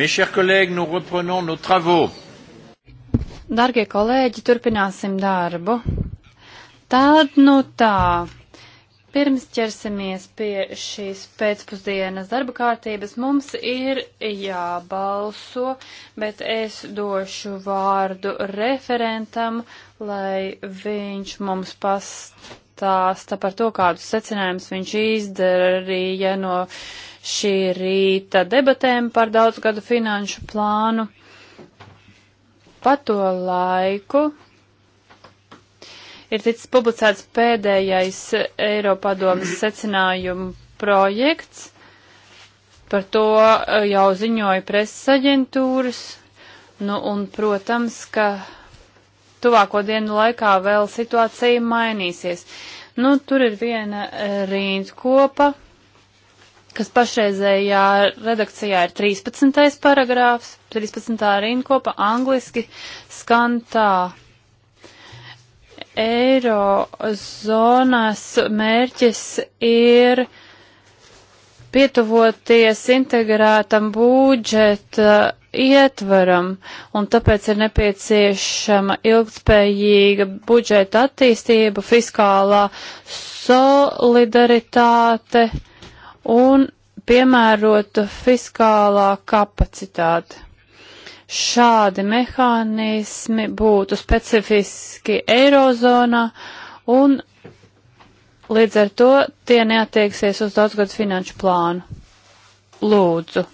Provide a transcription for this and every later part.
Mes chers collègues, nous reprenons nos travaux. Dargie kolēģi, turpināsim darbu. Tād nu tā. Pirms ķersimies pie šīs pēcpusdienas darba kārtības, mums ir jābalso, bet es došu vārdu referentam, lai viņš mums pastāsta par to, kādus secinājumus viņš izdarīja no uh, šī rīta debatēm par daudzgadu finanšu plānu. Pa to laiku ir ticis publicēts pēdējais Eiropadomas secinājumu projekts. Par to eh, jau ziņoja preses aģentūras. Nu, un, protams, ka tuvāko dienu laikā vēl situācija mainīsies. Nu, tur ir viena eh, rīnkopa, kas pašreizējā redakcijā ir 13. paragrāfs, 13. rinkopa, angliski skan tā. Eirozonas mērķis ir pietuvoties integrētam būdžeta ietvaram, un tāpēc ir nepieciešama ilgspējīga budžeta attīstība, fiskālā solidaritāte un piemērota fiskālā kapacitāte. Šādi mehānismi būtu specifiski Eirozonā un līdz ar to tie neatieksies uz daudzgadu finanšu plānu. Lūdzu.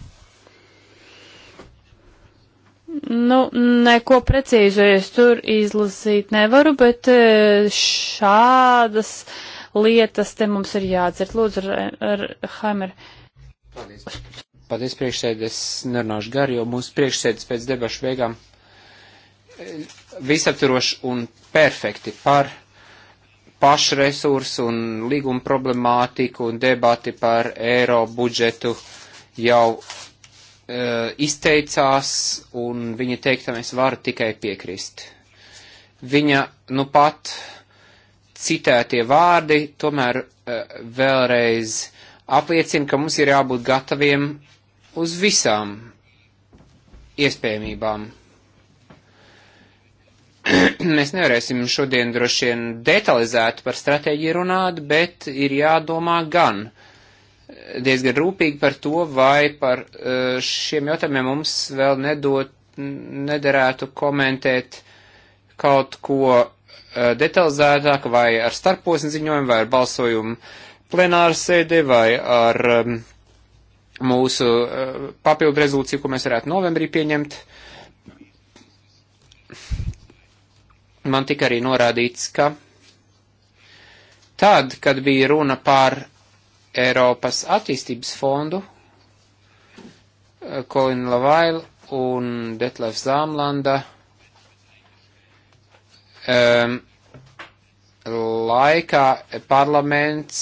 Nu, neko precīzu es tur izlasīt nevaru, bet eh, šādas uh, lietas te mums ir jādzird. Lūdzu, ar, ar Haimer. Paldies. Paldies priekšsēdēs, nerunāšu gari, jo mūsu priekšsēdēs pēc debašu beigām eh, visapturoši un perfekti par pašresursu un līguma problemātiku un debati par eiro budžetu jau e, izteicās, un viņa teiktam es varu tikai piekrist. Viņa nu pat citētie vārdi tomēr eh, vēlreiz apliecina, ka mums ir jābūt gataviem uz visām iespējamībām. Mēs nevarēsim šodien droši vien detalizēti par stratēģiju runāt, bet ir jādomā gan eh, diezgan rūpīgi par to, vai par eh, šiem jautājumiem mums vēl nedot, nederētu komentēt kaut ko Uh, detalizētāk vai ar starposni ziņojumu, vai ar balsojumu plenāru sēdi, vai ar um, mūsu uh, papildu rezolūciju, ko mēs varētu novembrī pieņemt. Man tika arī norādīts, ka tad, kad bija runa par Eiropas attīstības fondu, Kolina uh, Lavaila un Detlefs Zāmlanda, uh, um, laikā parlaments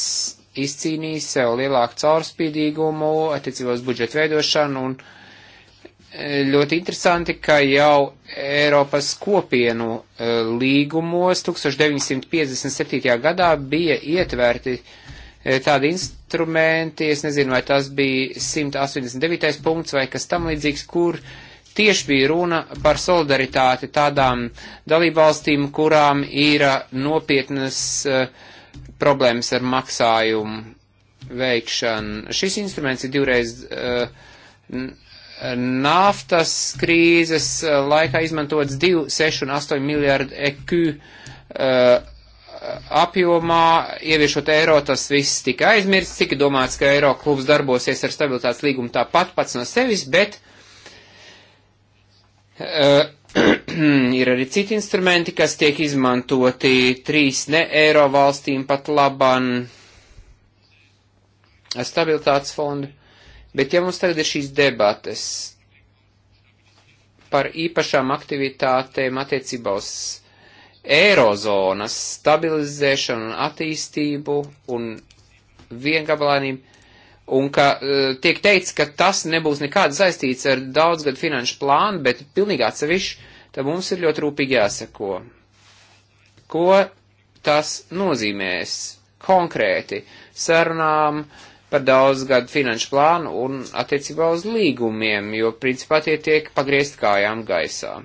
izcīnīja sev lielāku caurspīdīgumu attiecībos budžetu veidošanu un e, ļoti interesanti, ka jau Eiropas kopienu uh, līgumos 1957. gadā bija ietverti e, tādi instrumenti, es nezinu, vai tas bija 189. punkts vai kas tam līdzīgs, kur uh, Tieši bija runa par solidaritāti tādām dalībvalstīm, kurām ir uh, nopietnas uh, problēmas ar maksājumu veikšanu. Šis instruments ir divreiz uh, naftas krīzes laikā izmantots 2, 6 un 8 miljārdu EQ apjomā, ieviešot eiro, tas viss tika aizmirsts, tika domāts, ka eiro klubs darbosies ar stabilitātes līgumu tāpat pats no sevis, bet uh, Eh, ir arī citi instrumenti, kas tiek izmantoti trīs ne eiro valstīm pat laban stabilitātes fondu. Bet ja mums tagad ir šīs debates par īpašām aktivitātēm attiecībā uz eirozonas stabilizēšanu un attīstību un viengabalainību, un ka uh, tiek teikts, ka tas nebūs nekāds saistīts ar daudzgadu finanšu plānu, bet pilnīgi atsevišķi, tad mums ir ļoti rūpīgi jāsako, ko tas nozīmēs konkrēti sarunām par daudzgadu finanšu plānu un attiecībā uz līgumiem, jo principā tie tiek pagriezt kājām gaisā.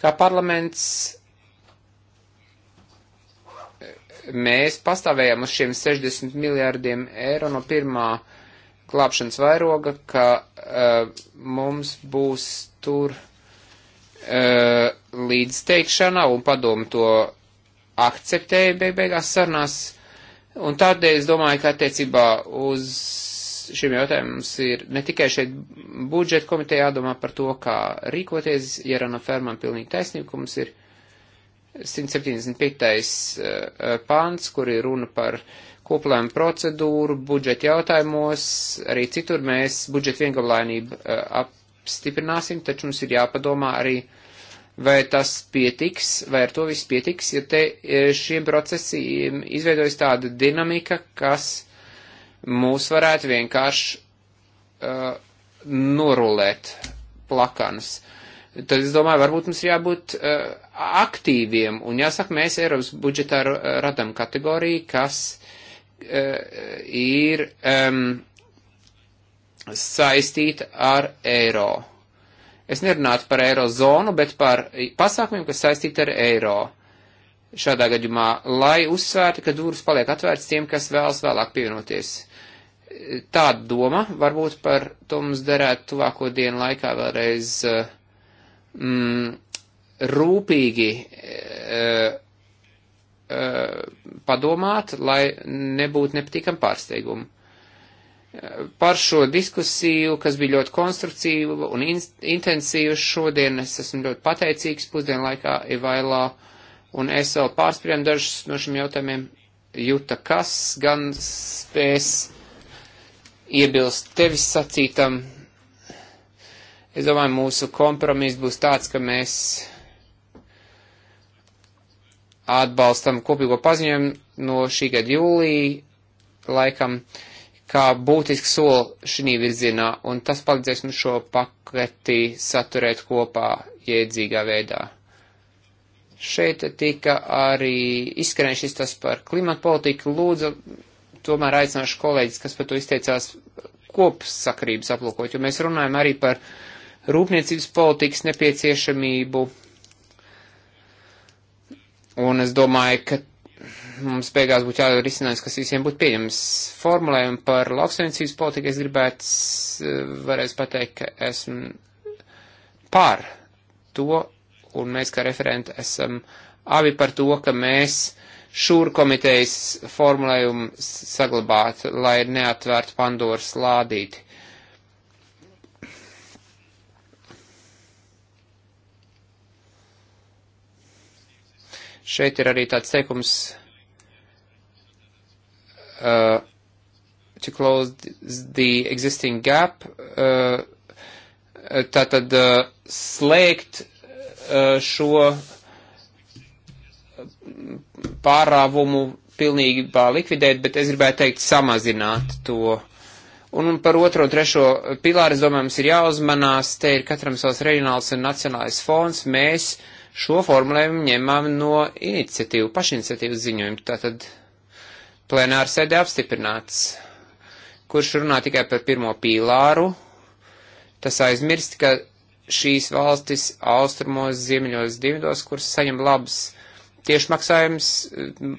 Kā parlaments mēs pastāvējām uz šiem 60 miljārdiem eiro no pirmā klāpšanas vairoga, ka uh, mums būs tur uh, līdzteikšana un padomu to akceptēja beig beigās sarunās. Un tādēļ es domāju, ka attiecībā uz šiem jautājumiem mums ir ne tikai šeit budžeta komiteja jādomā par to, kā rīkoties, ja Rana Ferman pilnīgi taisnība, ka mums ir 175. pāns, eh, eh, kur ir runa par koplēm procedūru, budžeta jautājumos, arī citur mēs budžeta viengalvainību eh, apstiprināsim, taču mums ir jāpadomā arī, vai tas pietiks, vai ar to viss pietiks, jo te šiem procesiem izveidojas tāda dinamika, kas mūs varētu vienkārši uh, norulēt plakanus. Tad es domāju, varbūt mums jābūt uh, aktīviem, un jāsaka, mēs Eiropas budžetā radam kategoriju, kas uh, ir um, saistīta ar eiro. Es nerunātu par eirozonu, bet par pasākumiem, kas saistīti ar eiro. Šādā gadījumā, lai uzsvērtu, ka durvis paliek atvērts tiem, kas vēlas vēlāk pievienoties. Tāda doma, varbūt par to mums derētu tuvāko dienu laikā vēlreiz mm, rūpīgi e, e, padomāt, lai nebūtu nepatīkam pārsteigumu. Par šo diskusiju, kas bija ļoti konstruktīva un in intensīva šodien, es esmu ļoti pateicīgs pusdienu laikā Ivailā, un es vēl pārspējām dažus no šiem jautājumiem. Juta, kas gan spēs iebilst tevis sacītam? Es domāju, mūsu kompromiss būs tāds, ka mēs atbalstam kopīgo paziņojumu no šī gada jūlija laikam, kā būtisks soli šī virzienā, un tas palīdzēs mums šo paketi saturēt kopā jēdzīgā veidā. Šeit tika arī izskanējušas tas par klimatu politiku. Lūdzu, tomēr aicināšu kolēģis, kas par to izteicās, kopsakrības aplūkot, jo mēs runājam arī par rūpniecības politikas nepieciešamību Un es domāju, ka mums beigās būtu jādod risinājums, kas visiem būtu pieņems. Formulējumu par lauksaimniecības politiku es gribētu, eh, varēs pateikt, ka esmu par to, un mēs kā referenti esam abi par to, ka mēs šūru komitejas formulējumu saglabātu, lai neatvērtu Pandoras lādīti. Šeit ir arī tāds teikums, uh, to close the existing gap, uh, tātad uh, slēgt uh, šo pārāvumu pilnībā likvidēt, bet es gribēju teikt samazināt to. Un par otro un trešo pilāru, es domāju, mums ir jāuzmanās, te ir katram savs reģionāls un nacionālais fonds, mēs uh, Šo formulējumu ņemam no iniciatīvu, pašiniciatīvas ziņojumu, tātad plenāra sēdē apstiprināts, kurš runā tikai par pirmo pīlāru. Tas aizmirst, ka šīs valstis austrumos, ziemeļos, dienvidos, kuras saņem labas tiešmaksājums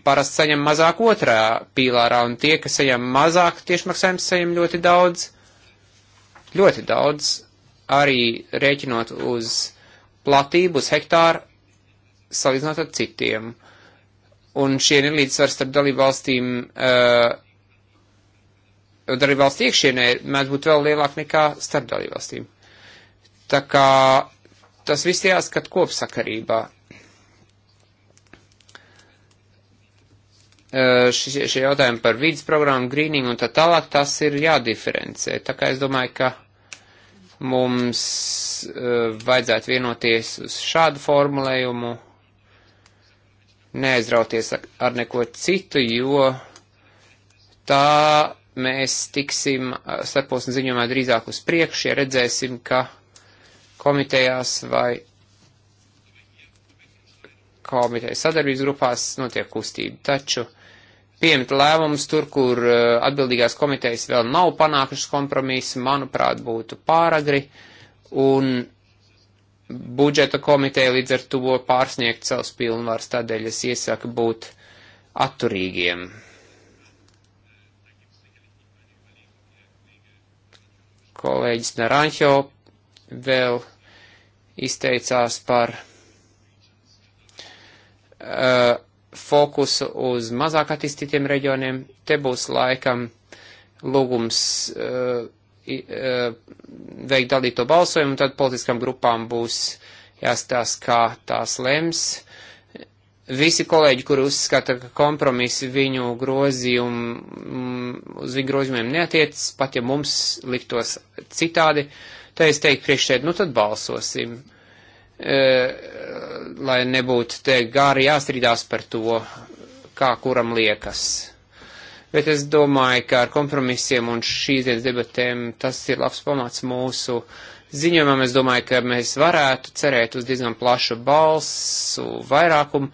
parasti saņem mazāk otrā pīlārā, un tie, kas saņem mazāk tiešmaksājums, saņem ļoti daudz, ļoti daudz, arī rēķinot uz platību uz hektāru salīdzinot ar citiem. Un šie nelīdzsvars starp dalībvalstīm, uh, dalībvalstu iekšienē mēdz būt vēl lielāk nekā starp dalībvalstīm. Tā kā tas viss jāskat kopsakarībā. Eh, šie, šie jautājumi par vidas programmu, greening un tā tālāk, tas ir jādiferencē. Tā kā es domāju, ka mums Eh, vajadzētu vienoties uz šādu formulējumu, neaizrauties ar neko citu, jo tā mēs tiksim eh, starposmu ziņojumā drīzāk uz priekšu, ja redzēsim, ka komitejās vai komitejas sadarbības grupās notiek kustība. Taču pieņemt lēmumus tur, kur eh, atbildīgās komitejas vēl nav panākušas kompromisu, manuprāt, būtu pāragri. Uh, un budžeta komiteja līdz ar to pārsniegt savus pilnvars, tādēļ es iesaku būt atturīgiem. Kolēģis Naranjo vēl izteicās par uh, fokusu uz mazāk attīstītiem reģioniem. Te būs laikam lūgums uh, E, veikt dalīto balsojumu, un tad politiskām grupām būs jāstāsta, kā tās lems. Visi kolēģi, kuri uzskata, ka kompromisi viņu grozījumu, mm, uz viņu grozījumiem neatiec, pat ja mums liktos citādi, tad es teiktu priekšēd, nu tad balsosim e, lai nebūtu te gāri jāstrīdās par to, kā kuram liekas bet es domāju, ka ar kompromisiem un šīs dienas debatēm tas ir labs pamats mūsu ziņojumam. Es domāju, ka mēs varētu cerēt uz diezgan plašu balsu vairākumu.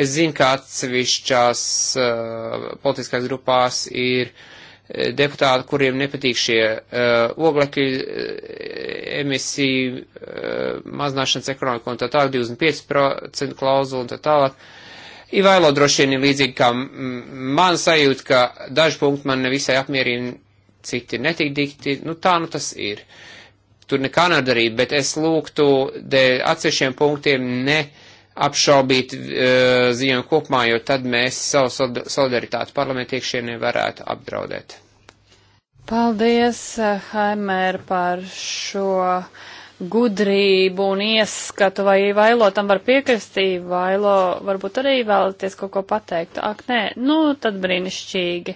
Es zinu, ka atsevišķās uh, politiskās grupās ir uh, deputāti, kuriem nepatīk šie uh, oglekļu uh, emisiju uh, mazināšanas ekonomika un tā tālāk, 25% klauzula un tā tālāk. Uh, Ivailo droši vien ir līdzīgi kā man sajūta, ka daži punkti man nevisai apmierina, citi netik dikti, nu tā nu tas ir. Tur nekā nedarīt, bet es lūgtu dēļ atsevišķiem punktiem ne apšaubīt uh, ziņojumu kopumā, jo tad mēs savu solidaritāti parlamentu iekšienē varētu apdraudēt. Paldies, Haimer, par šo gudrību un ieskatu, vai Vailo tam var piekristīt, Vailo varbūt arī vēlaties kaut ko pateikt. Ak, nē, nu tad brīnišķīgi.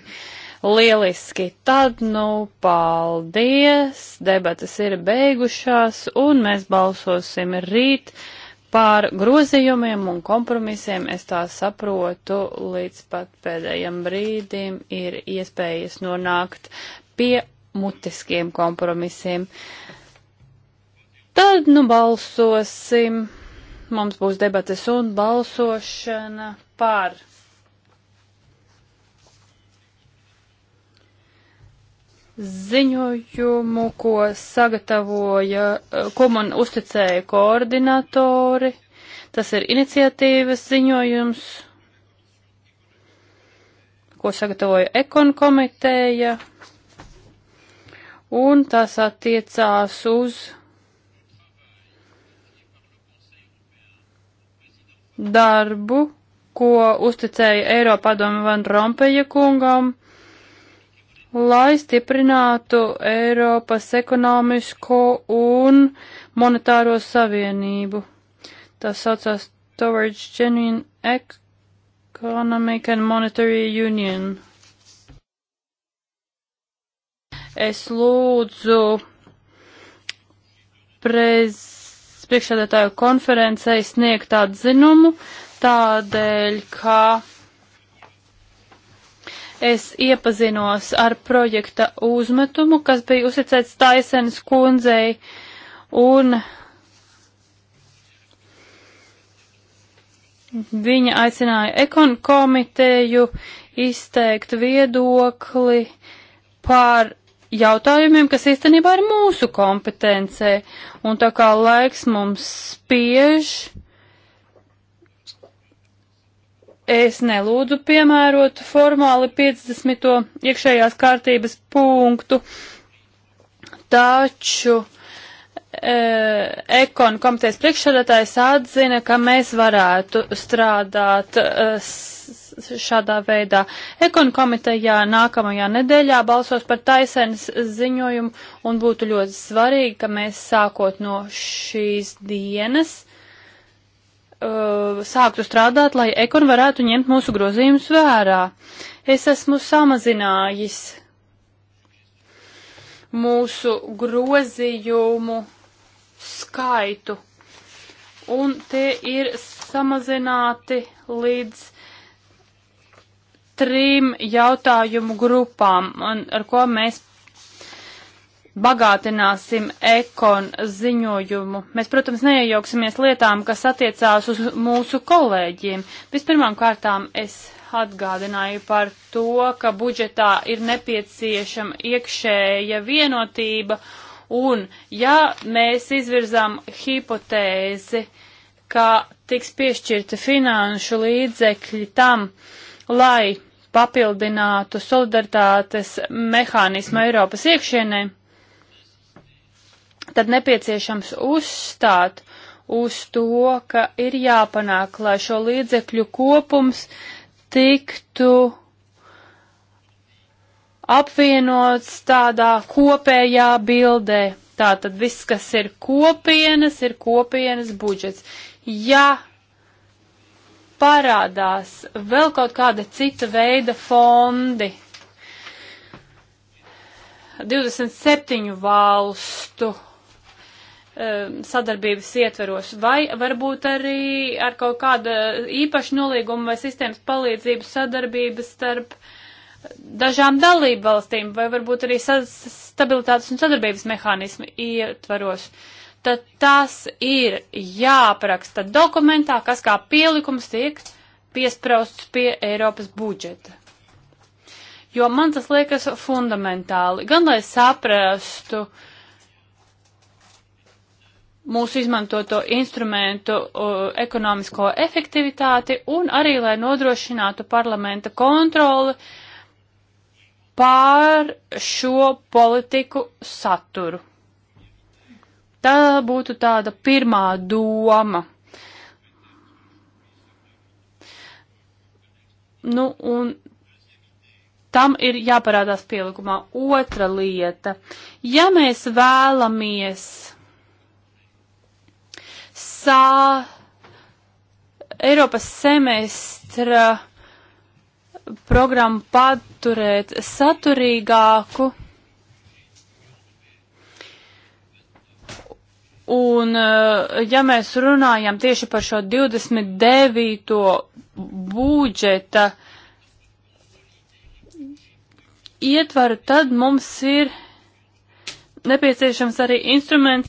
Lieliski, tad nu paldies, debatas ir beigušās un mēs balsosim rīt par grozījumiem un kompromisiem. Es tā saprotu, līdz pat pēdējiem brīdim ir iespējas nonākt pie mutiskiem kompromisiem. Uh, Tad nu balsosim. Mums būs debates un balsošana par. Ziņojumu, ko sagatavoja, ko man uzticēja koordinatori. Tas ir iniciatīvas ziņojums, ko sagatavoja ekon komiteja, un tas attiecās uz darbu, ko uzticēja Eiropadomu Van Rompeja kungam, lai stiprinātu Eiropas ekonomisko un monetāro savienību. Tas saucās Towards Genuine Economic and Monetary Union. Es lūdzu prez priekšsēdētāju konferencei sniegt atzinumu tādēļ, ka es iepazinos ar projekta uzmetumu, kas bija uzticēts Taisenes kundzei un viņa aicināja ekon komiteju izteikt viedokli par jautājumiem, kas īstenībā ir mūsu kompetencē. Un tā kā laiks mums spiež, es nelūdzu piemērot formāli 50. iekšējās kārtības punktu, taču e, ekonu komitejas priekšsēdētājs atzina, ka mēs varētu strādāt e, šādā veidā. Ekon komitejā nākamajā nedēļā balsos par Taisēnas ziņojumu un būtu ļoti svarīgi, ka mēs sākot no šīs dienas uh, sāktu strādāt, lai ekon varētu ņemt mūsu grozījumus vērā. Es esmu samazinājis mūsu grozījumu skaitu. Un tie ir samazināti līdz trim jautājumu grupām, un, ar ko mēs bagātināsim ekon ziņojumu. Mēs, protams, neiejauksimies lietām, kas attiecās uz mūsu kolēģiem. Vispirmām kārtām es atgādināju par to, ka budžetā ir nepieciešama iekšēja vienotība, un ja mēs izvirzām hipotēzi, ka tiks piešķirti finanšu līdzekļi tam, uh, lai papildinātu solidaritātes mehānismu Eiropas iekšienē, tad nepieciešams uzstāt uz to, ka ir jāpanāk, lai šo līdzekļu kopums tiktu apvienots tādā kopējā bildē. Tātad viss, kas ir kopienas, ir kopienas budžets. Ja parādās vēl kaut kāda cita veida fondi. 27 valstu eh, sadarbības ietveros, vai varbūt arī ar kaut kādu īpašu nolīgumu vai sistēmas palīdzību sadarbības starp dažām dalību valstīm, vai varbūt arī stabilitātes un sadarbības mehānismu ietvaros. Uh, tad tas ir jāapraksta dokumentā, kas kā pielikums tiek piesprausts pie Eiropas budžeta. Jo man tas liekas fundamentāli, gan lai saprastu mūsu izmantoto instrumentu uh, ekonomisko efektivitāti un arī lai nodrošinātu parlamenta kontroli pār šo politiku saturu. Tā būtu tāda pirmā doma. Nu, un tam ir jāparādās pielikumā. Otra lieta. Ja mēs vēlamies sā Eiropas semestra programmu paturēt saturīgāku, Un, eh, ja mēs runājam tieši par šo 29. budžeta ietvaru, tad mums ir nepieciešams arī instruments,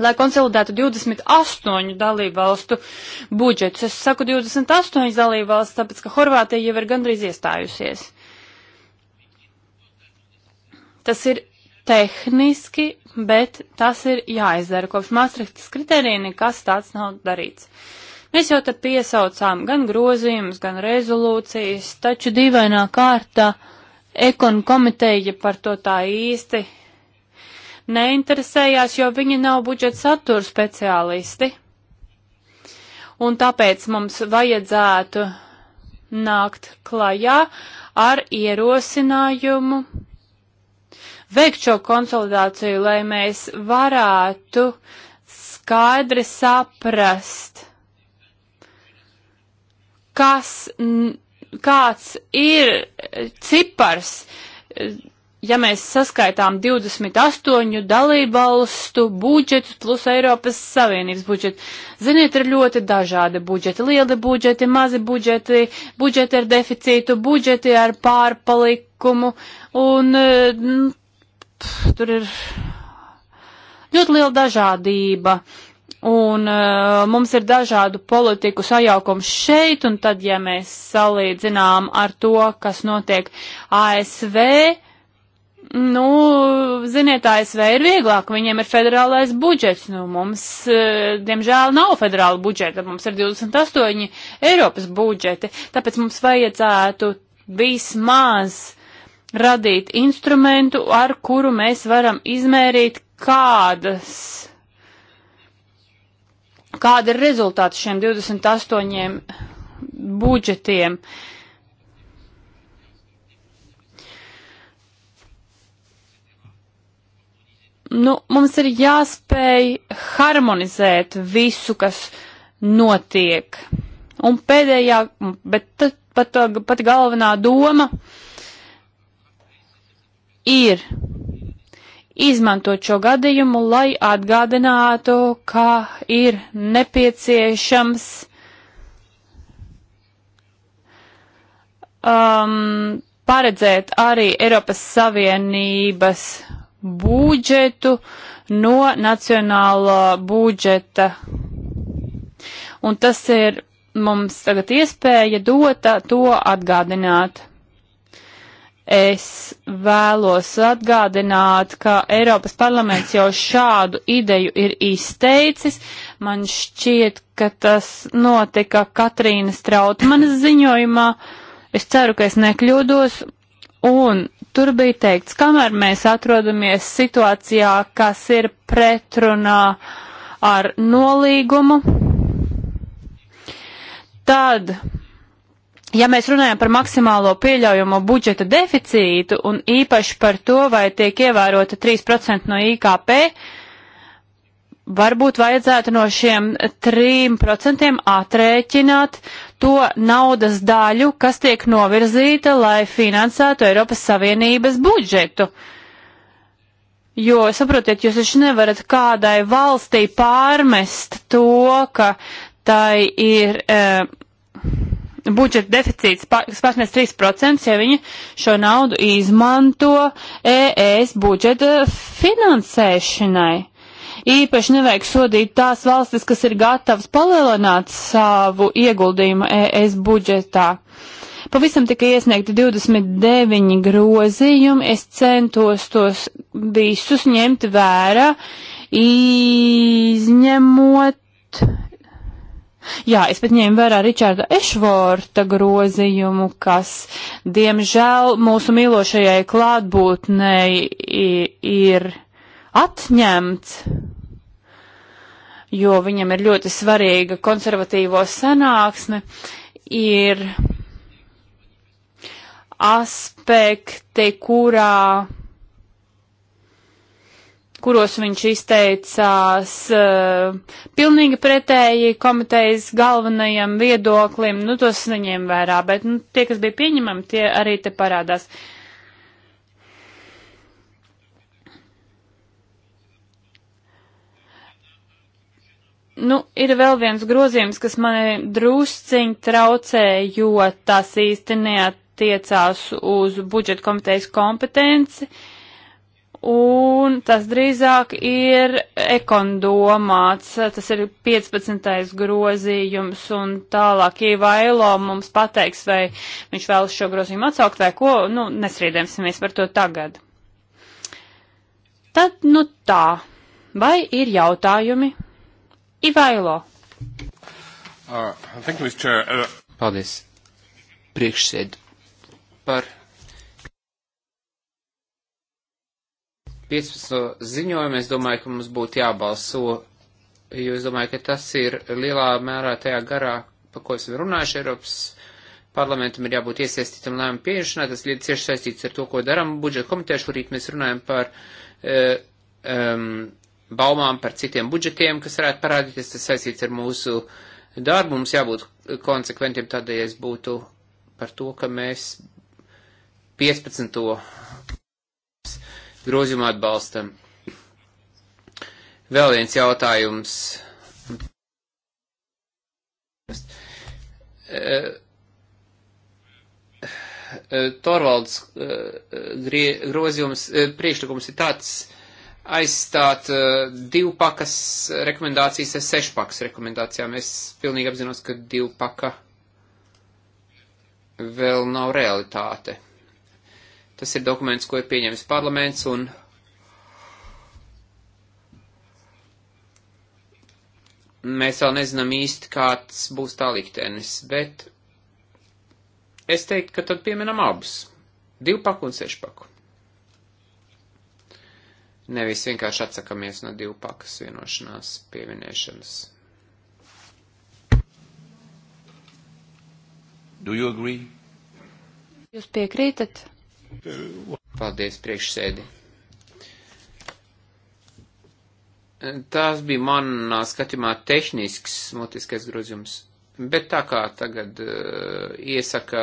lai konsolidētu 28 dalību valstu budžetus. Es saku 28 dalību valsts, tāpēc, ka Horvātija jau ir gandrīz iestājusies. Tas ir tehniski, bet tas ir jāizdara. Kopš Maastrichtas kritērija nekas tāds nav darīts. Mēs jau te piesaucām gan grozījumus, gan rezolūcijas, taču dīvainā kārtā ekonu komiteja par to tā īsti neinteresējās, jo viņi nav budžeta satura speciālisti. Un tāpēc mums vajadzētu nākt klajā ar ierosinājumu veikt šo konsolidāciju, lai mēs varētu skaidri saprast, kas, kāds ir cipars, ja mēs saskaitām 28 dalībvalstu budžetus plus Eiropas Savienības budžetu. Ziniet, ir ļoti dažādi budžeti. Lieli budžeti, mazi budžeti, budžeti ar deficītu, budžeti ar pārpalikumu. Un tur ir ļoti liela dažādība. Un uh, mums ir dažādu politiku sajaukums šeit, un tad, ja mēs salīdzinām ar to, kas notiek ASV, nu, ziniet, ASV ir vieglāk, viņiem ir federālais budžets, nu, mums, uh, diemžēl, nav federāla budžeta, mums ir 28 Eiropas budžeti, tāpēc mums vajadzētu vismaz radīt instrumentu, ar kuru mēs varam izmērīt, kādas, kāda ir rezultāta šiem 28 budžetiem. Nu, mums ir jāspēj harmonizēt visu, kas notiek. Un pēdējā, bet pat, pat galvenā doma uh, ir izmantot šo gadījumu, lai atgādinātu, ka ir nepieciešams um, paredzēt arī Eiropas Savienības budžetu no nacionālā budžeta. Un tas ir mums tagad iespēja dota to atgādināt. Es vēlos atgādināt, ka Eiropas parlaments jau šādu ideju ir izteicis. Man šķiet, ka tas notika Katrīnas Trautmanas ziņojumā. Es ceru, ka es nekļūdos. Un tur bija teikts, kamēr mēs atrodamies situācijā, kas ir pretrunā ar nolīgumu, tad Ja mēs runājam par maksimālo pieļaujamo budžeta deficītu un īpaši par to, vai tiek ievērota 3% no IKP, varbūt vajadzētu no šiem 3% atrēķināt to naudas daļu, kas tiek novirzīta, lai finansētu Eiropas Savienības budžetu. Jo, saprotiet, jūs taču nevarat kādai valstī pārmest to, ka tai ir. Eh, budžeta deficīts pārsniedz 3%, ja viņi šo naudu izmanto ES budžeta finansēšanai. Īpaši nevajag sodīt tās valstis, kas ir gatavas palielināt savu ieguldījumu ES budžetā. Pavisam tika iesniegti 29 grozījumi, es centos tos visus ņemt vērā, izņemot Jā, es pat ņēmu vērā Ričārda Ešvorta grozījumu, kas, diemžēl, mūsu mīlošajai klātbūtnei ir atņemts, jo viņam ir ļoti svarīga konservatīvo sanāksme, ir aspekti, kurā kuros viņš izteicās uh, pilnīgi pretēji komitejas galvenajam viedoklim, nu tos neņēma vērā, bet nu, tie, kas bija pieņemami, tie arī te parādās. Nu, ir vēl viens grozījums, kas mani drusciņi traucē, jo tas īsti neatiecās uz budžeta komitejas kompetenci. Uh, Un tas drīzāk ir ekondomāts, tas ir 15. grozījums, un tālāk Īvailo mums pateiks, vai viņš vēlas šo grozījumu atsaukt vai ko, nu, nesriedēmsimies par to tagad. Tad, nu tā, vai ir jautājumi? Ivailo. Uh, uh Paldies. Priekšsēd par 15. ziņojumu, es domāju, ka mums būtu jābalso, jo es domāju, ka tas ir lielā mērā tajā garā, pa ko esam runājuši Eiropas parlamentam ir jābūt iesaistītam lēmumu pieņemšanā, tas ļoti cieši saistīts ar to, ko darām budžeta komitešu, kurīt mēs runājam par e, um, baumām par citiem budžetiem, kas varētu parādīties, tas saistīts ar mūsu darbu, mums jābūt konsekventiem tādēļ, ja es būtu par to, ka mēs 15 grozījumu atbalstam. Vēl viens jautājums. Eh, eh, Torvalds eh, grozījums, priekšlikums ir tāds aizstāt divu pakas rekomendācijas ar sešu pakas rekomendācijām. Es pilnīgi apzinos, ka divu paka vēl nav realitāte. Tas ir dokuments, ko ir pieņems parlaments un mēs vēl nezinām īsti, kāds būs tā liktenis, bet es teiktu, ka tad pieminam abus - divpaku un sešpaku. Nevis vienkārši atsakamies no divpakas vienošanās pieminēšanas. Do you agree? Jūs piekrītat? Paldies, priekšsēdi. Tās bija manā skatījumā tehnisks mutiskais grozījums, bet tā kā tagad uh, iesaka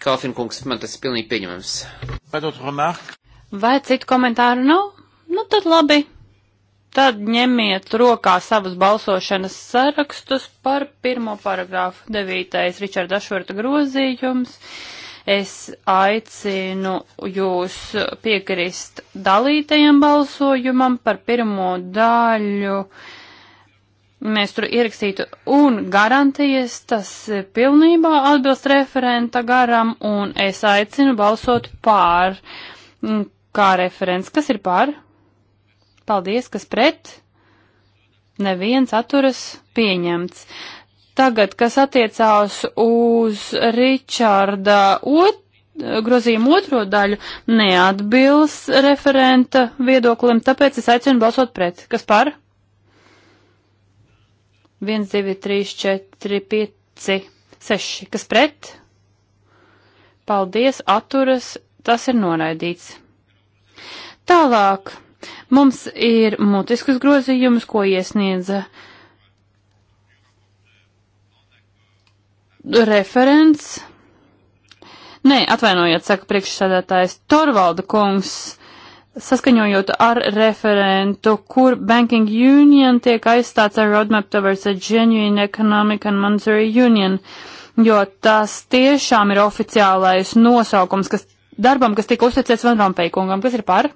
Kalfinkungs, man tas ir pilnīgi pieņemams. Vai citu komentāru nav? Nu tad labi. Tad ņemiet rokā savus balsošanas sarakstus par pirmo paragrāfu devītais Ričarda Šorta grozījums. Uh, Es aicinu jūs piekrist dalītajam balsojumam par pirmo daļu. Mēs tur ierakstītu un garantijas, tas pilnībā atbilst referenta garam, un es aicinu balsot pār. Mm, kā referents, kas ir pār? Paldies, kas pret? Neviens atturas pieņemts. Tagad, kas attiecās uz Ričārda otru grozījuma otro daļu neatbilst referenta viedoklim, tāpēc es aicinu balsot pret. Kas par? 1, 2, 3, 4, 5, 6. Kas pret? Paldies, atturas, tas ir noraidīts. Tālāk. Mums ir mutiskas grozījumus, ko iesniedza uh, referents. Nē, atvainojiet, saka priekšsēdētājs Torvalda kungs, saskaņojot ar referentu, kur Banking Union tiek aizstāts ar roadmap towards a genuine economic and monetary union, jo tas tiešām ir oficiālais nosaukums, kas darbam, kas tika uzticēts Van Rompējkungam, kas ir par.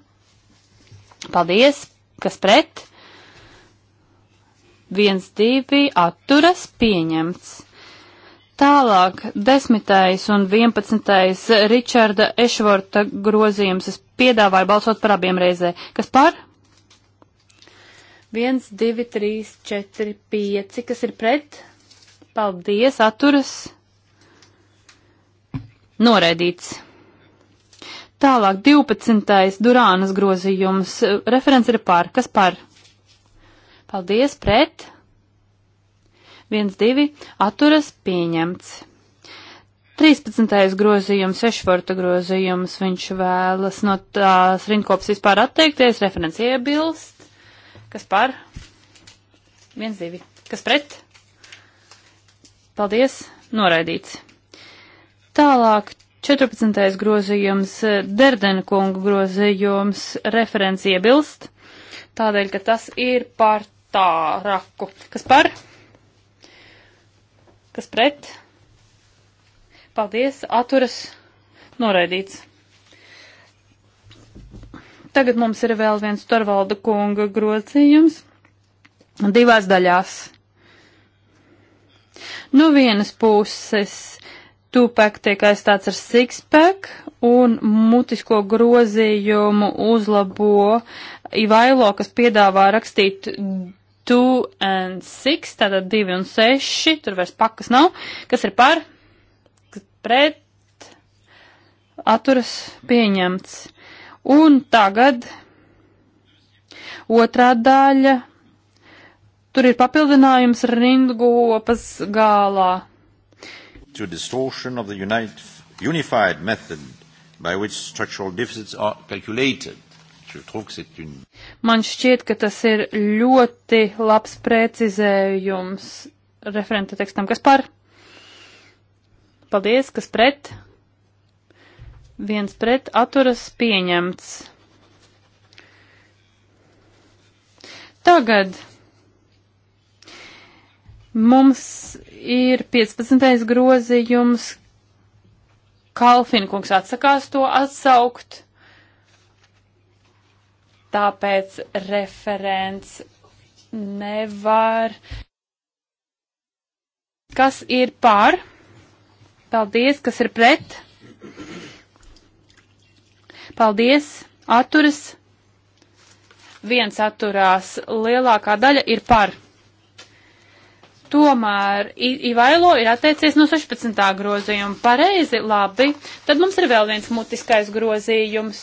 Paldies, kas pret. Viens, divi, atturas, pieņemts. Tālāk, desmitais un vienpadsmitais Ričarda Ešvorta grozījums. Es piedāvāju balsot par abiem reizē. Kas par? 1, 2, 3, 4, 5. Kas ir pret? Paldies, atturas. Noraidīts. Tālāk, 12. Durānas grozījums. Referents ir par. Kas par? Paldies, pret. 1, 2, atturas pieņemts. 13. grozījums, sešforta grozījums, viņš vēlas no tās rindkopas vispār atteikties, referents iebilst, kas par 1, 2, kas pret. Paldies, noraidīts. Tālāk 14. grozījums, Derdena kunga grozījums, referents iebilst, tādēļ, ka tas ir par tā raku. Kas par? kas pret, paldies, atturas, noraidīts. Tagad mums ir vēl viens Torvalda kunga grozījums divās daļās. Nu, vienas puses tūpek tiek aizstāts ar sixpack un mutisko grozījumu uzlabo Ivailo, kas piedāvā rakstīt 2 and 6, tātad 2 un 6, tur vairs pakas nav, kas ir par, kas pret, atturas pieņemts. Un tagad otrā daļa, tur ir papildinājums rindugopas gālā. To distortion of the united, unified method by which structural deficits are calculated Man šķiet, ka tas ir ļoti labs precizējums referenta tekstam. Kas par? Paldies, kas pret? Viens pret atturas pieņemts. Tagad mums ir 15. grozījums. Kalfinkungs atsakās to atsaukt tāpēc referents nevar. Kas ir par? Paldies, kas ir pret? Paldies, atturas. Viens atturās, lielākā daļa ir par. Tomēr Ivailo ir atteicies no 16. grozījuma. Pareizi, labi. Tad mums ir vēl viens mutiskais grozījums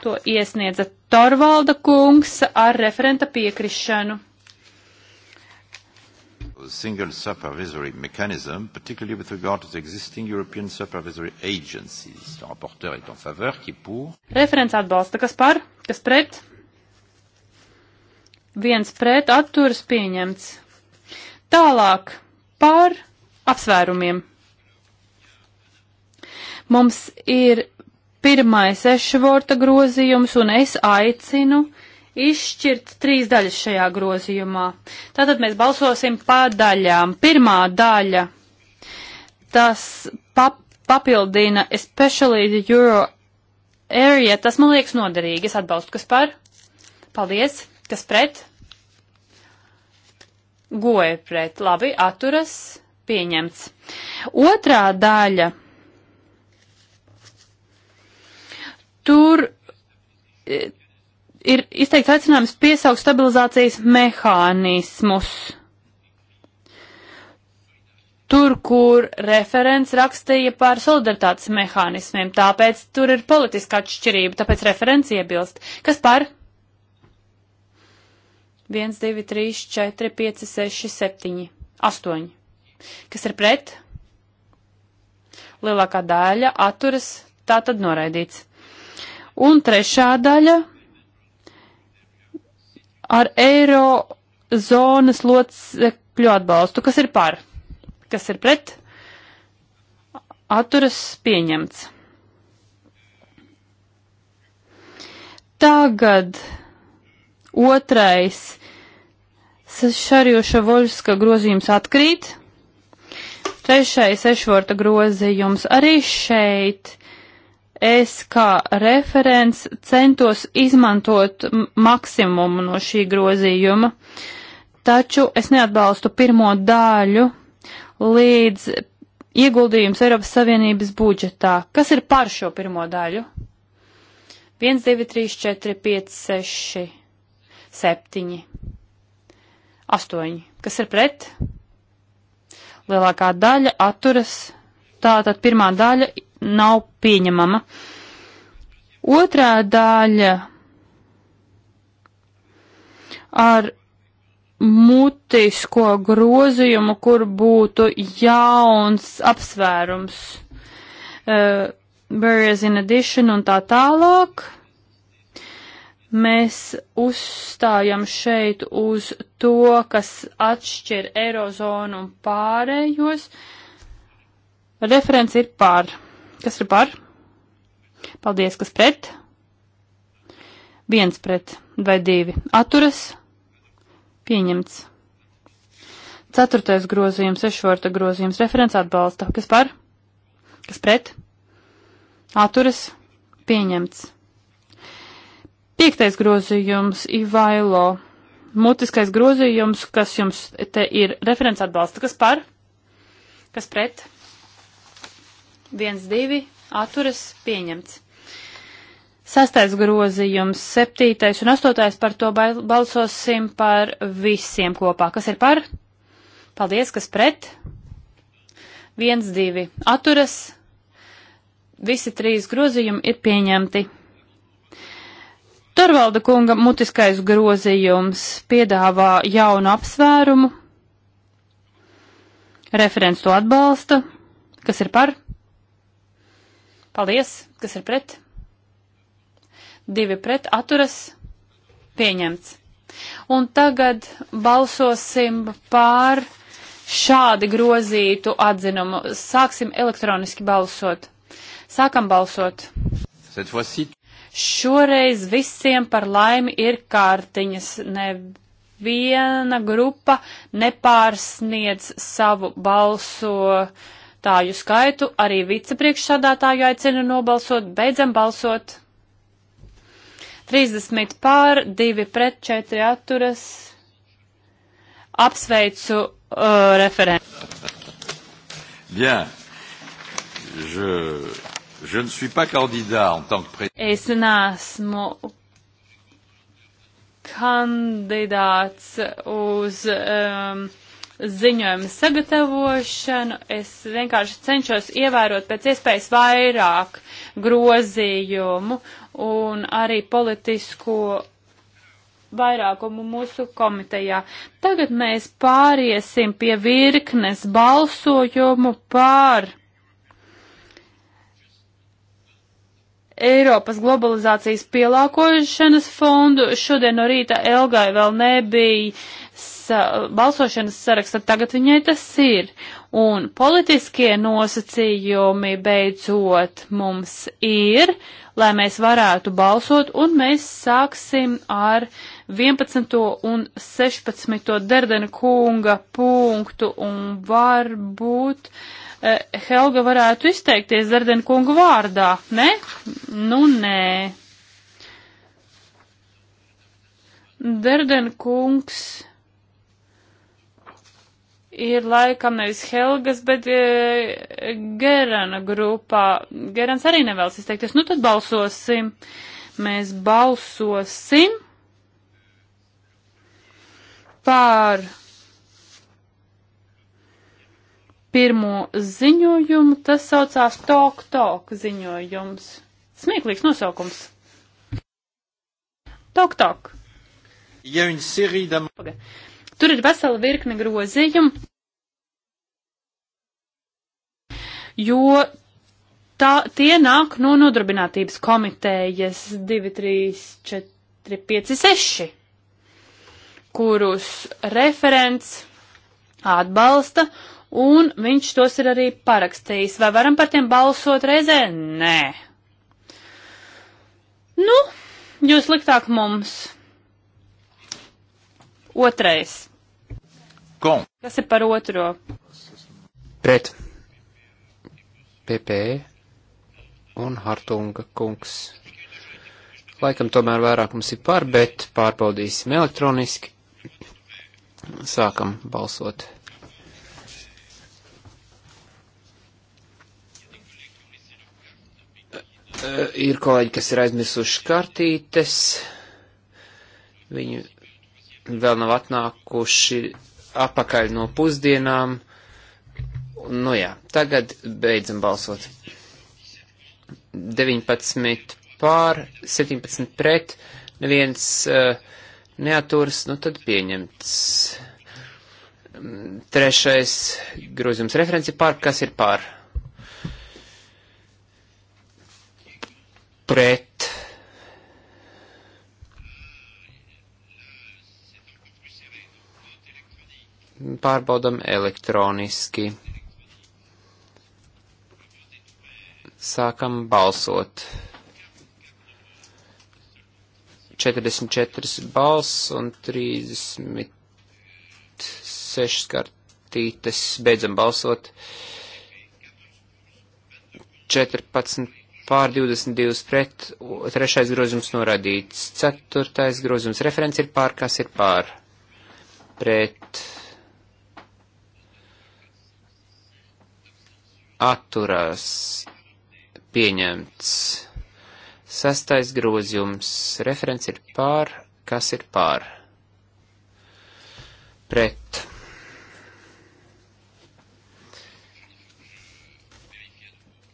To iesniedza Torvalda kungs ar referenta piekrišanu. Single supervisory mechanism, particularly with regard to the existing European supervisory agencies. Le rapporteur est en faveur, qui pour. Referents atbalsta, kas par, kas pret. Viens pret atturas pieņemts. Tālāk par apsvērumiem. Mums ir Pirmais Ešvorta grozījums, un es aicinu izšķirt trīs daļas šajā grozījumā. Tātad mēs balsosim pa daļām. Pirmā daļa tas pap papildina especially the euro area. Tas man liekas noderīgi. Es atbalstu, kas par. Paldies. Kas pret? Goja pret. Labi, atturas. Pieņemts. Otrā daļa Tur e, ir izteikts aicinājums piesaukt stabilizācijas mehānismus. Tur, kur referents rakstīja par solidaritātes mehānismiem, tāpēc tur ir politiska atšķirība, tāpēc referents iebilst. Kas par? 1, 2, 3, 4, 5, 6, 7, 8. Kas ir pret? Lielākā daļa atturas, tā tad noraidīts. Un trešā daļa ar eiro zonas locekļu atbalstu. Kas ir par? Kas ir pret? Atturas pieņemts. Tagad otrais Šarjoša Voļska grozījums atkrīt. Trešais Ešvorta grozījums arī šeit es kā referents centos izmantot maksimumu no šī grozījuma, taču es neatbalstu pirmo daļu līdz ieguldījums Eiropas Savienības budžetā. Kas ir par šo pirmo daļu? 1, 2, 3, 4, 5, 6, 7, 8. Kas ir pret? Lielākā daļa atturas. Tātad pirmā daļa nav pieņemama. Otrā daļa ar mutisko grozījumu, kur būtu jauns apsvērums. Uh, Barriers in addition un tā tālāk. Mēs uzstājam šeit uz to, kas atšķir Eirozonu un pārējos. Referents ir pār. Kas ir par? Paldies, kas pret? Viens pret vai divi. Atturas? Pieņemts. Ceturtais grozījums, sešvorta grozījums, referents atbalsta. Kas par? Kas pret? Atturas? Pieņemts. Piektais grozījums, Ivailo. Mutiskais grozījums, kas jums te ir referents atbalsta. Kas par? Kas pret? 1, 2, atturas pieņemts. Sastais grozījums, septītais un astotais par to balsosim par visiem kopā. Kas ir par? Paldies, kas pret? Viens, divi atturas. Visi trīs grozījumi ir pieņemti. Torvalda kunga mutiskais grozījums piedāvā jaunu apsvērumu. Referents to atbalsta. Kas ir par? Paldies, kas ir pret? Divi pret, atturas, pieņemts. Un tagad balsosim pār šādi grozītu atzinumu. Sāksim elektroniski balsot. Sākam balsot. Šoreiz visiem par laimi ir kārtiņas. Neviena grupa nepārsniedz savu balsojumu tāju skaitu, arī vicepriekšsādātāju aicinu nobalsot, beidzam balsot. 30 pār, 2 pret, 4 atturas. Apsveicu uh, referentu. Bien. Je, je ne suis pas candidat en tant que président. Es neesmu kandidāts uz um, ziņojuma sagatavošanu. Es vienkārši cenšos ievērot pēc iespējas vairāk grozījumu un arī politisko vairākumu mūsu komitejā. Tagad mēs pāriesim pie virknes balsojumu par Eiropas globalizācijas pielāgošanas fondu. Šodien no rīta Elgai vēl nebija balsošanas saraksta, tagad viņai tas ir. Un politiskie nosacījumi beidzot mums ir, lai mēs varētu balsot, un mēs sāksim ar 11. un 16. Derdena kunga punktu, un varbūt eh, Helga varētu izteikties Derdena kunga vārdā, ne? Nu, nē. Derden kungs ir laikam nevis Helgas, bet e, Gerana grupā. Gerans arī nevēlas izteikties. Nu tad balsosim. Mēs balsosim pār pirmo ziņojumu. Tas saucās Tok Tok ziņojums. Smieklīgs nosaukums. Tok Tok. Ja viņi sirīdam. Pagaid. Tur ir vesela virkne grozījumu, jo tā, tie nāk no nodarbinātības komitejas 2, 3, 4, 5, 6, kurus referents atbalsta, un viņš tos ir arī parakstījis. Vai varam par tiem balsot reizē? Nē. Nu, jūs liktāk mums. Otrais. Con. Kas ir par otro? Pret. PP e un Hartunga kungs. Laikam tomēr vairāk mums ir par, bet pārbaudīsim elektroniski. Sākam balsot. E, ir kolēģi, kas ir aizmirsuši kartītes. Viņi vēl nav atnākuši apakaļ no pusdienām. Nu jā, tagad beidzam balsot. 19 pār, 17 pret, neviens uh, neaturas, nu tad pieņemts. Trešais grozījums referenci pār, kas ir pār? Pret pārbaudam elektroniski. Sākam balsot. 44 balss un 36 kartītes. Beidzam balsot. 14 pār 22 pret. Trešais grozījums noradīts. Ceturtais grozījums. Referents ir pār, kas ir pār. Pret atturās pieņemts. Sastais grozījums, referents ir pār, kas ir pār. Pret.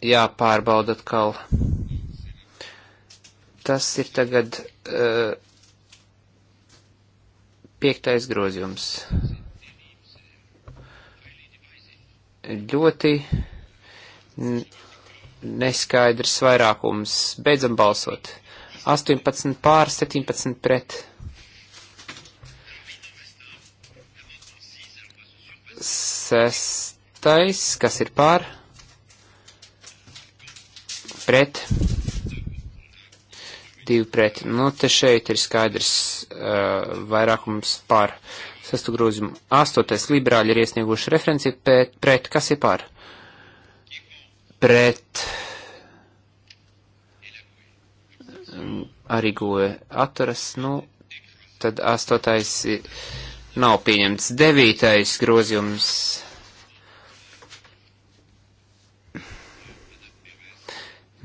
Jāpārbauda atkal. Tas ir tagad uh, piektais grozījums. Ļoti neskaidrs vairākums. Beidzam balsot. 18 pār 17 pret. Sestais, kas ir pār? Pret. Divi pret. Nu, te šeit ir skaidrs uh, vairākums pār. Sestu grozījumu. Astotais, liberāļi ir iesnieguši referenci pret, pret. Kas ir pār? pret mm, arī goja atturas, nu, tad astotais nav pieņemts. Devītais grozījums.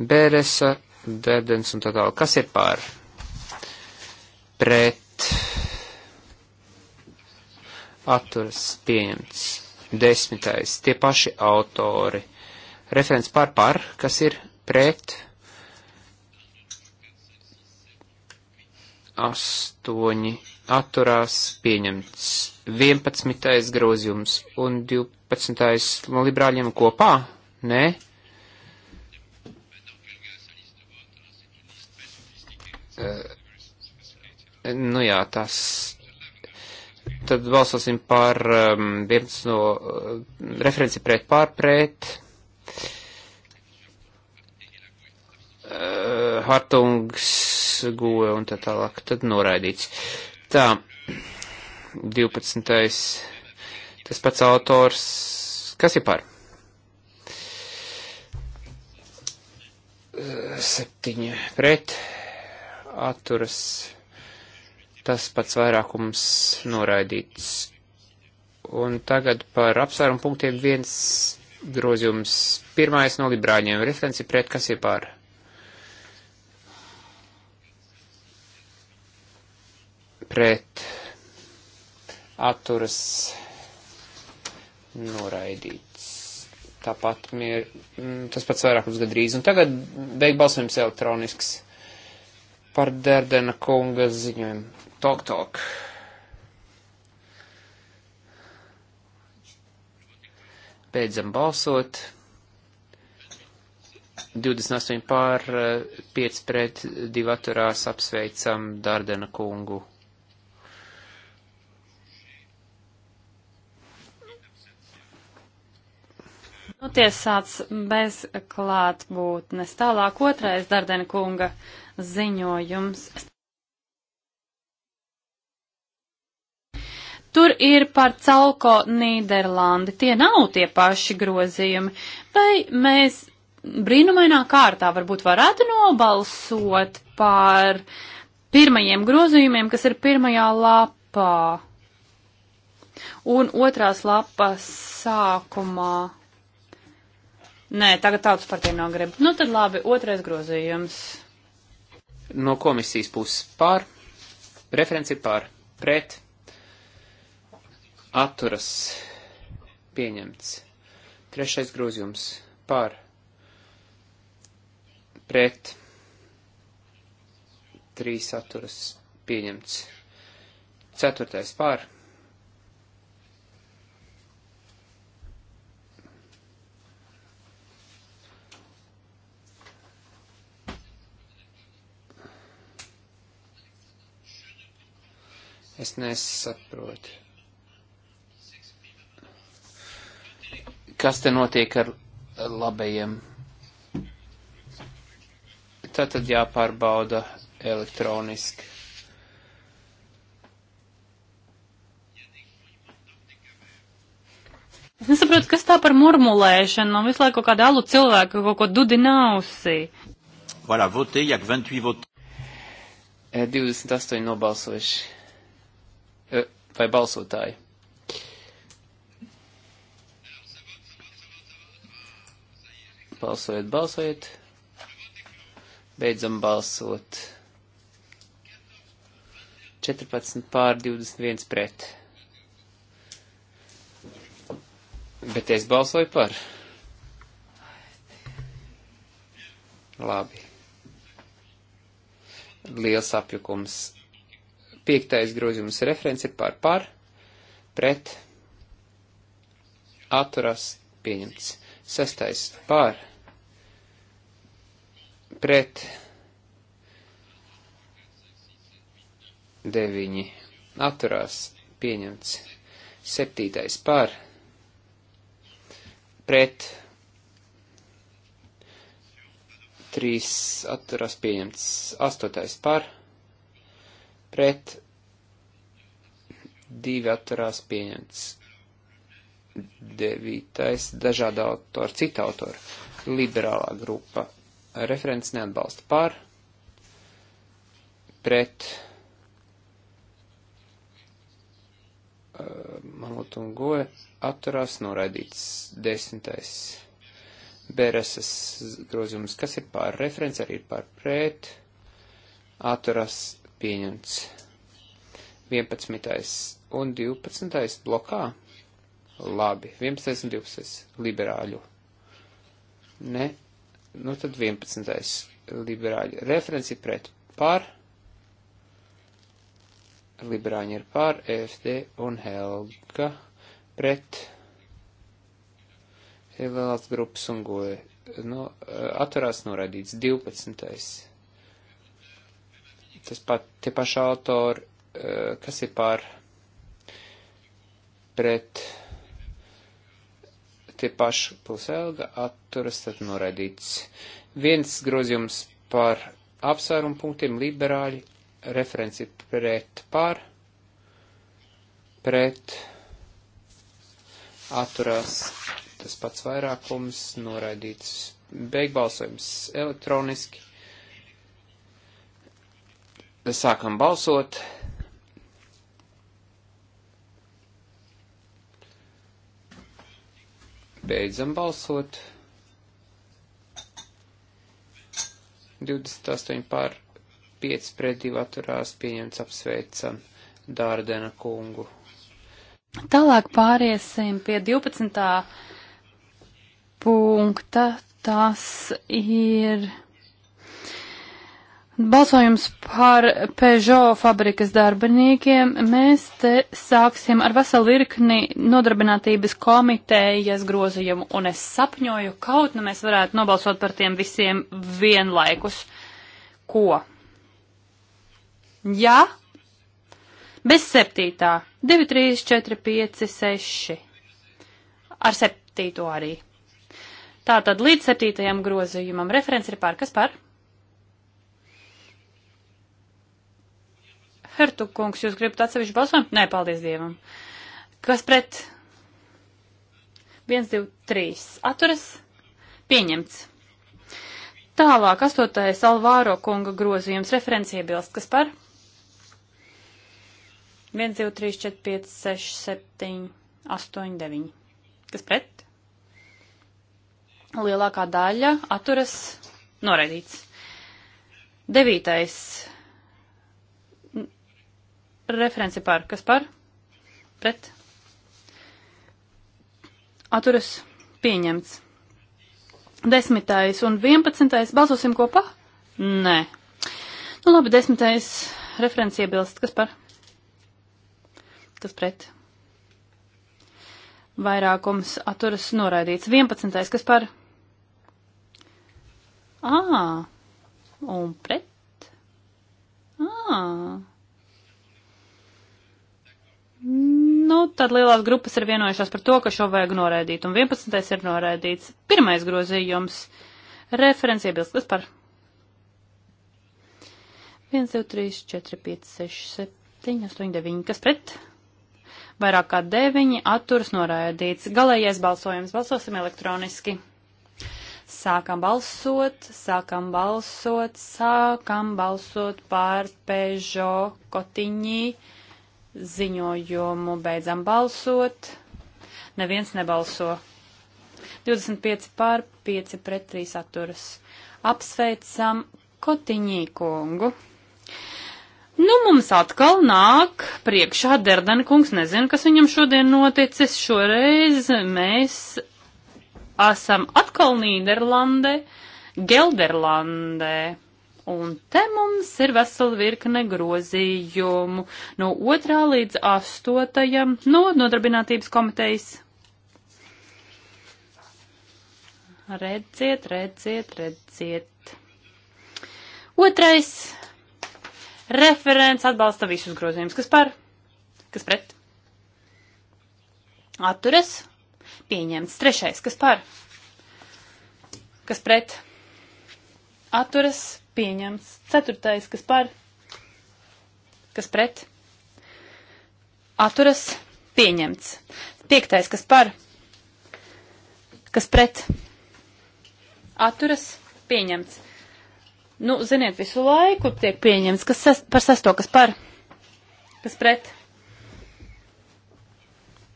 Bēresa, Dērdens un tā tālāk. Kas ir pār? Pret. Atturas pieņemts. Desmitais. Tie paši autori referents par par, kas ir pret 8 atturās pieņemts 11. grozījums un 12. no liberāļiem kopā? Nē. Eh, nu jā, tas. Tad balsosim par um, ehm, 11 no uh, referenci pret pārpret. Pār, Hartungs, Goe un tā tālāk, tad noraidīts. Tā, 12. Tas pats autors, kas ir par? 7 pret, atturas, tas pats vairākums noraidīts. Un tagad par apsvērumu punktiem viens grozījums. Pirmais no librāņiem referenci pret, kas ir par? pret atturas noraidīts. Tāpat mier, mm, tas pats vairākums gadrīz. Un tagad beig balsojums elektronisks par Derdena kunga ziņojumu. Tok, tok. Beidzam balsot. 28 pār 5 pret 2 atturās apsveicam Dardena kungu. notiesāts nu, bez klātbūtnes. Tālāk otrais Dardena kunga ziņojums. Tur ir par Calko Nīderlandi. Tie nav tie paši grozījumi. Vai mēs brīnumainā kārtā varbūt varētu nobalsot par pirmajiem grozījumiem, kas ir pirmajā lapā un otrās lapas sākumā? Nē, tagad tautas partija nav grib. Nu tad labi, otrais grozījums. No komisijas puses pār, referenci pār, pret, atturas, pieņemts. Trešais grozījums pār, pret, trīs atturas, pieņemts. Ceturtais pār, pret Es nesaprotu. Kas te notiek ar labajiem? Tā tad jāpārbauda elektroniski. Es nesaprotu, kas tā par murmulēšanu, man visu laiku kaut kāda alu cilvēku kaut ko dudina ausī. Voilà, votē, jak 28 votē. 28 nobalsojuši vai balsotāji. Balsojiet, balsojiet. Beidzam balsot. 14 pār 21 pret. Bet es balsoju par. Labi. Liels apjukums Piektais grozījums referents ir par par, pret, atturas pieņemts. Sestais par, pret, deviņi, atturās pieņemts. Septītais par, pret, trīs atturās pieņemts. Astotais par, pret pret divi atturās pieņemts. Devītais dažāda autora, cita autora, liberālā grupa. Referents neatbalsta par, pret uh, Mamut un Goe atturās noraidīts desmitais. Bereses grozījums, kas ir pār referents, arī ir pār pret, atturās pieņemts 11. un 12. blokā. Labi, 11. un 12. liberāļu. Ne, nu tad 11. liberāļu. Referenci pret par. Liberāņi ir par, EFD un Helga pret lielās grupas un goja. Nu, atvarās norādīts 12 tas pat tie paši autori, eh, kas ir pār pret tie paši puselga atturas, tad noraidīts. Viens grozījums par apsvērumu punktiem liberāļi, referenci pret pār, pret atturās, tas pats vairākums noraidīts. Beigbalsojums elektroniski. Sākam balsot. Beidzam balsot. 28 pār 5 pret 2 atturās pieņemts apsveicam Dārdena kungu. Tālāk pāriesim pie 12. punkta. Tas ir Balsojums par Peugeot fabrikas darbiniekiem. Mēs te sāksim ar veselu virkni nodarbinātības komitejas grozījumu, un es sapņoju, kaut nu mēs varētu nobalsot par tiem visiem vienlaikus. Ko? Jā? Bez septītā. 2, 3, 4, 5, 6. Ar septīto arī. Tātad līdz septītajam grozījumam referents ir pār. Kas par? Hertukungs, jūs gribat atsevišķu balsojumu? Nē, paldies Dievam. Kas pret? 1, 2, 3. Atturas? Pieņemts. Tālāk, astotais Alvāro kunga grozījums referencija bilst. Kas par? 1, 2, 3, 4, 5, 6, 7, 8, 9. Kas pret? Lielākā daļa atturas noraidīts. Devītais Referenci par. Kas par? Pret. Atturas pieņemts. Desmitais un vienpadsmitais. Balsosim kopā? Nē. Nu labi, desmitais referents iebilst. Kas par? Kas pret? Vairākums atturas noraidīts. 11. kas par? Ā, un pret? Ā. nu, tad lielās grupas ir vienojušās par to, ka šo vajag noraidīt, un 11. ir noraidīts. Pirmais grozījums - referents iebilst, kas par 1, 2, 3, 4, 5, 6, 7, 8, 9, kas pret? Vairāk kā 9 atturas noraidīts. Galējais balsojums balsosim elektroniski. Sākam balsot, sākam balsot, sākam balsot pār Peugeot kotiņī ziņojumu beidzam balsot. Neviens nebalso. 25 pār 5 pret 3 atturas. Apsveicam Kotiņī kungu. Nu, mums atkal nāk priekšā Derdena kungs, nezinu, kas viņam šodien noticis. Šoreiz mēs esam atkal Nīderlandē, Gelderlandē. Un te mums ir vesela virkne grozījumu no 2. līdz 8. no nodarbinātības komitejas. Redziet, redziet, redziet. Otrais. Referents atbalsta visus grozījumus. Kas par? Kas pret? Atturas. Pieņemts. Trešais. Kas par? Kas pret? Atturas pieņemts. Ceturtais, kas par, kas pret, atturas, pieņemts. Piektais, kas par, kas pret, atturas, pieņemts. Nu, ziniet, visu laiku tiek pieņemts, kas sas, par sesto, kas par, kas pret.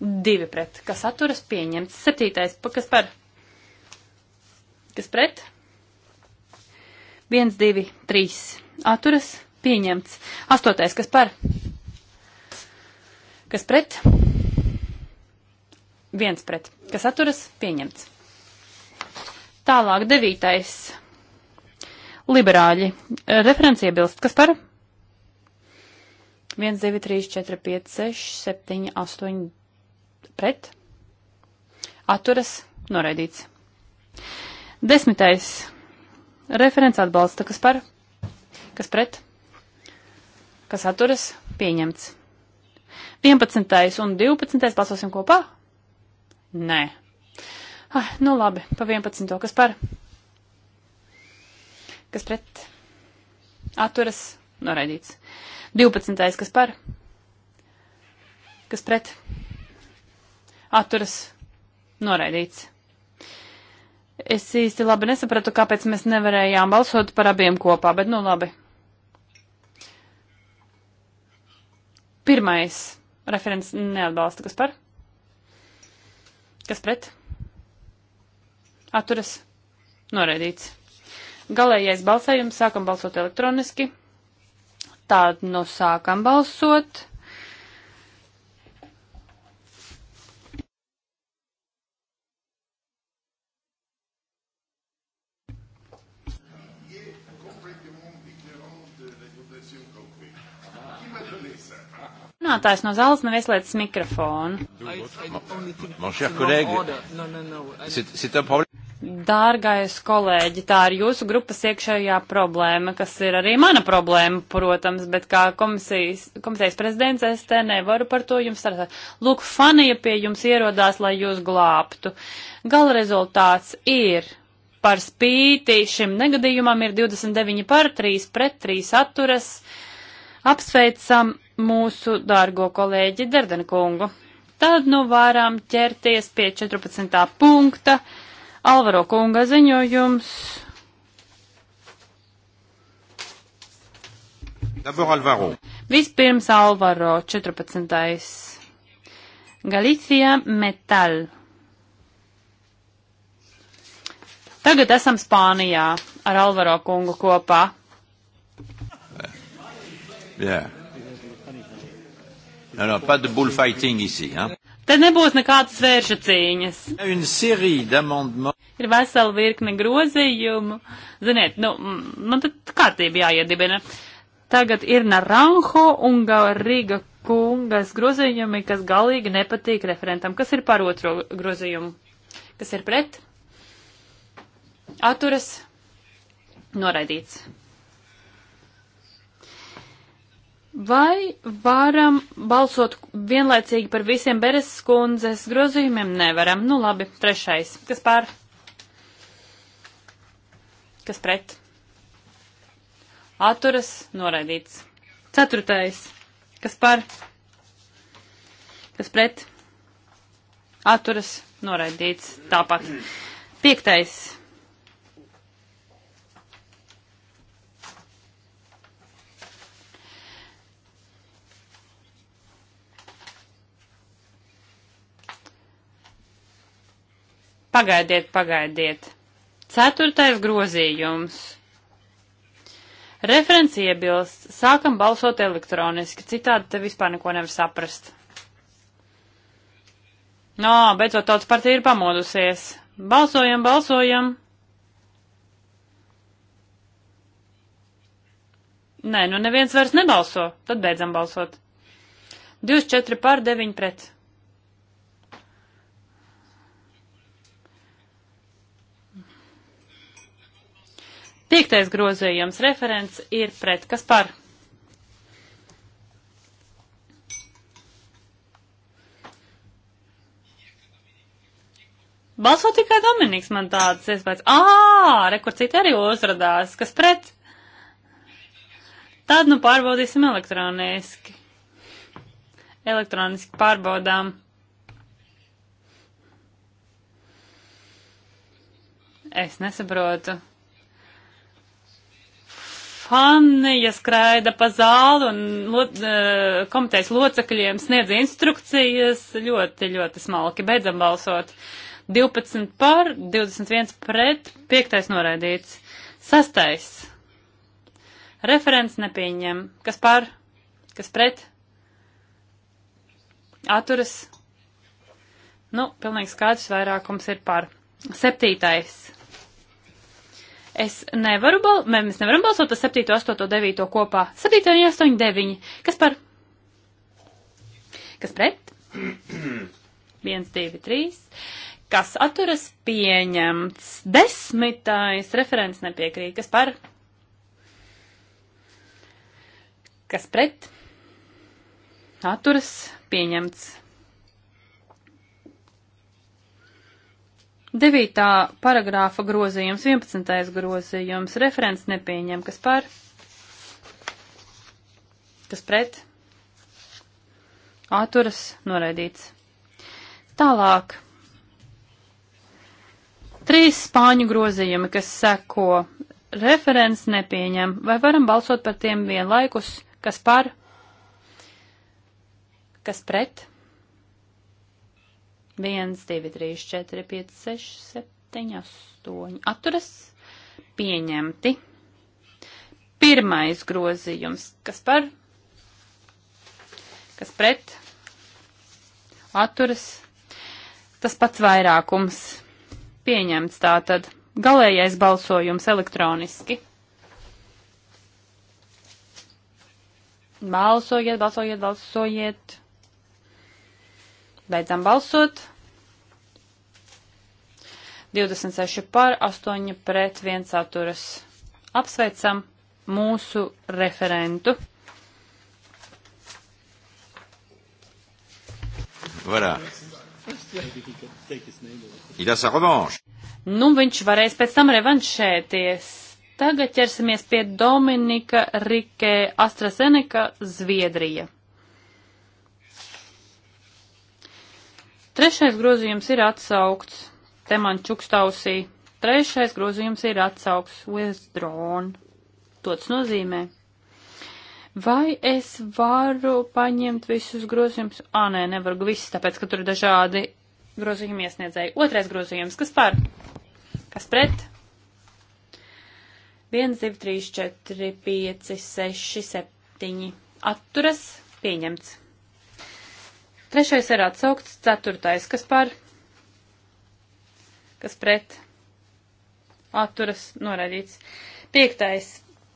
Divi pret, kas atturas, pieņemts. Septītais, kas par, kas pret 1, 2, 3. Atturas pieņemts. Astotais, kas par? Kas pret? Viens pret. Kas atturas? Pieņemts. Tālāk, devītais. Liberāļi. Referenci iebilst. Kas par? 1, 2, 3, 4, 5, 6, 7, 8. Pret. Atturas. Noraidīts. Desmitais Referents atbalsta, kas par, kas pret, kas atturas, pieņemts. 11. un 12. balsosim kopā? Nē. Ah, nu labi, pa 11. kas par, kas pret, atturas, noraidīts. 12. kas par, kas pret, atturas, noraidīts. Es īsti labi nesapratu, kāpēc mēs nevarējām balsot par abiem kopā, bet nu labi. Pirmais referents neatbalsta. Kas par? Kas pret? Atturas. Noraidīts. Galējais balsējums. Sākam balsot elektroniski. Tad nu sākam balsot. Runātājs no zāles nav ieslēdzis mikrofonu. Dārgais kolēģi, tā ir jūsu grupas iekšējā problēma, kas ir arī mana problēma, protams, bet kā komisijas, komisijas prezidents es te nevaru par to jums sarasāt. Lūk, fanija pie jums ierodās, lai jūs glābtu. Gala rezultāts ir. Par spīti šim negadījumam ir 29 par 3 pret 3 atturas. Apsveicam mūsu dārgo kolēģi Derdena kungu. Tad nu varam ķerties pie 14. punkta Alvaro kunga ziņojums. Dabur Alvaro. Vispirms Alvaro 14. Galicija Metal. Tagad esam Spānijā ar Alvaro kungu kopā. Yeah. No, no, pas de bullfighting ici, hein? Te nebūs nekādas vērša cīņas. Ir vesela virkne grozījumu. Ziniet, nu, man tad kārtība jāiedibina. Tagad ir Naranjo un Garīga kungas grozījumi, kas galīgi nepatīk referentam. Kas ir par otro grozījumu? Kas ir pret? Aturas. Noraidīts. Vai varam balsot vienlaicīgi par visiem Beres skundzes grozījumiem? Nevaram. Nu labi, trešais. Kas pār? Kas pret? Atturas noraidīts. Ceturtais. Kas par? Kas pret? Atturas noraidīts. Tāpat. Piektais. Pagaidiet, pagaidiet. Ceturtais grozījums. Referents iebilst. Sākam balsot elektroniski, citādi te vispār neko nevar saprast. Nā, no, beidzot tautas partija ir pamodusies. Balsojam, balsojam. Nē, nu neviens vairs nebalso, tad beidzam balsot. 24 pār 9 pret. Piektais grozījums referents ir pret. Kas par? Balso tikai Dominiks man tāds iespējas. Ā, rekur citi arī uzradās. Kas pret? Tad nu pārbaudīsim elektroniski. Elektroniski pārbaudām. Es nesaprotu fani, ja skraida pa zāli un lot, e, komitejas locekļiem sniedz instrukcijas. Ļoti, ļoti smalki. Beidzam balsot. 12 par, 21 pret, 5 noraidīts. 6. Referents nepieņem. Kas par? Kas pret? Atturas. Nu, pilnīgi skaidrs vairākums ir par. Septītais. Es nevaru balsot, mēs nevaram balsot par 7, 8, 9 kopā. 7, 8, 9. Kas par? Kas pret? 1, 2, 3. Kas atturas pieņemts? Desmitais referents nepiekrīt. Kas par? Kas pret? Atturas pieņemts. Devītā paragrāfa grozījums, 11. grozījums, referents nepieņem, kas par, kas pret, atturas noraidīts. Tālāk. Trīs spāņu grozījumi, kas seko, referents nepieņem, vai varam balsot par tiem vienlaikus, kas par, kas pret, 1, 2, 3, 4, 5, 6, 7, 8. Atturas pieņemti. Pirmais grozījums, kas par, kas pret, atturas, tas pats vairākums pieņemts tātad. Galējais balsojums elektroniski. Balsojiet, balsojiet, balsojiet. Beidzam balsot. 26 par, 8 pret, 1 atturas. Apsveicam mūsu referentu. Voilà. Il a sa revanche. Nu, viņš varēs pēc tam revanšēties. Tagad ķersimies pie Dominika Rikē AstraZeneca Zviedrija. Trešais grozījums ir atsaukts. Te man čukstausī. Trešais grozījums ir atsaukts. Withdrawn. To tas nozīmē. Vai es varu paņemt visus grozījumus? Ā, nē, nevaru visus, tāpēc, ka tur ir dažādi grozījumi iesniedzēji. Otrais grozījums, kas par? Kas pret? 1, 2, 3, 4, 5, 6, 7. Atturas pieņemts. Trešais ir atsaukts, ceturtais, kas par, kas pret, atturas, noraidīts. Piektais,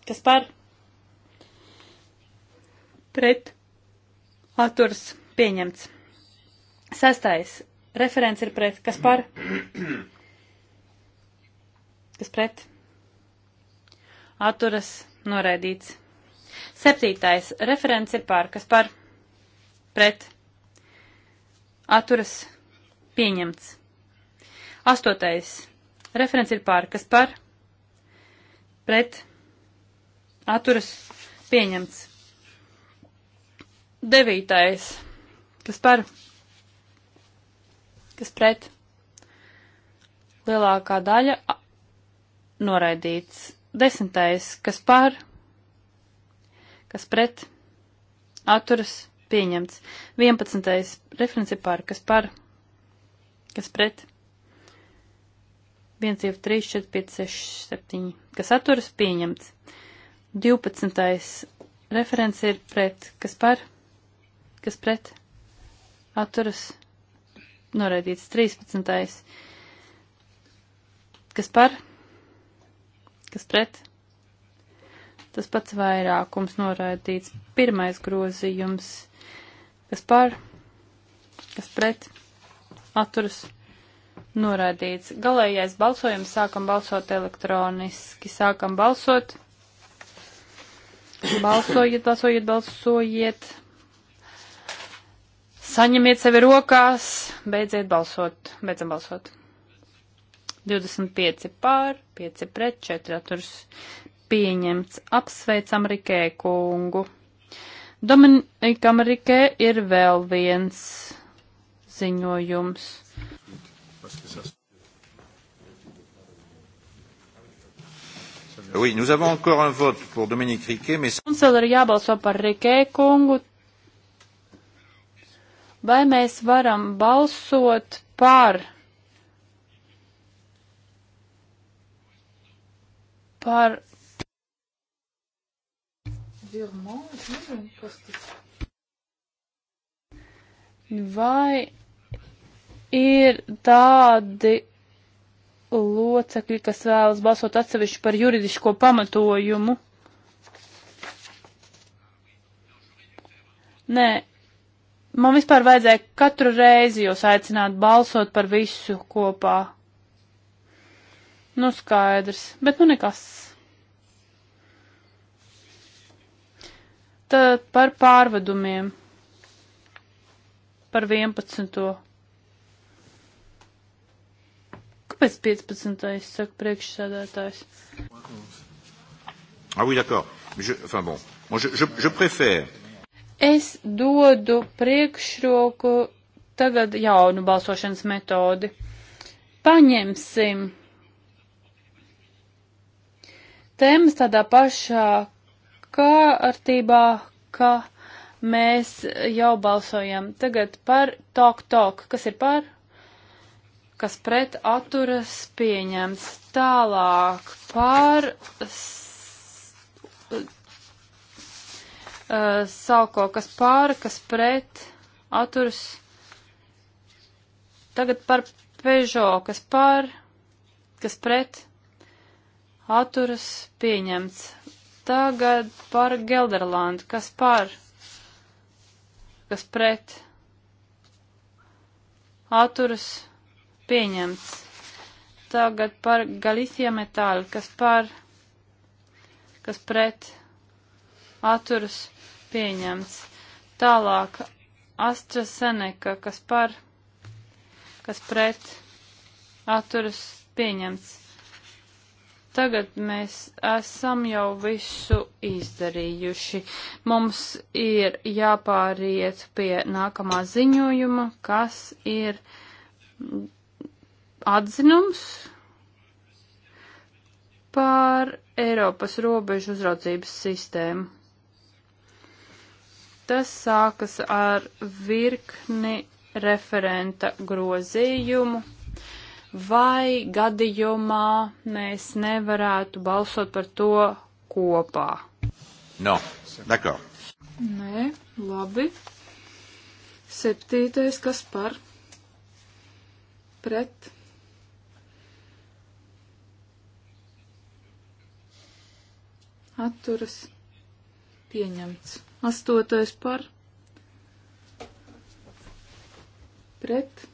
kas par, pret, atturas, pieņemts. Sastais, referents ir pret, kas par, kas pret, atturas, noraidīts. Septītais, referents ir par, kas par, pret, atturas atturas pieņemts. Astotais. Referents ir pār, kas par, pret, atturas pieņemts. Devītais. Kas par, kas pret, lielākā daļa noraidīts. Desmitais. Kas par, kas pret, atturas pieņemts pieņemts. 11. referents ir par, kas par, kas pret. 1, 2, 3, 4, 5, 6, 7, kas atturas, pieņemts. 12. referents ir pret, kas par, kas pret, atturas, noraidīts. 13. kas par, kas pret, tas pats vairākums noraidīts. Pirmais grozījums kas par, kas pret, atturas noraidīts. Galējais balsojums sākam balsot elektroniski, sākam balsot. Balsojiet, balsojiet, balsojiet. Saņemiet sevi rokās, beidziet balsot, beidzam balsot. 25 pār, 5 pret, 4 atturs pieņemts. Apsveicam Rikē kungu. Dominikam Rikē ir vēl viens ziņojums. Oui, nous avons encore un vote pour Dominique Riquet, mais... Mums vēl ir jābalso par Riquet kungu. Vai mēs varam balsot par par virmo, es nezinu, kas tas. Vai ir tādi locekļi, kas vēlas balsot atsevišķi par juridisko pamatojumu? Nē, man vispār vajadzēja katru reizi jūs aicināt balsot par visu kopā. Nu, skaidrs, bet nu nekas. Tad eh, par pārvedumiem. Par 11. Kāpēc 15. saka priekšsēdētājs? Ah oui, d'accord. Je, enfin bon, moi je, je, je préfère. Es dodu priekšroku tagad jaunu balsošanas metodi. Paņemsim tēmas tādā pašā kārtībā, ka mēs jau balsojam tagad par tok tok, kas ir par, kas pret atturas pieņemts. Tālāk par uh, salko, kas pār, kas pret atturas. Tagad par Peugeot, kas pār, kas pret atturas pieņemts. Tagad par Gelderlandu. Kas par? Kas pret? Atturas pieņemts. Tagad par Galicija metālu. Kas par? Kas pret? Atturas pieņemts. Tālāk AstraZeneca. Kas par? Kas pret? Atturas pieņemts tagad mēs esam jau visu izdarījuši. Mums ir jāpāriet pie nākamā ziņojuma, kas ir atzinums par Eiropas robežu uzraudzības sistēmu. Tas sākas ar virkni referenta grozījumu, vai gadījumā mēs nevarētu balsot par to kopā? No, nekā. Nē, labi. Septītais, kas par? Pret. Atturas. Pieņemts. Astotais par. Pret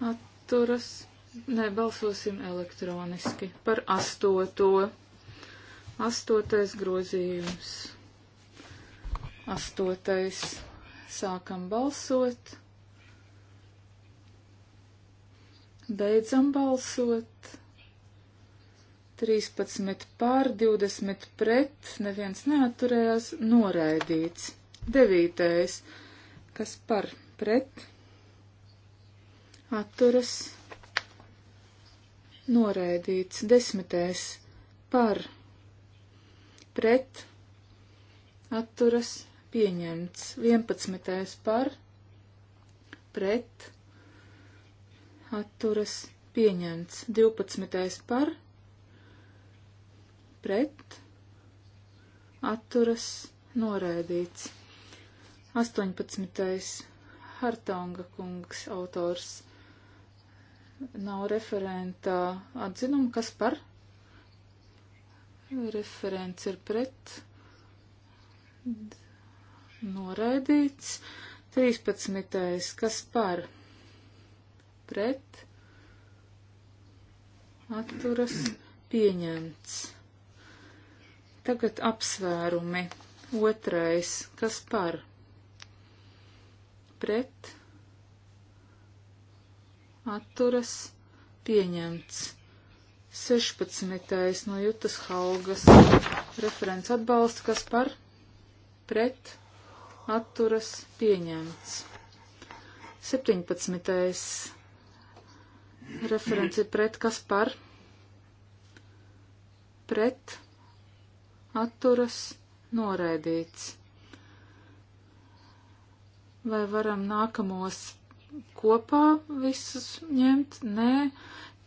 atturas. Nē, balsosim elektroniski par astoto. Astotais grozījums. Astotais. Sākam balsot. Beidzam balsot. 13 pār 20 pret, neviens neaturējās, noraidīts. 9. Kas par pret? atturas noraidīts. Desmitais par pret atturas pieņemts. Vienpadsmitais par pret atturas pieņemts. Divpadsmitais par pret atturas noraidīts. 18. Hartonga kungs autors nav referenta atzinuma, kas par referents ir pret noraidīts. 13. kas par pret atturas pieņemts. Tagad apsvērumi. Otrais, kas par pret atturas pieņemts. 16. no Jutas Haugas referents atbalsts, kas par pret atturas pieņemts. 17. referents ir pret, kas par pret atturas noraidīts. Vai varam nākamos kopā visus ņemt? Nē.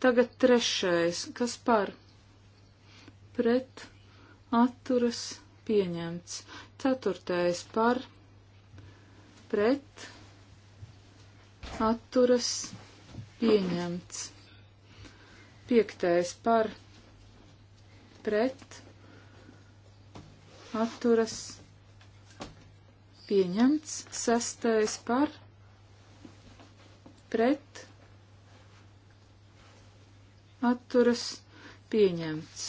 Tagad trešais. Kas par? Pret. Atturas. Pieņemts. Ceturtais par. Pret. Atturas. Pieņemts. Piektais par. Pret. Atturas. Pieņemts. Sestais par pret, atturas, pieņemts.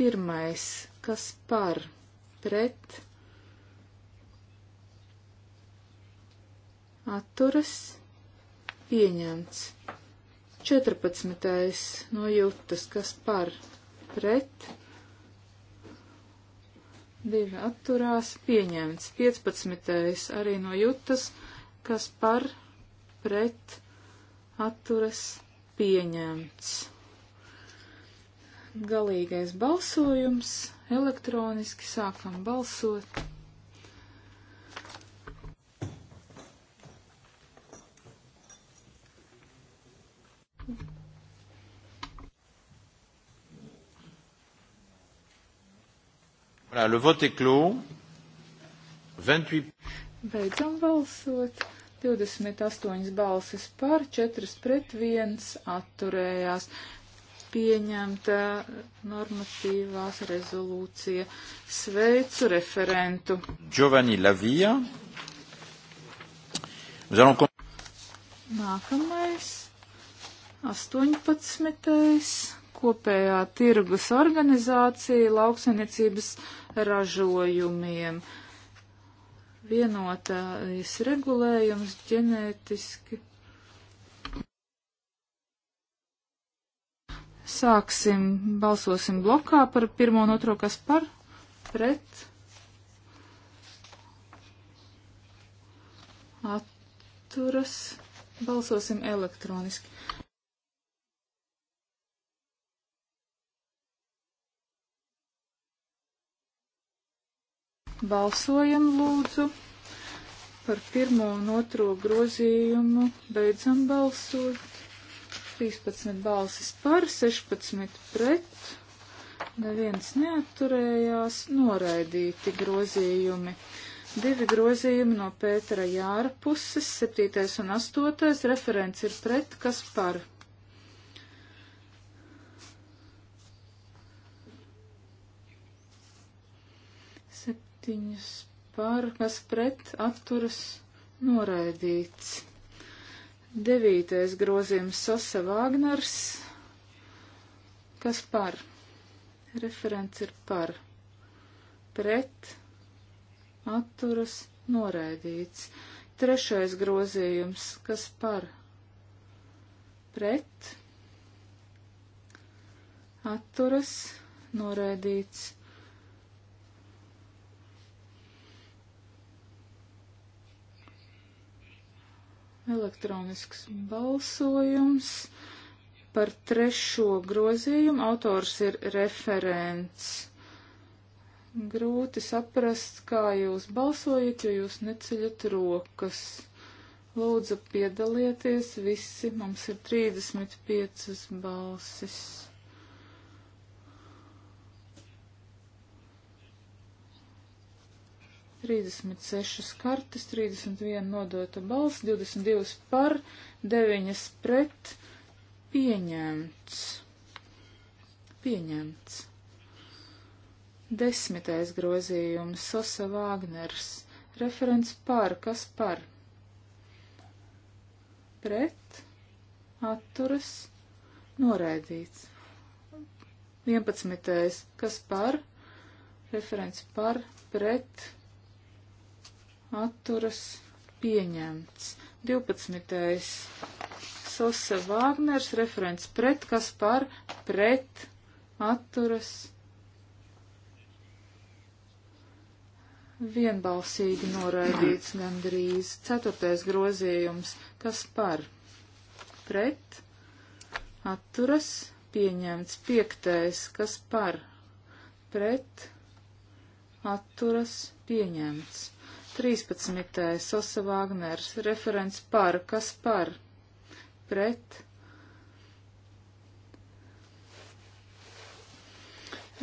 Pirmais, kas par, pret, atturas, pieņemts. 14. no jūtas, kas par, pret, atturas divi atturās, pieņemts 15. arī no jutas, kas par pret atturas pieņemts. Galīgais balsojums elektroniski sākam balsot. Ah, le vote est clos. 28. Beidzam balsot. 28 balsis par, 4 pret 1 atturējās. Pieņemta normatīvās rezolūcija. Sveicu referentu. Giovanni Lavija. Allons... Nākamais. 18. kopējā tirgus organizācija lauksainiecības ražojumiem. Vienotais regulējums ģenētiski. Sāksim, balsosim blokā par pirmo un otro, kas par, pret, atturas, balsosim elektroniski. Balsojam lūdzu par pirmo un otro grozījumu. Beidzam balsot. 13 balsis par, 16 pret. Neviens neaturējās. Noraidīti grozījumi. Divi grozījumi no Pētera Jāra puses, 7. un 8. referents ir pret, kas par. Septiņas par, kas pret atturas noraidīts. Devītais grozījums Sosa Vāgners. Kas par? Referents ir par. Pret atturas noraidīts. Trešais grozījums, kas par? Pret atturas noraidīts. elektronisks balsojums par trešo grozījumu. Autors ir referents. Grūti saprast, kā jūs balsojat, jo jūs neceļat rokas. Lūdzu, piedalieties visi, mums ir 35 balsis. 36 kartes, 31 nodota balss, 22 par, 9 pret, pieņemts. Pieņemts. Desmitais grozījums Sosa Vāgners. Referents par, kas par? Pret, atturas, noraidīts. 11. kas par? Referents par, pret, atturas pieņemts. 12. Sosa Vāgners referents pret, kas par pret atturas vienbalsīgi noraidīts gandrīz. 4. grozījums, kas par pret atturas pieņemts. 5. kas par pret atturas pieņemts. 13. Sosa Vāgners, referents par, kas par, pret.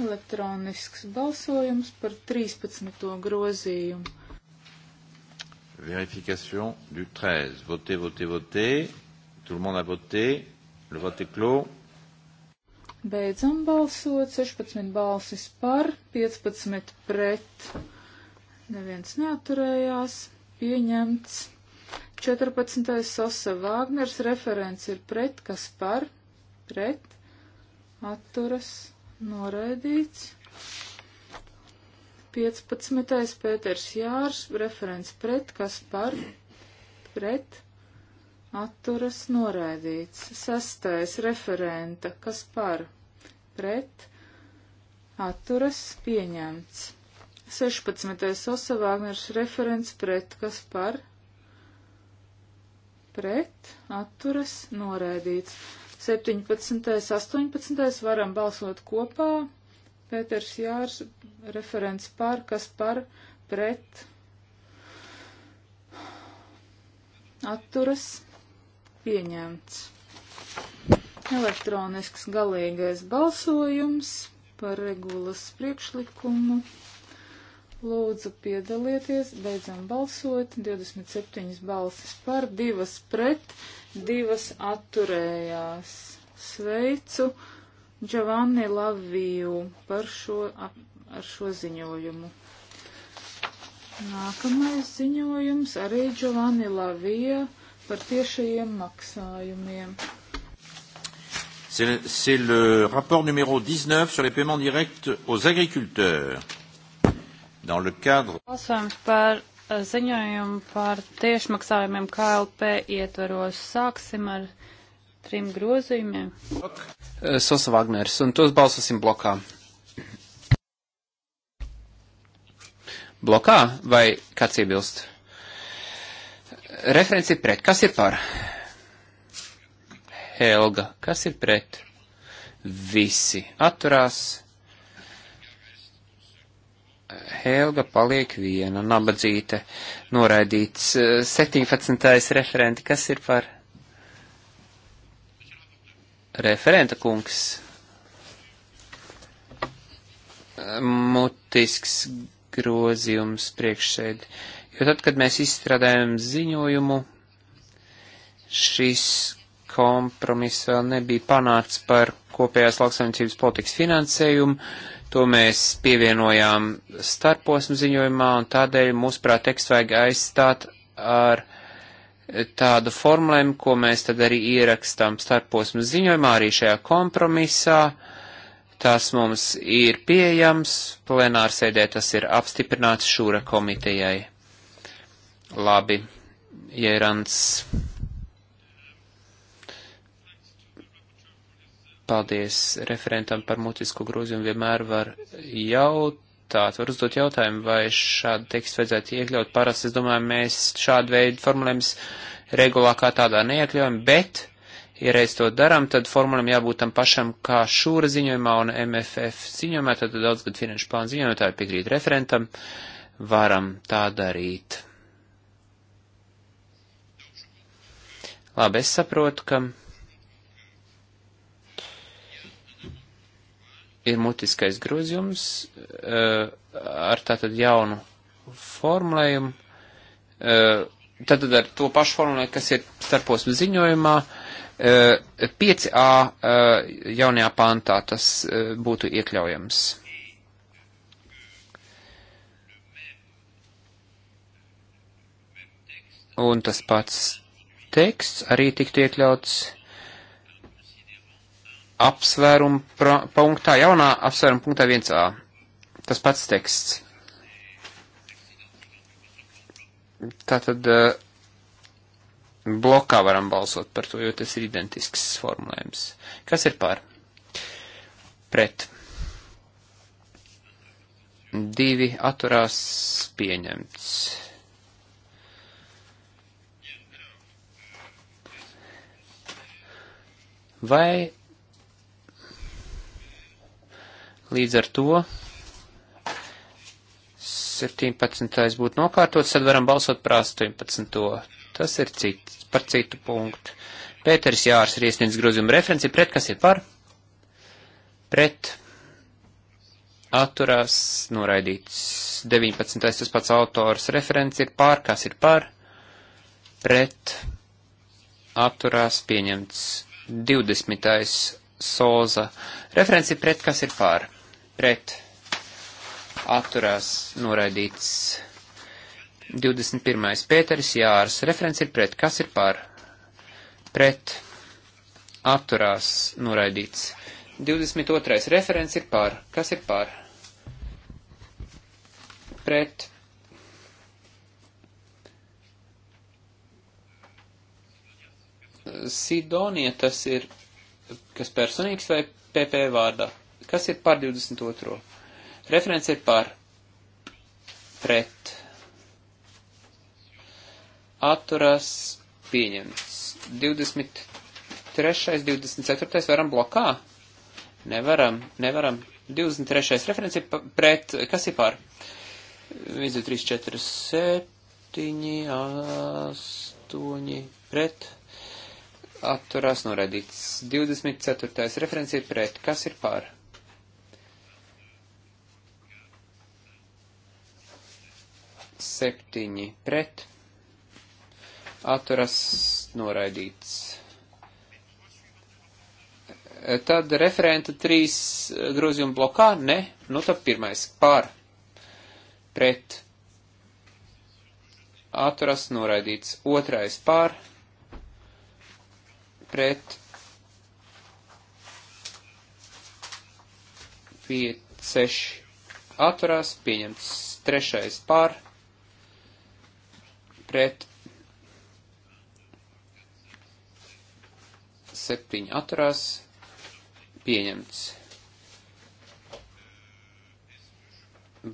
Elektronisks balsojums par 13. grozījumu. Vérification du 13. Votez, votez, votez. Tout le monde a voté. Le vote est clos. Beidzam balsot. 16 balsis par, 15 pret neviens neaturējās, pieņemts. 14. Sosa Vāgners referents ir pret, kas par, pret, atturas, noraidīts. 15. Pēters Jārs, referents pret, kas par, pret, atturas noraidīts. 6. referenta, kas par, pret, atturas pieņemts. 16. Osavāgners referents pret, kas par? Pret, atturas, noraidīts. 17. 18. varam balsot kopā. Pēters Jārs referents par, kas par? Pret, atturas, pieņemts. Elektronisks galīgais balsojums par regulas priekšlikumu. Lūdzu, piedalieties, beidzam balsot, 27 balsis par, 2 pret, 2 atturējās. Sveicu Giovanni Laviju par šo, ar šo ziņojumu. Nākamais ziņojums arī Giovanni Lavija par tiešajiem maksājumiem. C'est le rapport numéro 19 sur les paiements directs aux agriculteurs. Balsojums par eh, ziņojumu par tiešmaksājumiem KLP ietveros. Sāksim ar trim grozījumiem. Eh, Sosa Vagners, un tos balsosim blokā. Blokā vai kāds iebilst? Referents ir pret. Kas ir par? Helga. Kas ir pret? Visi atturās. Helga paliek viena, nabadzīta, noraidīts. 17. Eh, referenti, kas ir par referenta kungs? Mutisks grozījums priekšsēd. Jo tad, kad mēs izstrādājam ziņojumu, šis kompromiss vēl nebija panāts par kopējās lauksaimniecības politikas finansējumu To mēs pievienojām starposmu ziņojumā, un tādēļ, mūsuprāt, tekstu vajag aizstāt ar tādu formulēm, ko mēs tad arī ierakstām starposmu ziņojumā, arī šajā kompromisā. Tas mums ir pieejams, plenārsēdē tas ir apstiprināts šūra komitejai. Labi, Jērans. Ja Paldies referentam par mutisko grozījumu. Vienmēr var jautāt, var uzdot jautājumu, vai šādu tekstu vajadzētu iekļaut. Parasti, es domāju, mēs šādu veidu formulējums regulā kā tādā neiekļaujam, bet, ja reiz to daram, tad formulējumam jābūt tam pašam kā šūra ziņojumā un MFF ziņojumā, tad daudzgad finanšu plānu ziņojumotāji piekrīt referentam. Varam tā darīt. Labi, es saprotu, ka ir mutiskais grozījums uh, ar tātad jaunu formulējumu, uh, eh, tātad ar to pašu formulējumu, kas ir starposmu ziņojumā, uh, 5a uh, jaunajā pantā tas uh, būtu iekļaujams. Un tas pats teksts arī tiktu iekļauts apsvēruma punktā, jaunā apsvēruma punktā 1a. Tas pats teksts. Tātad eh, blokā varam balsot par to, jo tas ir identisks formulējums. Kas ir pār? Pret. Divi atturās pieņemts. Vai Līdz ar to 17. būtu nokārtots, tad varam balsot par 18. Tas ir cits, par citu punktu. Pēteris Jārs ir iesniedz grozījuma referenci pret, kas ir par? Pret atturās noraidīts 19. tas pats autors referents ir pār, kas ir par, pret atturās pieņemts 20. soza referents ir pret, kas ir pār, pret atturās noraidīts 21. Pēteris Jārs. Referents ir pret. Kas ir par? Pret atturās noraidīts. 22. Referents ir par. Kas ir par? Pret. Sidonija tas ir kas personīgs vai PP vārdā? Kas ir par 22? Referents ir par pret. Atturas pieņemts. 23. 24. varam blokā? Nevaram, nevaram. 23. referents ir pret, kas ir pār? 1, 2, 3, 4, 7, 8, pret. Atturās noraidīts. 24. referents ir pret, kas ir pār? 7 pret, atturas noraidīts. Tad referenta 3 grozījuma blokā, ne, nu tad pirmais par, pret, atturas noraidīts, otrais par, pret, 5, 6 atturās, pieņemts trešais par, pret 7 atturās pieņemts.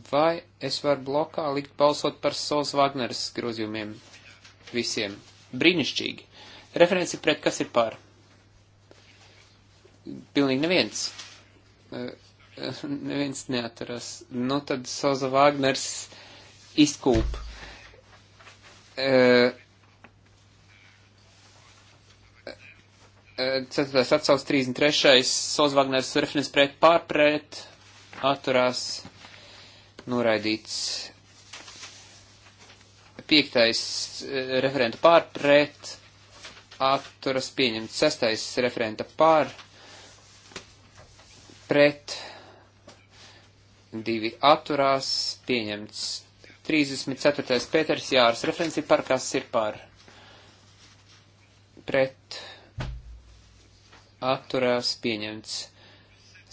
Vai es varu blokā likt balsot par Sols Vagneres grozījumiem visiem? Brīnišķīgi. Referenci pret kas ir pār? Pilnīgi neviens. E, e, neviens neatras. Nu tad Soza Vāgners izkūp. Ceturtais atsauc 33. Solzvagners Surfnis pret pārpret atturās noraidīts. Piektais eh, referenta pārpret atturas pieņemts. Sestais referenta pārpret divi atturās pieņemts 34. Pēters Jārs referenci par kas ir par pret atturās pieņemts.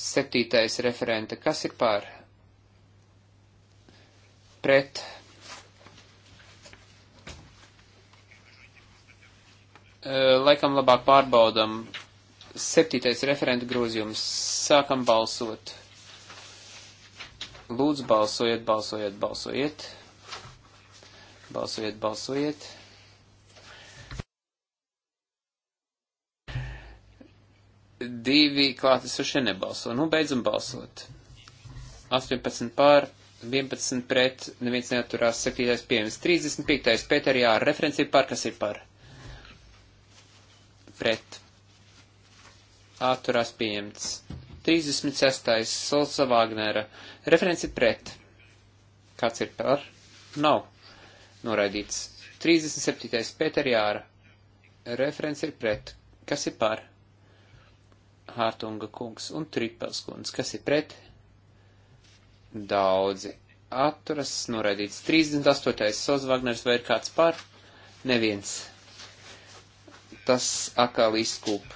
7. referente kas ir par pret laikam labāk pārbaudam septītais referenta grozījums. Sākam balsot. Lūdzu, balsojiet, balsojiet, balsojiet. Balsojiet, balsojiet. Divi klātesošie nebalso. Nu, beidzam balsot. 18 pār, 11 pret, neviens neaturās, 7. pieejams, 35. Pēterijā ar referenciju pār, kas ir par. Pret. Atturās pieņemts. 36. Solsa Vāgnera. Referenci pret. Kāds ir par? Nav. No noraidīts. 37. Pēterjāra referents ir pret. Kas ir par? Hārtunga kungs un Tripels kungs. Kas ir pret? Daudzi. Atturas noraidīts. 38. Soz Vagners vai ir kāds par? Neviens. Tas akāli izkūp.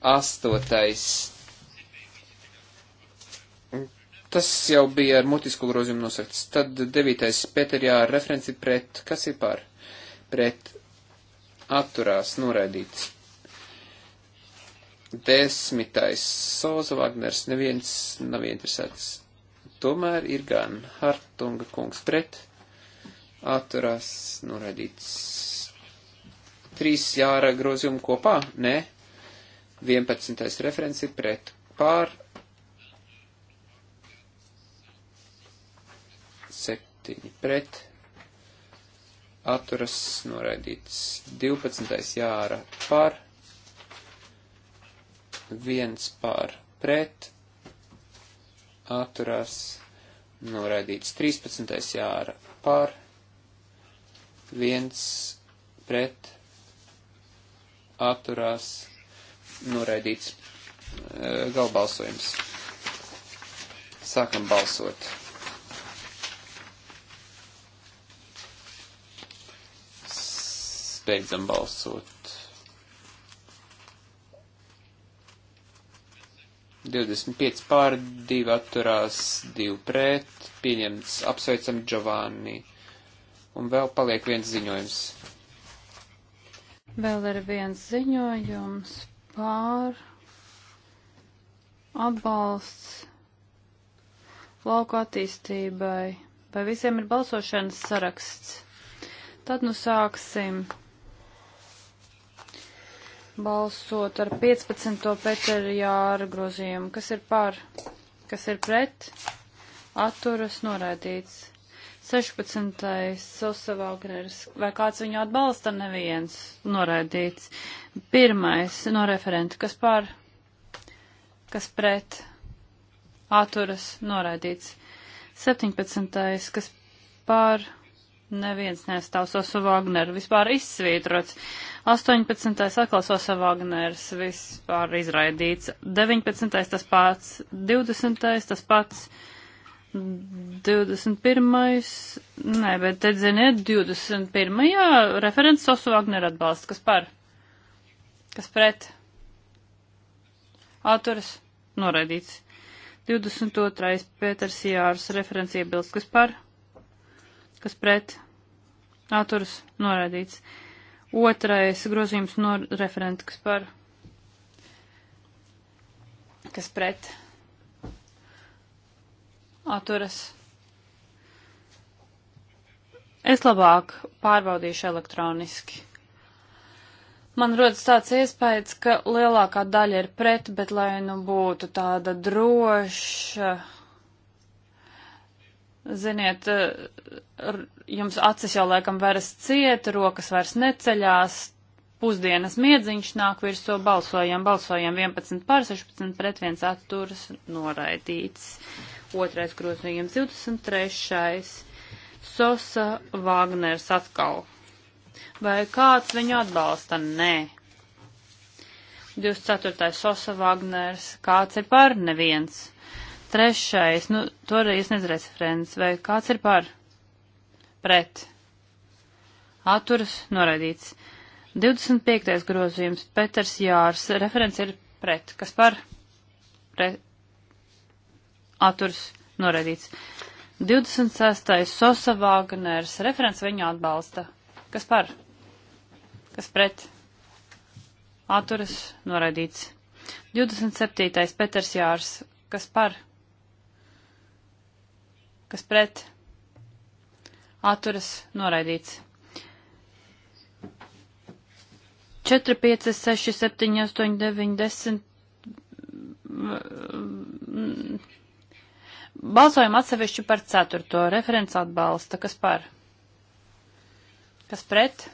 8. Tas jau bija ar mutisku grozījumu nosakts. Tad devītais Pēterjā referenci pret, kas ir par? Pret atturās noraidīts. Desmitais Soza Vagners neviens nav interesēts. Tomēr ir gan Hartunga kungs pret, atturās noraidīts. Trīs jāra grozījumu kopā? Nē. Vienpadsmitais referenci pret pār 7 pret, atturas noraidīts 12. jāra par, 1 par pret, atturās noraidīts 13. jāra par, 1 pret, atturās noraidīts galbalsojums. Sākam balsot. Beidzam balsot. 25 pār, 2 atturās, 2 pret, pieņemts, apsveicam Giovanni. Un vēl paliek viens ziņojums. Vēl ir viens ziņojums pār atbalsts lauku attīstībai. Vai visiem ir balsošanas saraksts? Tad nu sāksim balsot ar 15. Petera Jāra grozījumu. Kas ir par? Kas ir pret? Atturas noraidīts. 16. Sosavā Ogreris. Vai kāds viņu atbalsta? Neviens. Noraidīts. Pirmais no referenta. Kas par? Kas pret? Atturas noraidīts. 17. Kas par? Neviens nestāv Sosu Vagneru. Vispār izsvītrots. 18. atklāso savāgnērs vispār izraidīts, 19. tas pats, 20. tas pats, 21. Nē, bet te ziniet, 21. Jā, referents Sosu Vagneru atbalsts, kas par? Kas pret? Autors noraidīts. 22. Pēters Jārs referents iebilst, kas par, kas pret, atturas noraidīts. Otrais grozījums no referenta, kas par, kas pret atturas. Es labāk pārbaudīšu elektroniski. Man rodas tāds iespējas, ka lielākā daļa ir pret, bet lai nu būtu tāda droša Ziniet, jums acis jau laikam vairs cieta, rokas vairs neceļās, pusdienas miedziņš nāk virsū, balsojam, balsojam 11 pār 16 pret 1 atturas noraidīts. Otrais grozījums 23. Sosa Wagners atkal. Vai kāds viņu atbalsta? Nē. 24. Sosa Wagners. Kāds ir par? Neviens. Trešais, nu, to arī es nezinu, referents, vai kāds ir par? Pret. Atturas noraidīts. 25. grozījums, Peters Jārs, referents ir pret, kas par? Pret. Atturas noraidīts. 26. Sosa Vāgners, referents viņu atbalsta. Kas par? Kas pret? Atturas noraidīts. 27. Peters Jārs, kas par? kas pret atturas noraidīts. 4, 5, 6, 7, 8, 9, 10. Balsojam atsevišķi par 4. Referents atbalsta. Kas par? Kas pret?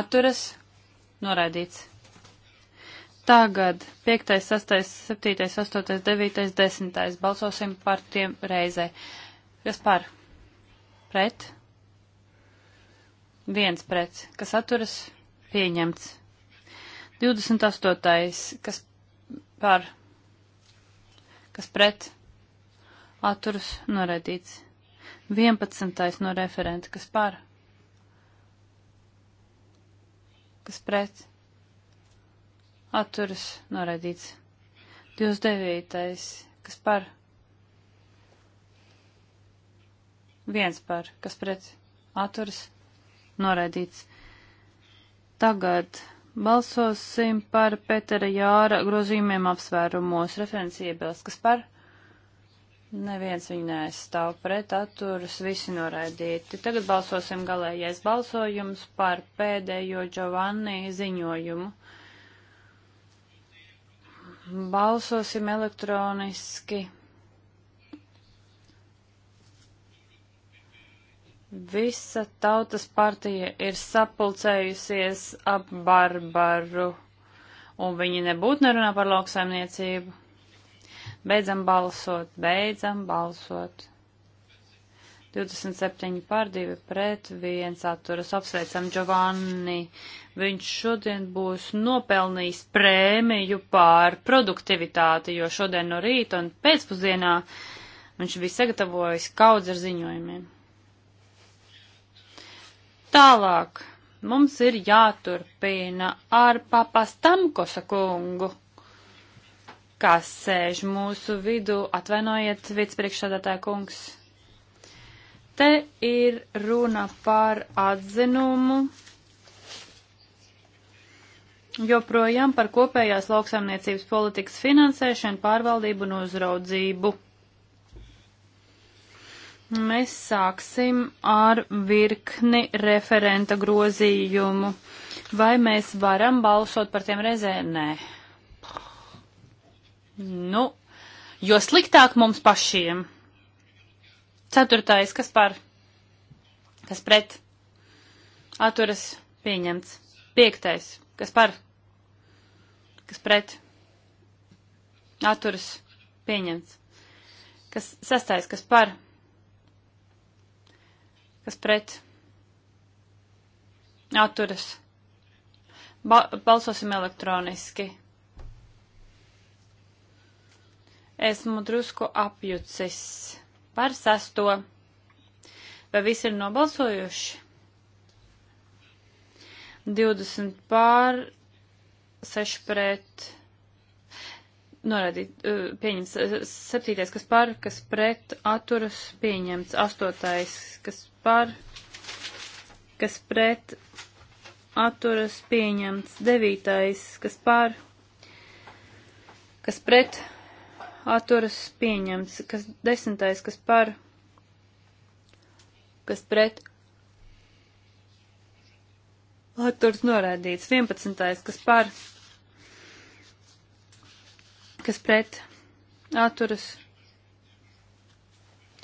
Atturas noraidīts. Tagad 5, 6, 7, 8, 9, 10. Balsosim par tiem reizē. Kas par? Pret? Viens pret. Kas atturas? Pieņemts. 28. Kas par? Kas pret? Atturas noraidīts. 11. no referenta. Kas par? Kas pret? atturas noraidīts. 29. kas par, viens par, kas pret, atturas noraidīts. Tagad balsosim par Petera Jāra grozījumiem apsvērumos. Referents iebilst, kas par. Neviens viņu neaizstāv pret atturus, visi noraidīti. Tagad balsosim galējais balsojums par pēdējo Giovanni ziņojumu. Balsosim elektroniski. Visa tautas partija ir sapulcējusies ap barbaru, un viņi nebūtu nerunā par lauksaimniecību. Beidzam balsot, beidzam balsot. 27 pār 2 pret 1 atturas. Apsveicam Giovanni. Viņš šodien būs nopelnījis prēmiju pār produktivitāti, jo šodien no rīta un pēcpusdienā viņš bija sagatavojis kaudz ar ziņojumiem. Tālāk mums ir jāturpina ar papastamkosa kungu, kas sēž mūsu vidu, atvainojiet, vicepriekšsādātāja kungs. Te ir runa par atzinumu joprojām par kopējās lauksaimniecības politikas finansēšanu, pārvaldību un uzraudzību. Mēs sāksim ar virkni referenta grozījumu. Vai mēs varam balsot par tiem reizē? Nē. Nu, jo sliktāk mums pašiem. Ceturtais, kas par, kas pret, atturas pieņemts. Piektais, kas par, kas pret, atturas pieņemts. Kas sastais, kas par, kas pret, atturas. Ba balsosim elektroniski. Esmu drusku apjucis par sesto. Vai visi ir nobalsojuši? 20 pār, 6 pret, norādīt, eh, pieņemts, 7, eh, kas par, kas pret, atturas, pieņemts, 8, kas par, kas pret, atturas, pieņemts, 9, kas par, kas pret, atturas pieņemts, kas desmitais, kas par, kas pret, atturas norādīts, vienpadsmitais, kas par, kas pret, atturas,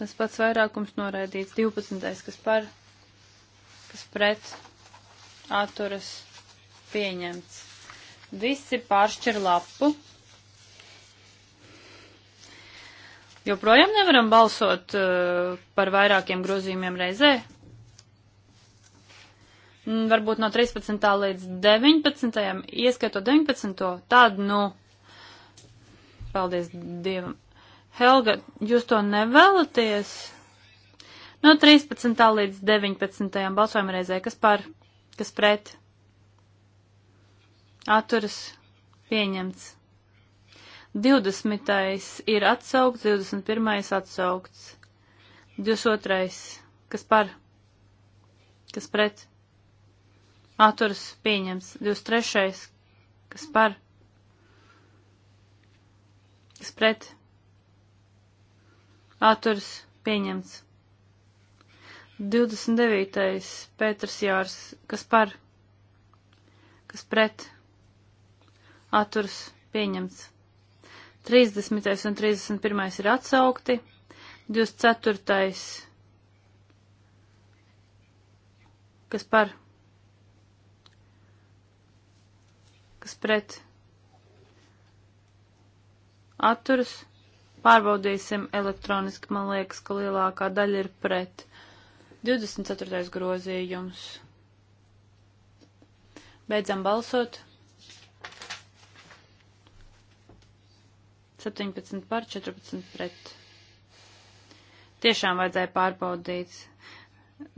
tas pats vairākums norādīts, divpadsmitais, kas par, kas pret, atturas, pieņemts. Visi pāršķir lapu. Joprojām nevaram balsot uh, par vairākiem grozījumiem reizē. Mm, varbūt no 13. līdz 19. ieskaitot 19. Tad, nu, paldies Dievam. Helga, jūs to nevēlaties? No 13. līdz 19. balsojuma reizē, kas par, kas pret, atturas, pieņemts. 20. ir atsaukts, 21. atsaukts, 22. kas par, kas pret, atturas pieņems, 23. kas par, kas pret, atturas pieņems. 29. Pēters Jārs, kas par, kas pret, atturas pieņemts. 30. un 31. ir atsaukti, 24. kas par, kas pret atturas, pārbaudīsim elektroniski, man liekas, ka lielākā daļa ir pret. 24. grozījums. Beidzam balsot. 17 par 14 pret. Tiešām vajadzēja pārbaudīt.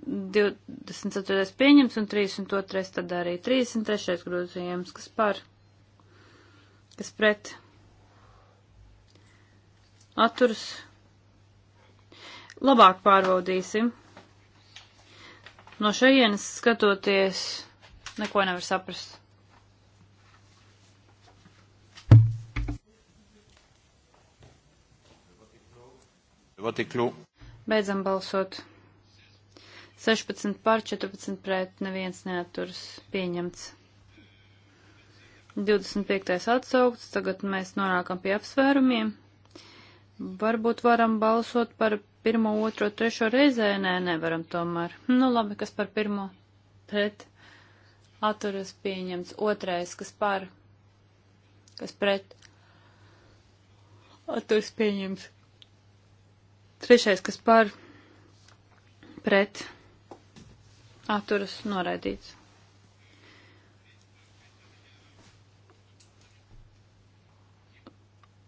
24. pieņems un 32. tad arī 33. grozījums, kas par, kas pret. Atturs. Labāk pārbaudīsim. No šajienes skatoties, neko nevar saprast. Vatiklu. Beidzam balsot. 16 pār 14 pret neviens neaturas pieņemts. 25. atsaukts, tagad mēs nonākam pie apsvērumiem. Varbūt varam balsot par pirmo, otro, trešo reizē? Nē, nevaram tomēr. Nu labi, kas par pirmo? Pret. Atturas pieņemts. Otrais, kas par? Kas pret? Atturas pieņemts. Trešais, kas par pret atturas noraidīts.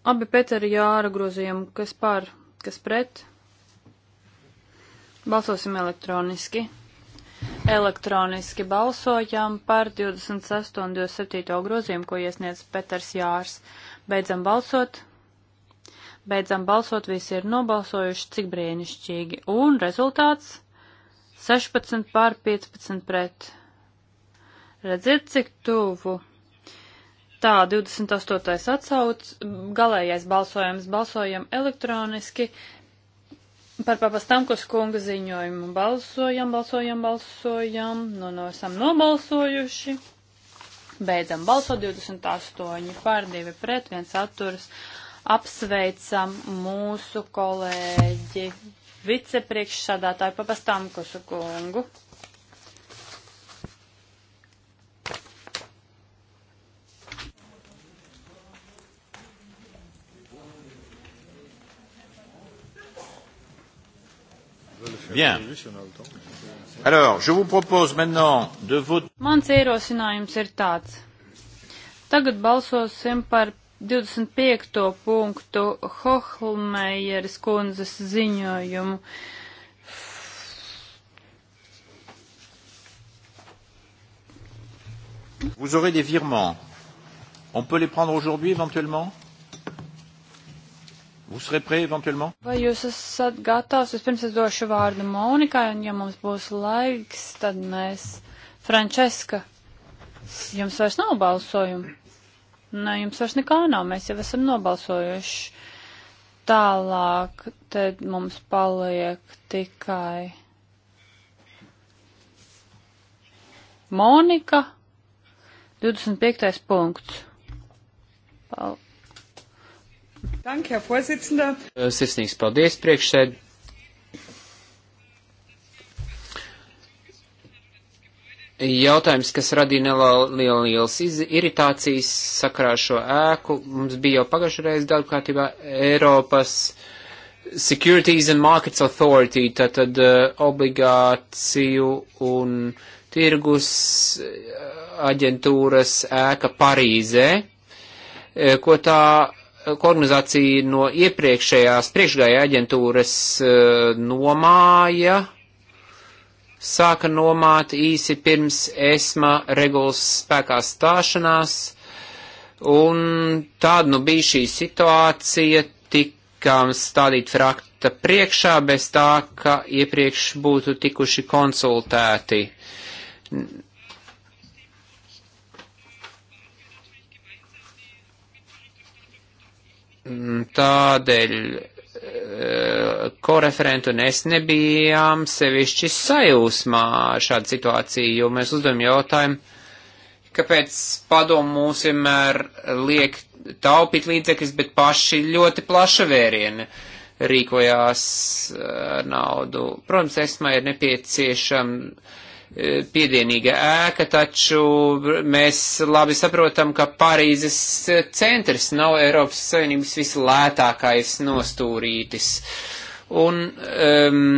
Abi Petera Jāra grozījumi, kas par, kas pret. Balsosim elektroniski. Elektroniski balsojam par 28 un 27 grozījumu, ko iesniedz Peters Jārs. Beidzam balsot. Beidzam balsot, visi ir nobalsojuši, cik brīnišķīgi. Un rezultāts 16 pār 15 pret. Redziet, cik tuvu. Tā, 28. atsauc, galējais balsojums, balsojam elektroniski par papastamkus kunga ziņojumu. Balsojam, balsojam, balsojam, nu, no nu, esam nobalsojuši. Beidzam balsot 28 pār 2 pret, 1 atturas apsveicam mūsu kolēģi vicepriekšsādātāju papastāmkusu kungu. Bien. Alors, je vous propose maintenant de voter. Mans ierosinājums ir tāds. Tagad balsosim par 25. punktu Hohlmeieres kundzes ziņojumu. Vous aurez des virements. On peut les prendre aujourd'hui éventuellement Vous serez prêt éventuellement Vai jūs esat gatavs? Vispirms es došu vārdu Monikai, un ja mums būs laiks, tad mēs. Frančeska, jums vairs nav balsojumu. Nē, jums vairs nekā nav, mēs jau esam nobalsojuši. Tālāk, tad mums paliek tikai Monika, 25. punkts. Pal Dank, Herr Vorsitzender. Sirsnīgs paldies, priekšsēd. jautājums, kas radīja nelielas irritācijas sakarā šo ēku. Mums bija jau pagājušajā reizē darba kārtībā Eiropas Securities and Markets Authority, tātad uh, eh, obligāciju un tirgus eh, aģentūras ēka Parīzē, eh, ko tā ko organizācija no iepriekšējās priekšgāja aģentūras uh, nomāja sāka nomāt īsi pirms esma regulas spēkā stāšanās, un tāda nu bija šī situācija, tikām stādīt frakta priekšā bez tā, ka iepriekš būtu tikuši konsultēti. Tādēļ Eh, koreferentu un es nebijām sevišķi sajūsmā šāda situācija, jo mēs uzdevam jautājumu, kāpēc padomu mūs vienmēr liek taupīt līdzekļus, bet paši ļoti plaša vēriena rīkojās eh, ar naudu. Protams, esmai ir nepieciešama piedienīga ēka, taču mēs labi saprotam, ka Parīzes centrs nav Eiropas Savienības vislētākais nostūrītis. Un um,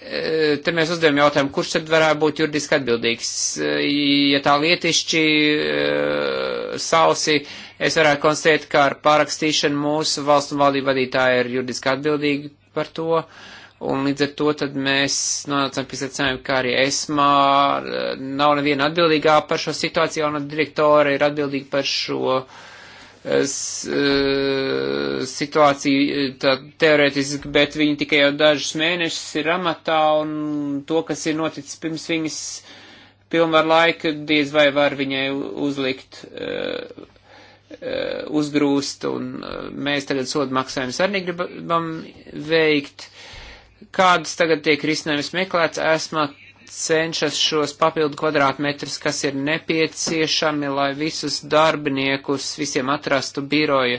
eh, te mēs uzdevām jautājumu, kurš tad varētu būt juridiski atbildīgs. Eh, ja tā lietišķi eh, sausi, es varētu konstatēt, ka ar pārakstīšanu mūsu valstu un valdību vadītāji ir juridiski atbildīgi par to. Uh, Un līdz ar to tad mēs nonācām pie secinājuma, ka arī ESMA eh, nav neviena atbildīgā par šo situāciju, un direktore ir atbildīga par šo eh, s, eh, situāciju teorētiski, bet viņa tikai jau dažus mēnešus ir amatā, un to, kas ir noticis pirms viņas pilnvar laika, diez vai var viņai uzlikt uzgrūst, un mēs tagad sodu maksājumus arī gribam veikt. Uh, Kādus tagad tiek risinājums meklēts, esmu cenšas šos papildu kvadrātmetrus, kas ir nepieciešami, lai visus darbiniekus visiem atrastu biroja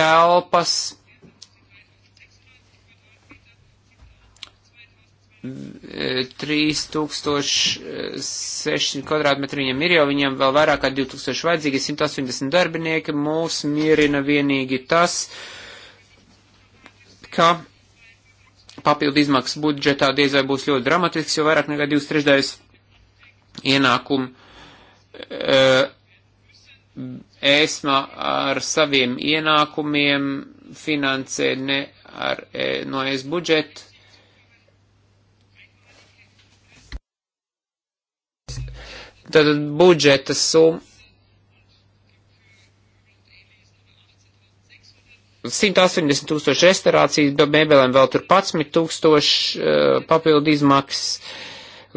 telpas. Trīs tūkstoši seši kvadrātmetri viņam ir jau, viņam vēl vairāk kā 2000 vajadzīgi, 180 darbinieki, mūs mierina vienīgi tas, ka papildu izmaksas budžetā diez vai būs ļoti dramatisks, jo vairāk nekā divas trešdaļas ienākumu uh, e, ESMA ar saviem ienākumiem finansē ne ar, e, no ES budžeta. Tad budžeta summa 180 tūkstoši restorācijas, mēbelēm vēl tur 11 tūkstoši uh, papildu izmaksas,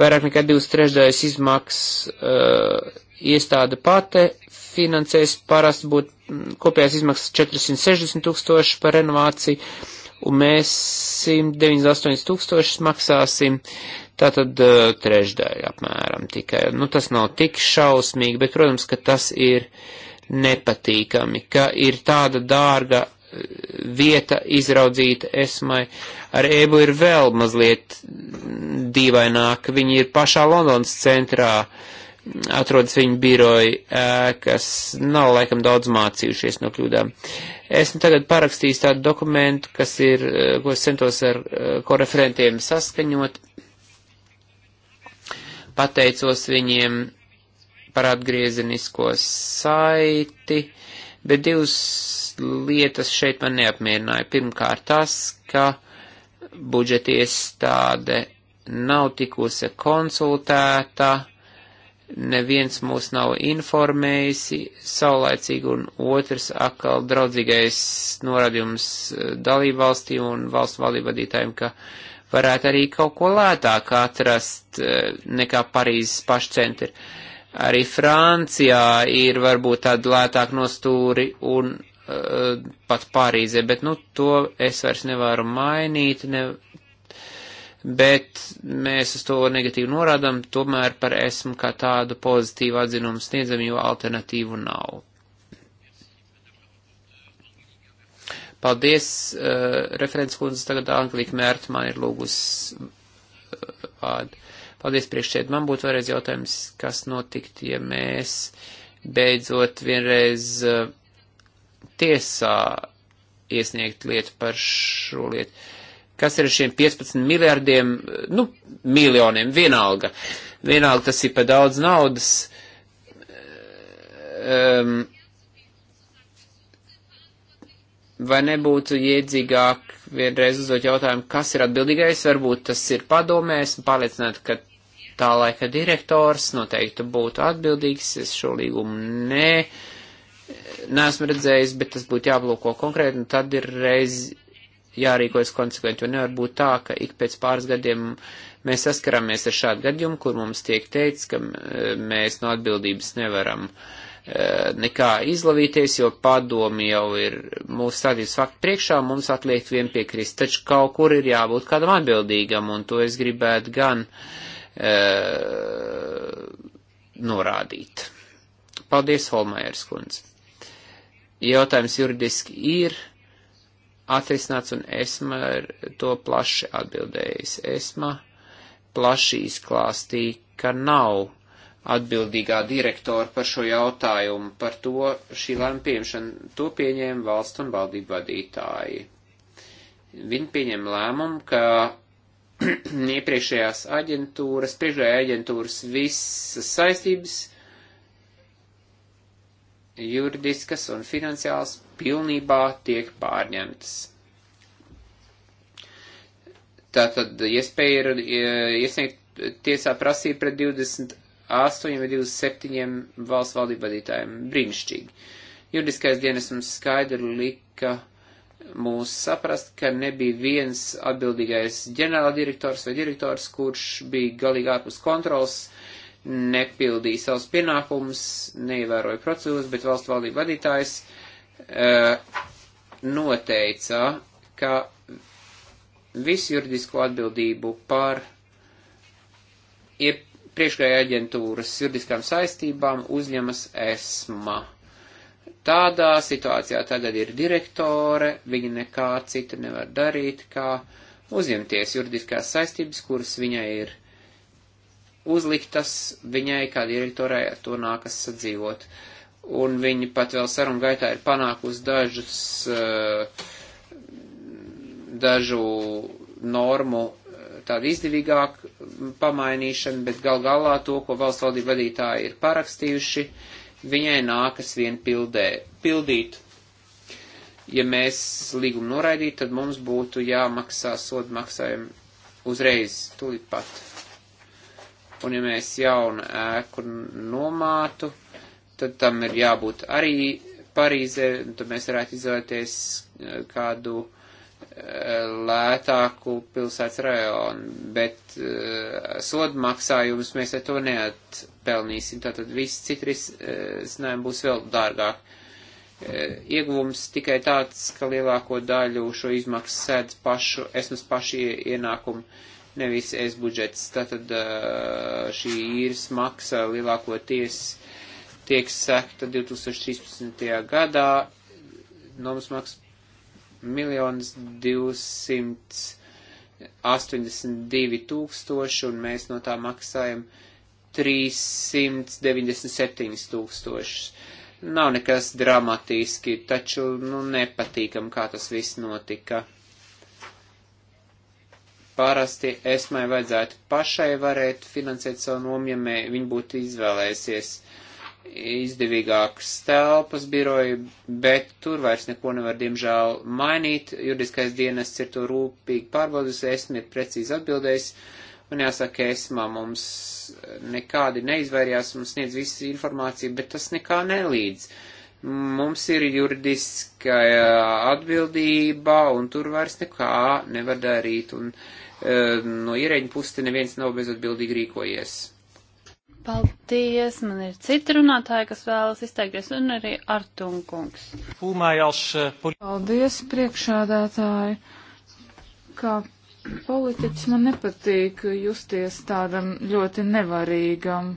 vairāk nekā 2 trešdaļas izmaksas uh, iestāde pate finansēs, parasti būtu mm, kopējās izmaksas 460 tūkstoši par renovāciju, un mēs 198 tūkstošus maksāsim, tātad uh, trešdaļa apmēram tikai. Nu, tas nav tik šausmīgi, bet, protams, ka tas ir nepatīkami, ka ir tāda dārga vieta izraudzīta esmai. Ar Ebu ir vēl mazliet dīvaināk. Viņi ir pašā Londonas centrā, atrodas viņu biroji, kas nav laikam daudz mācījušies no kļūdām. Esmu tagad parakstījis tādu dokumentu, kas ir, eh, ko es centos ar eh, koreferentiem saskaņot. Pateicos viņiem par atgriezenisko saiti, bet divas lietas šeit man neapmierināja. Pirmkārt tas, ka budžeti iestāde nav tikusi konsultēta, neviens mūs nav informējusi saulēcīgi, un otrs atkal draudzīgais norādījums eh, dalībvalstī un valstu valdību vadītājiem, ka varētu arī kaut ko lētāk atrast eh, nekā Parīzes pašcentri. Arī Francijā ir varbūt tādi lētāk nostūri un Eh, pat Pārīzē, bet nu to es vairs nevaru mainīt, ne, bet mēs uz to negatīvi norādam, tomēr par esmu kā tādu pozitīvu atzinumu sniedzam, jo alternatīvu nav. Paldies, uh, referents kundze, tagad Anglika Mērta man ir lūgus eh, vārdu. Uh, Paldies priekšķiet, man būtu vēlreiz jautājums, kas notikt, ja mēs beidzot vienreiz uh, tiesā iesniegt lietu par šo lietu. Kas ir ar šiem 15 miljardiem, nu, miljoniem, vienalga. Vienalga tas ir pa daudz naudas. Um, vai nebūtu iedzīgāk vienreiz uzdot jautājumu, kas ir atbildīgais, varbūt tas ir padomēs, pārliecināt, ka tā laika direktors noteikti būtu atbildīgs, es šo līgumu nē. Ne neesmu redzējis, bet tas būtu jāblūko konkrēti, un tad ir reiz jārīkojas konsekventi, jo nevar būt tā, ka ik pēc pāris gadiem mēs saskaramies ar šādu gadījumu, kur mums tiek teicis, ka eh, mēs no atbildības nevaram eh, nekā izlavīties, jo padomi jau ir mūsu stādījums faktu priekšā, mums atliek vien piekrist, taču kaut kur ir jābūt kādam atbildīgam, un to es gribētu gan e, norādīt. Paldies, Holmajers kundze jautājums juridiski ir atrisināts, un esma to plaši atbildējis. Esma plaši izklāstīja, ka nav atbildīgā direktora par šo jautājumu, par to šī lēma pieņemšana, to pieņēma valsts un valdību vadītāji. Viņi pieņem lēmumu, ka iepriekšējās aģentūras, priekšējā aģentūras visas saistības juridiskas un finansiāls pilnībā tiek pārņemtas. Tātad iespēja ir e, iesniegt tiesā prasību pret 28 vai 27 valsts valdību vadītājiem. Brīnišķīgi. Juridiskais dienas mums skaidri lika mūs saprast, ka nebija viens atbildīgais ģenerāldirektors vai direktors, kurš bija galīgi ārpus kontrols uh, nepildīja savus pienākumus, neievēroja procedūras, bet valstu valdību vadītājs uh, noteica, ka visu juridisko atbildību par priekšgājā aģentūras juridiskām saistībām uzņemas ESMA. Tādā situācijā tagad ir direktore, viņa nekā cita nevar darīt, kā uzņemties juridiskās saistības, kuras viņai ir uzliktas viņai kā direktorai, ar to nākas sadzīvot. Un viņa pat vēl sarunu gaitā ir panākusi dažus, eh, dažu normu eh, tādu izdevīgāku pamainīšanu, bet gal galā to, ko valsts valdību vadītāji ir parakstījuši, viņai nākas vien pildē, pildīt. Ja mēs līgumu noraidītu, tad mums būtu jāmaksā sodu maksājumi uzreiz, tūlīt pat un ja mēs jaunu ēku nomātu, tad tam ir jābūt arī Parīzē, tad mēs varētu izvēlēties eh, kādu eh, lētāku pilsētas rajonu, bet uh, sodu maksājumus mēs ar to neatpelnīsim, tātad viss citi risinājumi būs vēl dārgāk. Uh, ieguvums tikai tāds, ka lielāko daļu šo izmaksu sēdz pašu, esmas paši ienākumu. Uh, nevis es budžets. Tātad šī īres maksa lielākoties tiek sekta 2013. gadā. Nomas maksa 1 282 tūkstoši un mēs no tā maksājam 397 tūkstošus. Nav nekas dramatiski, taču, nu, nepatīkam, kā tas viss notika. Parasti esmai vajadzētu pašai varēt finansēt savu nomu, ja viņa būtu izvēlējusies izdevīgākas telpas biroju, bet tur vairs neko nevar, diemžēl, mainīt. Juridiskais dienests ir to rūpīgi pārbaudījis, esmu ir precīzi atbildējis, un jāsaka, esmā mums nekādi neizvairījās, mums sniedz visu informāciju, bet tas nekā nelīdz mums ir juridiskā atbildība, un tur vairs nekā nevar darīt. Un Eh, no ierēģņu puses neviens nav bezatbildīgi rīkojies. Paldies, man ir citi runātāji, kas vēlas izteikties, un arī Artunkungs. Eh, Paldies, priekšādātāji, kā politiķis man nepatīk justies tādam ļoti nevarīgam.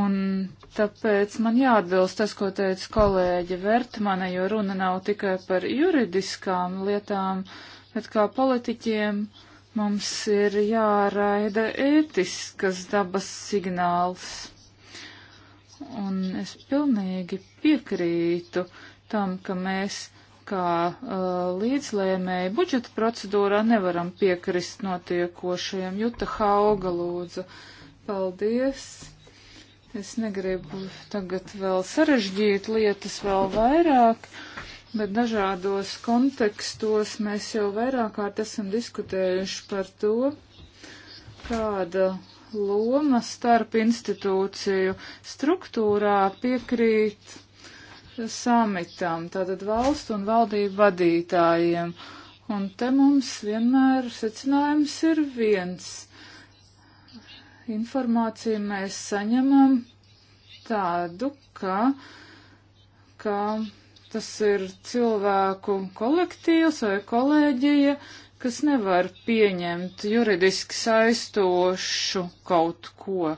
Un tāpēc man jāatbilst tas, ko teica kolēģe Vertmane, jo runa nav tikai par juridiskām lietām, uh, bet kā politiķiem mums ir jāraida ētiskas dabas signāls. Un es pilnīgi piekrītu tam, ka mēs kā uh, līdzlēmēji budžeta procedūrā nevaram piekrist notiekošajam. Juta Hauga lūdzu. Paldies! Es negribu tagad vēl sarežģīt lietas vēl vairāk. Uh, bet dažādos kontekstos mēs jau vairāk kārt esam diskutējuši par to, kāda loma starp institūciju struktūrā piekrīt samitam, tātad valstu un valdību vadītājiem. Un te mums vienmēr secinājums ir viens. Informāciju mēs saņemam tādu, ka, ka Tas ir cilvēku kolektīvs vai kolēģija, kas nevar pieņemt juridiski saistošu kaut ko.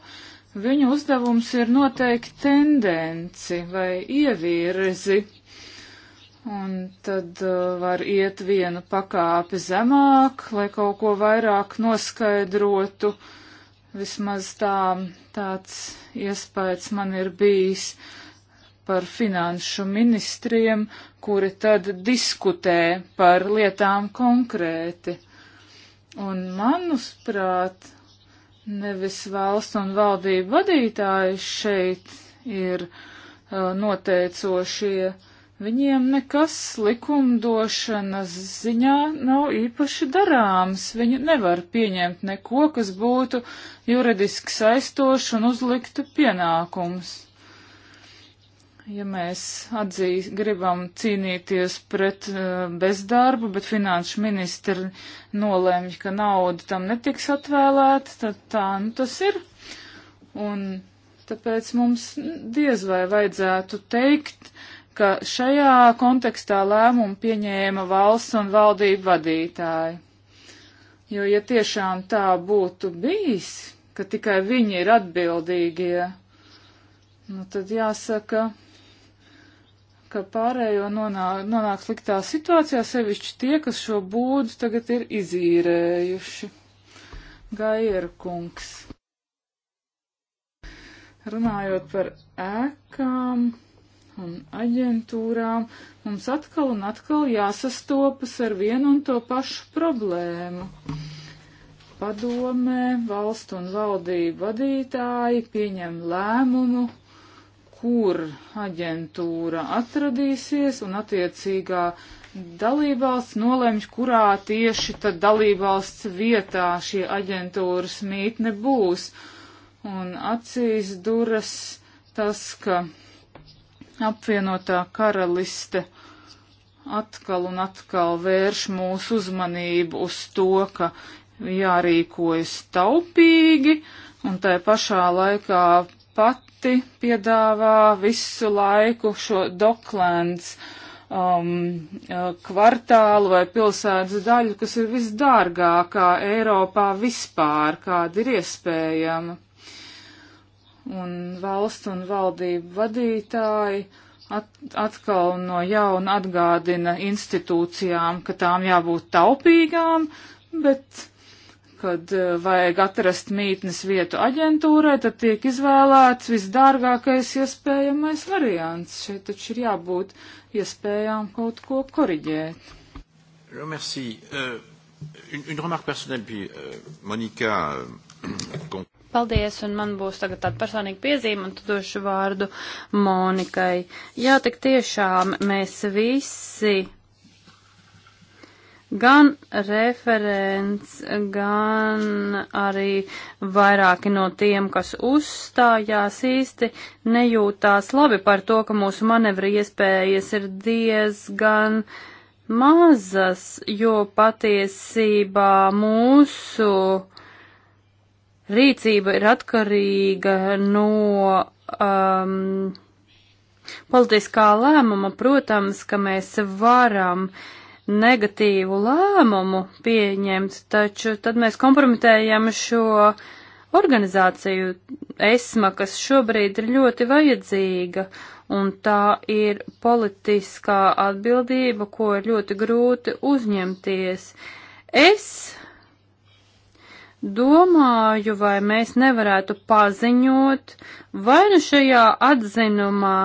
Viņu uzdevums ir noteikt tendenci vai ievirzi, un tad uh, var iet vienu pakāpi zemāk, lai kaut ko vairāk noskaidrotu. Vismaz tā, tāds iespējas man ir bijis. Uh, par finanšu ministriem, kuri tad diskutē par lietām konkrēti. Un manuprāt, nevis valsts un valdību vadītāji šeit ir uh, noteicošie. Viņiem nekas likumdošanas ziņā nav īpaši darāms. Viņi nevar pieņemt neko, kas būtu juridiski saistošs un uzliktu pienākums ja mēs atzīs, gribam cīnīties pret uh, bezdarbu, bet finanšu ministri nolēmj, ka nauda tam netiks atvēlēta, tad tā nu tas ir. Un tāpēc mums diez vai vajadzētu teikt, ka šajā kontekstā lēmumu pieņēma valsts un valdību vadītāji. Jo, ja tiešām tā būtu bijis, ka tikai viņi ir atbildīgie, nu tad jāsaka, ka pārējo nonāk, nonāk sliktā situācijā, sevišķi tie, kas šo būdu tagad ir izīrējuši. Gaiera kungs. Runājot par ēkām un aģentūrām, mums atkal un atkal jāsastopas ar vienu un to pašu problēmu. Padomē, valstu un valdību vadītāji pieņem lēmumu, kur aģentūra atradīsies un attiecīgā dalībvalsts nolemj, kurā tieši tad dalībvalsts vietā šī aģentūras mītne būs. Un acīs duras tas, ka apvienotā karaliste atkal un atkal vērš mūsu uzmanību uz to, ka jārīkojas taupīgi un tai pašā laikā pat parasti piedāvā visu laiku šo Doklēns um, uh, kvartālu vai pilsētas daļu, kas ir visdārgākā Eiropā vispār, kāda ir iespējama. Un valsts un valdību vadītāji at, atkal no jauna atgādina institūcijām, ka tām jābūt taupīgām, bet kad eh, vajag atrast mītnes vietu aģentūrai, tad tiek izvēlēts visdārgākais iespējamais variants. Šeit taču ir jābūt iespējām kaut ko koriģēt. Merci. Uh, une, une remarque personnelle, puis uh, Monika. Uh, Paldies, un man būs tagad tāda personīga piezīme, un tu došu vārdu Monikai. Jā, tik tiešām mēs visi Gan referents, gan arī vairāki no tiem, kas uzstājās īsti, nejūtās labi par to, ka mūsu manevri iespējas ir diezgan mazas, jo patiesībā mūsu rīcība ir atkarīga no um, politiskā lēmuma. Protams, ka mēs varam uh, negatīvu lēmumu pieņemt, taču tad mēs kompromitējam šo organizāciju esma, kas šobrīd ir ļoti vajadzīga, un tā ir politiskā atbildība, ko ir ļoti grūti uzņemties. Es domāju, vai mēs nevarētu paziņot vai nu šajā atzinumā,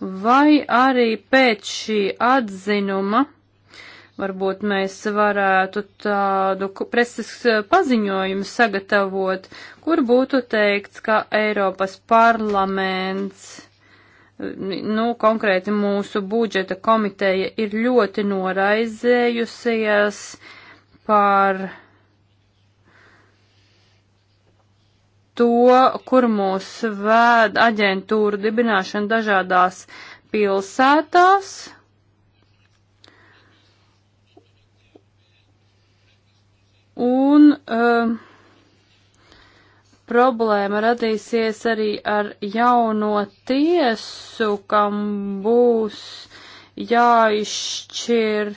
vai arī pēc šī atzinuma Varbūt mēs varētu tādu preses eh, paziņojumu sagatavot, kur būtu teikts, ka Eiropas parlaments, nu, konkrēti mūsu budžeta komiteja ir ļoti noraizējusies par to, kur mūs vēd aģentūru dibināšana dažādās pilsētās Un um, problēma radīsies arī ar jauno tiesu, kam būs jāizšķir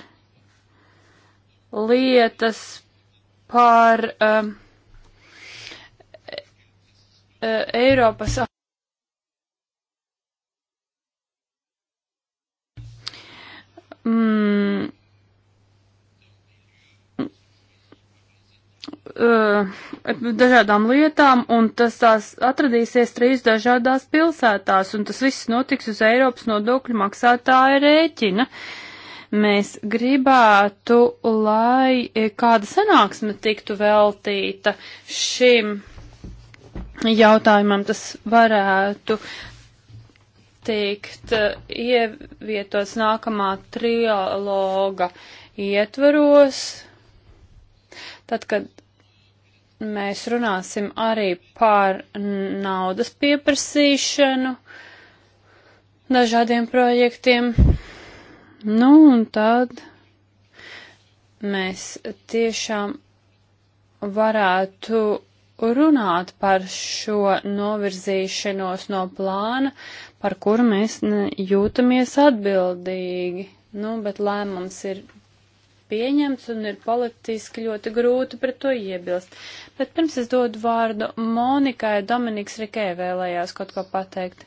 lietas par um, e, Eiropas. Mm, Uh, dažādām lietām, un tas tās atradīsies trīs dažādās pilsētās, un tas viss notiks uz Eiropas nodokļu maksātāja rēķina. Mēs gribētu, lai kāda sanāksme tiktu veltīta šim jautājumam, tas varētu tikt uh, ievietots nākamā trialoga ietvaros. Tad, kad mēs runāsim arī par naudas pieprasīšanu dažādiem projektiem. Nu, un tad mēs tiešām varētu runāt par šo novirzīšanos no plāna, par kuru mēs jūtamies atbildīgi. Nu, bet lēmums ir pieņemts un ir politiski ļoti grūti pret to iebilst. Bet pirms es dodu vārdu Monikai, Dominiks Rikē vēlējās kaut ko pateikt.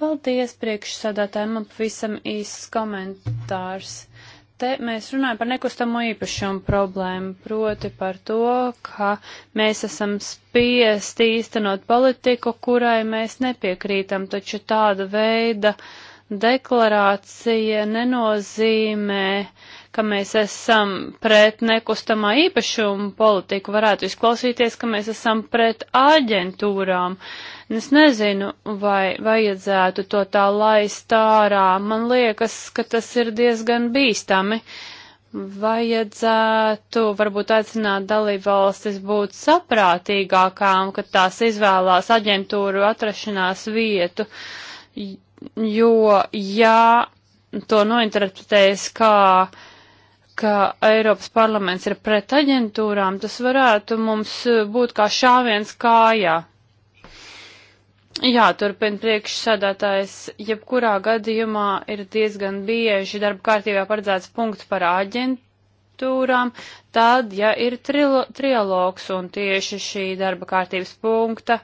Paldies priekšsādātājiem, man pavisam īsts komentārs. Te mēs runājam par nekustamo īpašumu problēmu, proti par to, ka mēs esam spiesti īstenot politiku, kurai mēs nepiekrītam, taču tāda veida deklarācija nenozīmē ka mēs esam pret nekustamā īpašuma politiku, varētu izklausīties, ka mēs esam pret aģentūrām. Es nezinu, vai vajadzētu to tā laist ārā. Man liekas, ka tas ir diezgan bīstami. Vajadzētu varbūt aicināt dalībvalstis būt saprātīgākām, kad tās izvēlās aģentūru atrašanās vietu, jo, ja to nointerpretējas kā uh, ka Eiropas parlaments ir pret aģentūrām, tas varētu mums e, būt kā šāviens kājā. Jā, turpina priekšsādātājs, jebkurā gadījumā ir diezgan bieži darba kārtībā paredzēts punkts par aģentūrām, tad, ja ir trilo, trialogs un tieši šī darba kārtības punkta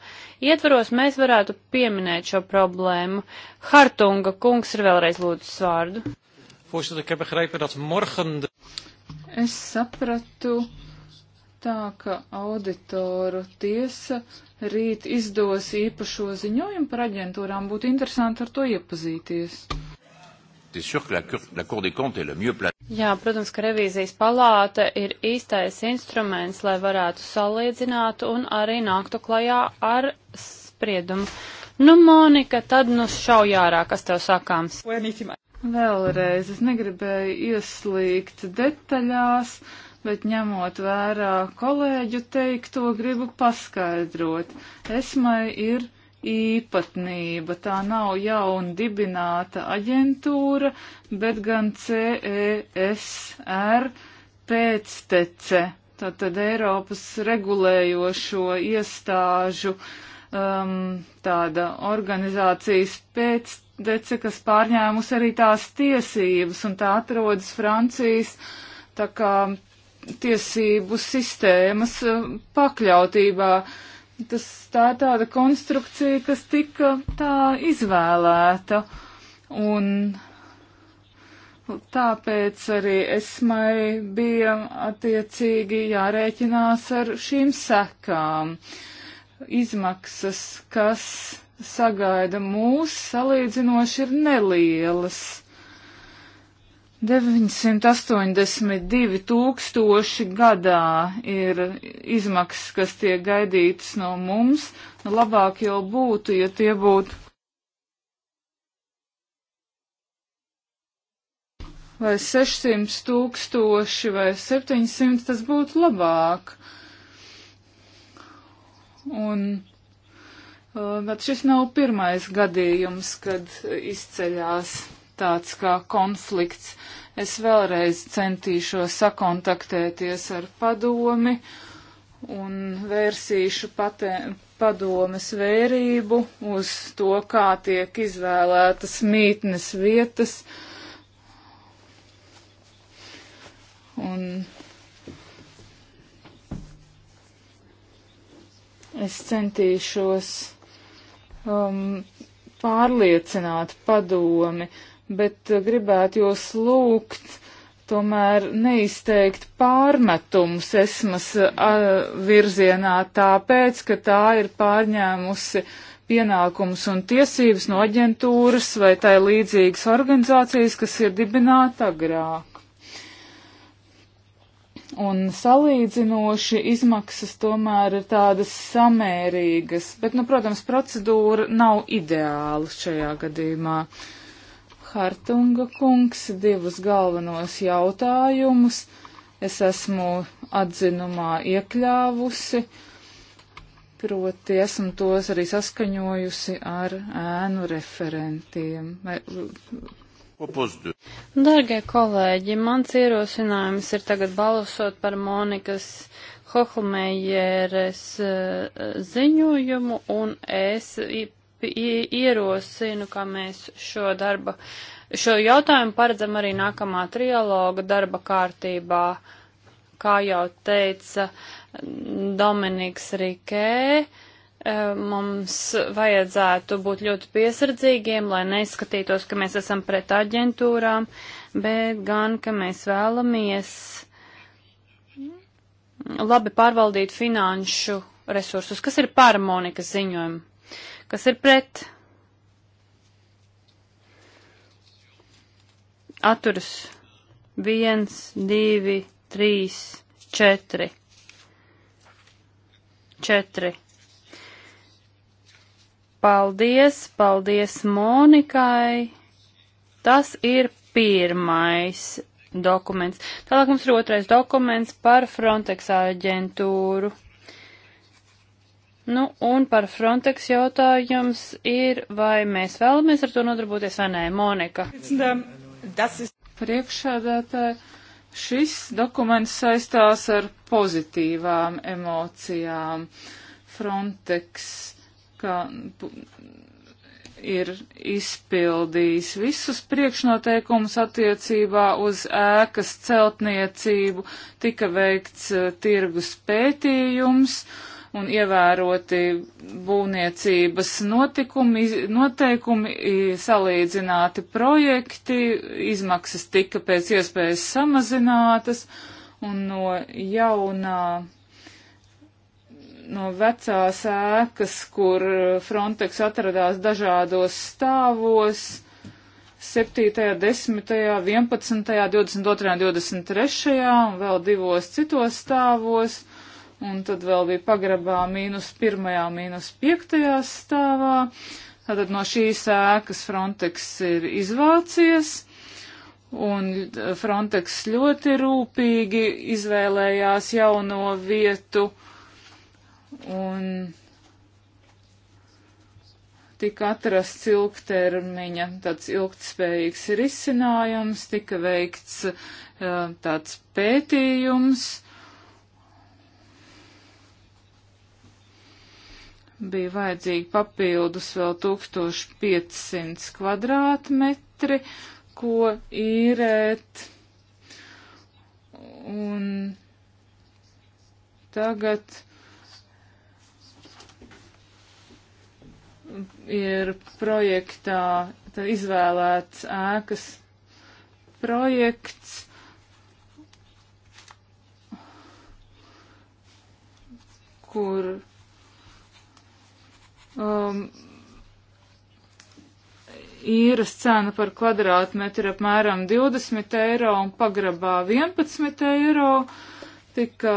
ietvaros, mēs varētu pieminēt šo problēmu. Hartunga kungs ir vēlreiz lūdzu svārdu. Voorzitter, ik heb begrepen dat morgen. De... Es sapratu tā, ka auditoru tiesa rīt izdos īpašo ziņojumu par aģentūrām. Būtu interesanti ar to iepazīties. Jā, protams, ka revīzijas palāta ir īstais instruments, lai varētu salīdzināt un arī nāktu klajā ar spriedumu. Nu, Monika, tad nu šaujārā, kas tev sakāms? Vēlreiz es negribēju ieslīgt detaļās, bet ņemot vērā kolēģu teikto, gribu paskaidrot. Esmai ir īpatnība, tā nav jauna dibināta aģentūra, bet gan CESR pēctece, tātad Eiropas regulējošo iestāžu um, tāda organizācijas pēctece dece, kas pārņēmus arī tās tiesības, un tā atrodas Francijas tā kā tiesību sistēmas eh, pakļautībā. Tas tā ir tāda konstrukcija, kas tika tā izvēlēta, un tāpēc arī esmai bija attiecīgi jārēķinās ar šīm sekām. Izmaksas, kas sagaida mūs, salīdzinoši ir nelielas. 982 tūkstoši gadā ir izmaksas, kas tiek gaidītas no mums. Nu, labāk jau būtu, ja tie būtu. Vai 600 tūkstoši vai 700, tas būtu labāk. Un Uh, bet šis nav pirmais gadījums, kad izceļās tāds kā konflikts. Es vēlreiz centīšos sakontaktēties ar padomi un vērsīšu patē, padomes vērību uz to, kā tiek izvēlētas mītnes vietas. Un es centīšos um, pārliecināt padomi, bet gribētu jūs lūgt tomēr neizteikt pārmetumus esmas virzienā tāpēc, ka tā ir pārņēmusi pienākumus un tiesības no aģentūras vai tai līdzīgas organizācijas, kas ir dibināta agrāk un salīdzinoši izmaksas tomēr ir tādas samērīgas, bet, nu, protams, procedūra nav ideāla šajā gadījumā. Hartunga kungs divus galvenos jautājumus es esmu atzinumā iekļāvusi, proti esmu tos arī saskaņojusi ar ēnu referentiem. Vai, Dargie kolēģi, mans ierosinājums ir tagad balsot par Monikas Hohlmeieres eh, ziņojumu, un es ierosinu, ka mēs šo darba, šo jautājumu paredzam arī nākamā trialoga darba kārtībā, kā jau teica Dominiks Rikē Eh, mums vajadzētu būt ļoti piesardzīgiem, lai neizskatītos, ka mēs esam pret aģentūrām, bet gan, ka mēs vēlamies labi pārvaldīt finanšu resursus. Kas ir par Monikas ziņojumu? Kas ir pret? Atturas viens, divi, trīs, četri. Četri Paldies, paldies Monikai. Tas ir pirmais dokuments. Tālāk mums ir otrais dokuments par Frontex aģentūru. Nu, un par Frontex jautājums ir, vai mēs vēlamies ar to nodarboties vai nē, Monika. Priekšādātāji, šis dokuments saistās ar pozitīvām emocijām. Frontex ka ir izpildījis visus priekšnoteikumus attiecībā uz ēkas celtniecību, tika veikts eh, tirgus pētījums un ievēroti būvniecības notikumi, noteikumi, salīdzināti projekti, izmaksas tika pēc iespējas samazinātas un no jaunā no vecās ēkas, kur Frontex atradās dažādos stāvos 7., 10., 11., 22., 23. un vēl divos citos stāvos, un tad vēl bija pagrabā mīnus 1., mīnus 5. stāvā. Tātad no šīs ēkas Frontex ir izvācies. Un Frontex ļoti rūpīgi izvēlējās jauno vietu, uh, un tika atrasts ilgtermiņa tāds ilgtspējīgs risinājums, tika veikts tāds pētījums. Bija vajadzīgi papildus vēl 1500 kvadrātmetri, ko īrēt. Un tagad ir projektā izvēlēts ēkas projekts. kur um, īras cena par kvadrātmetru ir apmēram 20 eiro un pagrabā 11 eiro. Tika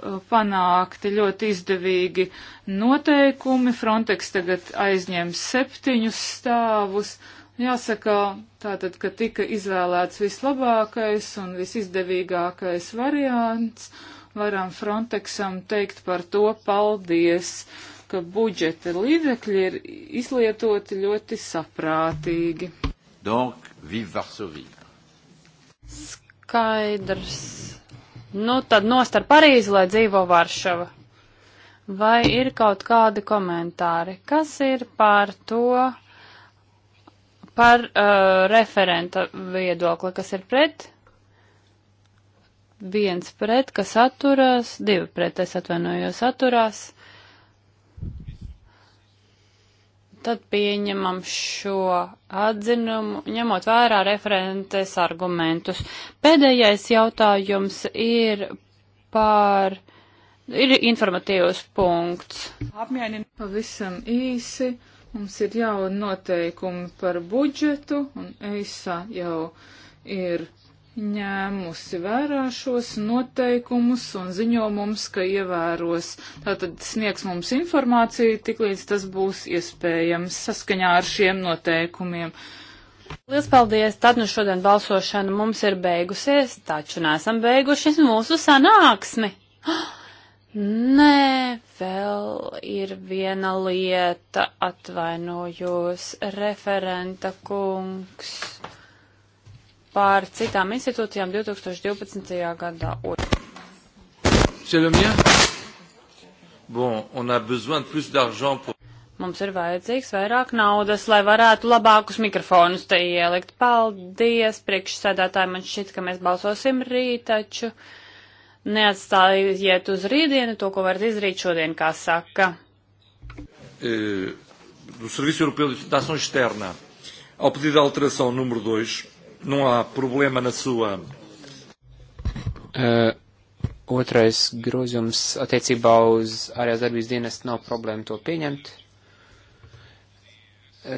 Eh, panākti ļoti izdevīgi noteikumi. Frontex tagad aizņem septiņus stāvus. Jāsaka, tātad, ka tika izvēlēts vislabākais un visizdevīgākais variants, varam Frontexam teikt par to paldies, ka budžeta līdzekļi ir izlietoti ļoti saprātīgi. Donc, vive Varsovija! Skaidrs. Nu, tad nost ar Parīzi, lai dzīvo Varšava. Vai ir kaut kādi komentāri? Kas ir par to, par uh, referenta viedokli, kas ir pret? Viens pret, kas atturās, divi pret, es atvainojos, atturās. tad pieņemam šo atzinumu, ņemot vērā referentes argumentus. Pēdējais jautājums ir par. Ir informatīvs punkts. Apmēram pavisam īsi. Mums ir jau noteikumi par budžetu, un ESA jau ir ņēmusi vērā šos noteikumus un ziņo mums, ka ievēros. Tātad sniegs mums informāciju, tiklīdz tas būs iespējams saskaņā ar šiem noteikumiem. Lielas paldies! Tad nu šodien balsošana mums ir beigusies, taču nesam beigušies mūsu sanāksmi. Nē, vēl ir viena lieta, atvainojos, referenta kungs pār citām institūcijām 2012. gadā. Bon, on a besoin de plus d'argent pour. Mums ir vajadzīgs vairāk naudas, lai varētu labākus mikrofonus te ielikt. Paldies, priekšsēdētāji, man šķiet, ka mēs balsosim rīt, taču neatstājiet uz rītdienu to, ko varat izrīt šodien, kā saka. E, do Serviço Europeu de Ação Externa, ao pedido de alteração número 2, não há problema na sua. Uh, otrais grozījums attiecībā uz ārējās darbības dienestu nav problēma to pieņemt.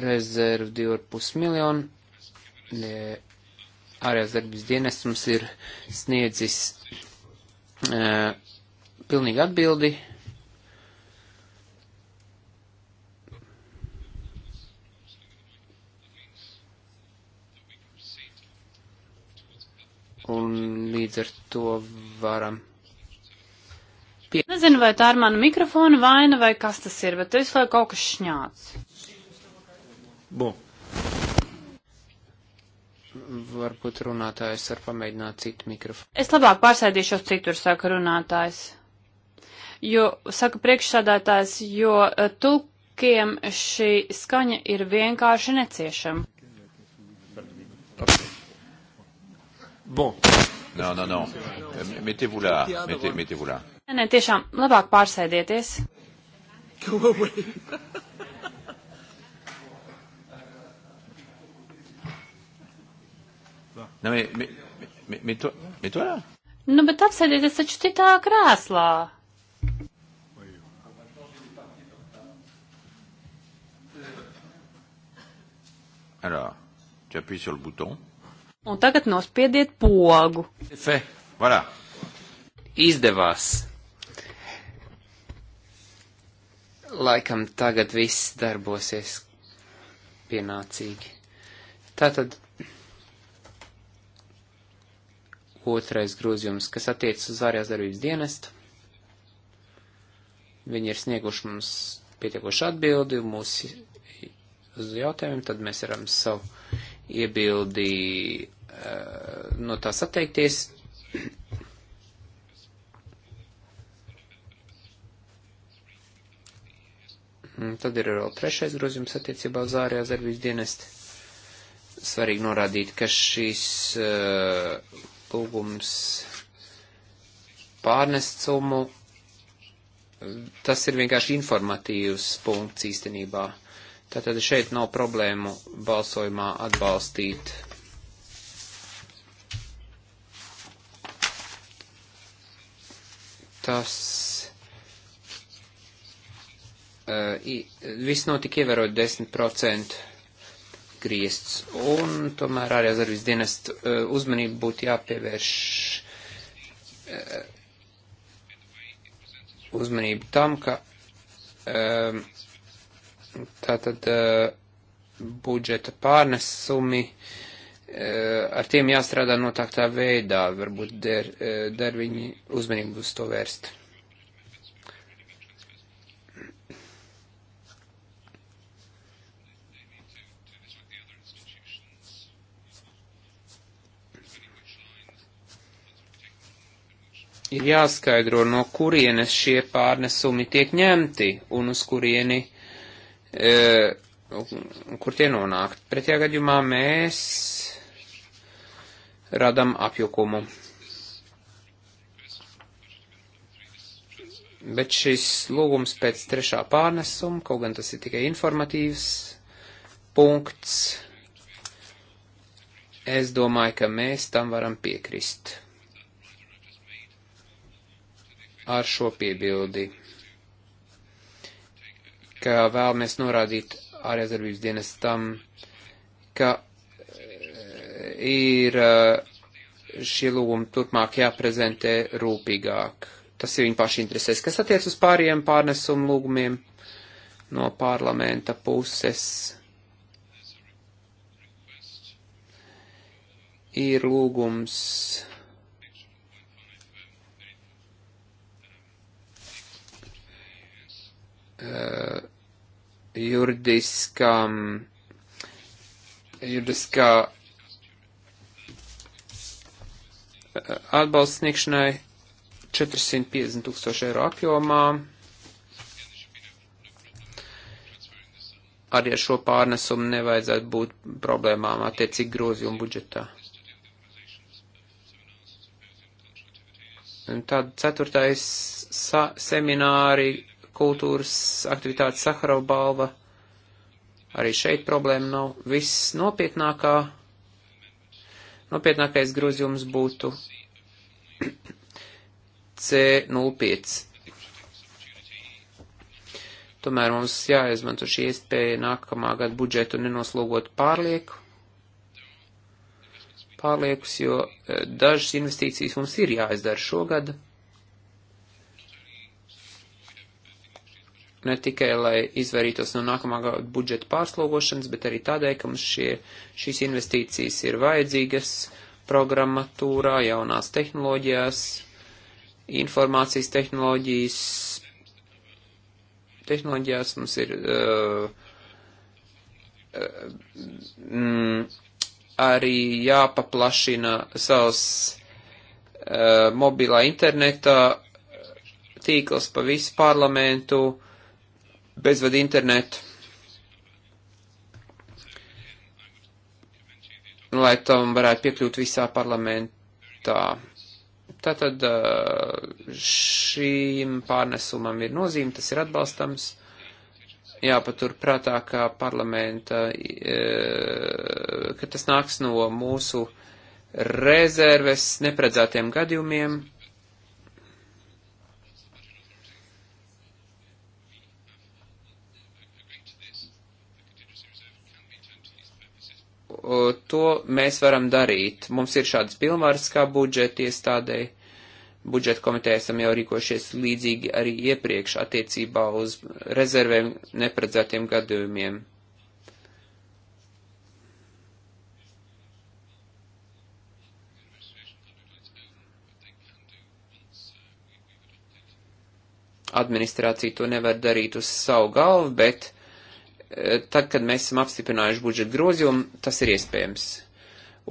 Rezervu 2,5 miljonu. Ārējās darbības dienests mums ir sniedzis uh, pilnīgi atbildi. Uh, un līdz ar to varam. Pie... Nezinu, vai tā ir mana mikrofona vaina vai kas tas ir, bet visu laiku kaut kas šņāts. Bon. Varbūt runātājs var pamēģināt citu mikrofonu. Es labāk pārsēdīšos citur, saka runātājs. Jo, saka priekšsādātājs, jo eh, tulkiem šī skaņa ir vienkārši neciešama. Bon. Nē, nē, nē. Mettez-vous là. Mettez-vous mettez là. Nē, nē, tiešām labāk pārsēdieties. Go away. Nē, mē, mē, mē, mē, to, mē to là. Nu, bet apsēdieties taču citā krēslā. Alors, tu appuies sur le bouton. Un tagad nospiediet pogu. Fe, varā. Izdevās. Laikam tagad viss darbosies pienācīgi. Tātad otrais grozījums, kas attiecas uz ārējās darbības dienestu. Viņi ir snieguši mums pietiekoši atbildi mūsu uz jautājumiem, tad mēs varam savu iebildi eh, no tās atteikties. Tad ir vēl trešais grozījums attiecībā uz ārējās darbības dienestu. Svarīgi norādīt, ka šīs uh, eh, lūgums pārnestumu, tas ir vienkārši informatīvs punkts īstenībā. Tātad šeit nav problēmu balsojumā atbalstīt tas uh, viss notika ievērot 10% griezts, un tomēr arī azarvis dienestu uh, uzmanību būtu jāpievērš uh, uzmanību tam, ka um, uh, Tātad eh, budžeta pārnesumi, eh, ar tiem jāstrādā notāktā veidā, varbūt der, eh, der viņi uzmanību uz to vērst. ir jāskaidro, no kurienes šie pārnesumi tiek ņemti un uz kurieni E, kur tie nonāk. Pretējā gadījumā mēs radam apjukumu. Bet šis lūgums pēc trešā pārnesuma, kaut gan tas ir tikai informatīvs punkts, es domāju, ka mēs tam varam piekrist ar šo piebildi ka vēlamies norādīt ārējāsdarbības dienestam, ka e, ir e, šie lūgumi turpmāk jāprezentē rūpīgāk. Tas ir viņa paša interesēs. Kas attiec uz pāriem pārnesumu lūgumiem no parlamenta puses? Ir lūgums. Uh, juridiskam, juridiskā atbalsts sniegšanai 450 tūkstoši eiro apjomā. Arī ar šo pārnesumu nevajadzētu būt problēmām attiecīgi grozījumu budžetā. Un tad ceturtais seminārija kultūras aktivitāte Saharova balva. Arī šeit problēma nav. Viss nopietnākā, nopietnākais grozījums būtu C05. Tomēr mums jāizmanto šī iespēja nākamā gada budžetu nenoslūgot pārlieku, pārliekus, jo eh, dažas investīcijas mums ir jāizdara šogad. ne tikai, lai izvairītos no nākamā gada budžeta pārslogošanas, bet arī tādēļ, ka mums šie, šīs investīcijas ir vajadzīgas programmatūrā, jaunās tehnoloģijās, informācijas tehnoloģijas, tehnoloģijās mums ir uh, uh mm, arī jāpaplašina savs uh, mobilā interneta tīkls pa visu parlamentu, uh, bezvadu internetu. Lai tam varētu piekļūt visā parlamentā. Tātad šīm pārnesumam ir nozīme, tas ir atbalstams. Jāpatur prātā, ka parlamenta, ka tas nāks no mūsu rezerves neparedzētiem gadījumiem to mēs varam darīt. Mums ir šādas pilnvaras kā budžeta iestādēji. Budžeta komiteja esam jau rīkojušies līdzīgi arī iepriekš attiecībā uz rezervēm neparedzētiem gadījumiem. Administrācija to nevar darīt uz savu galvu, bet uh, Tad, kad mēs esam apstiprinājuši budžeta grozījumu, tas ir iespējams.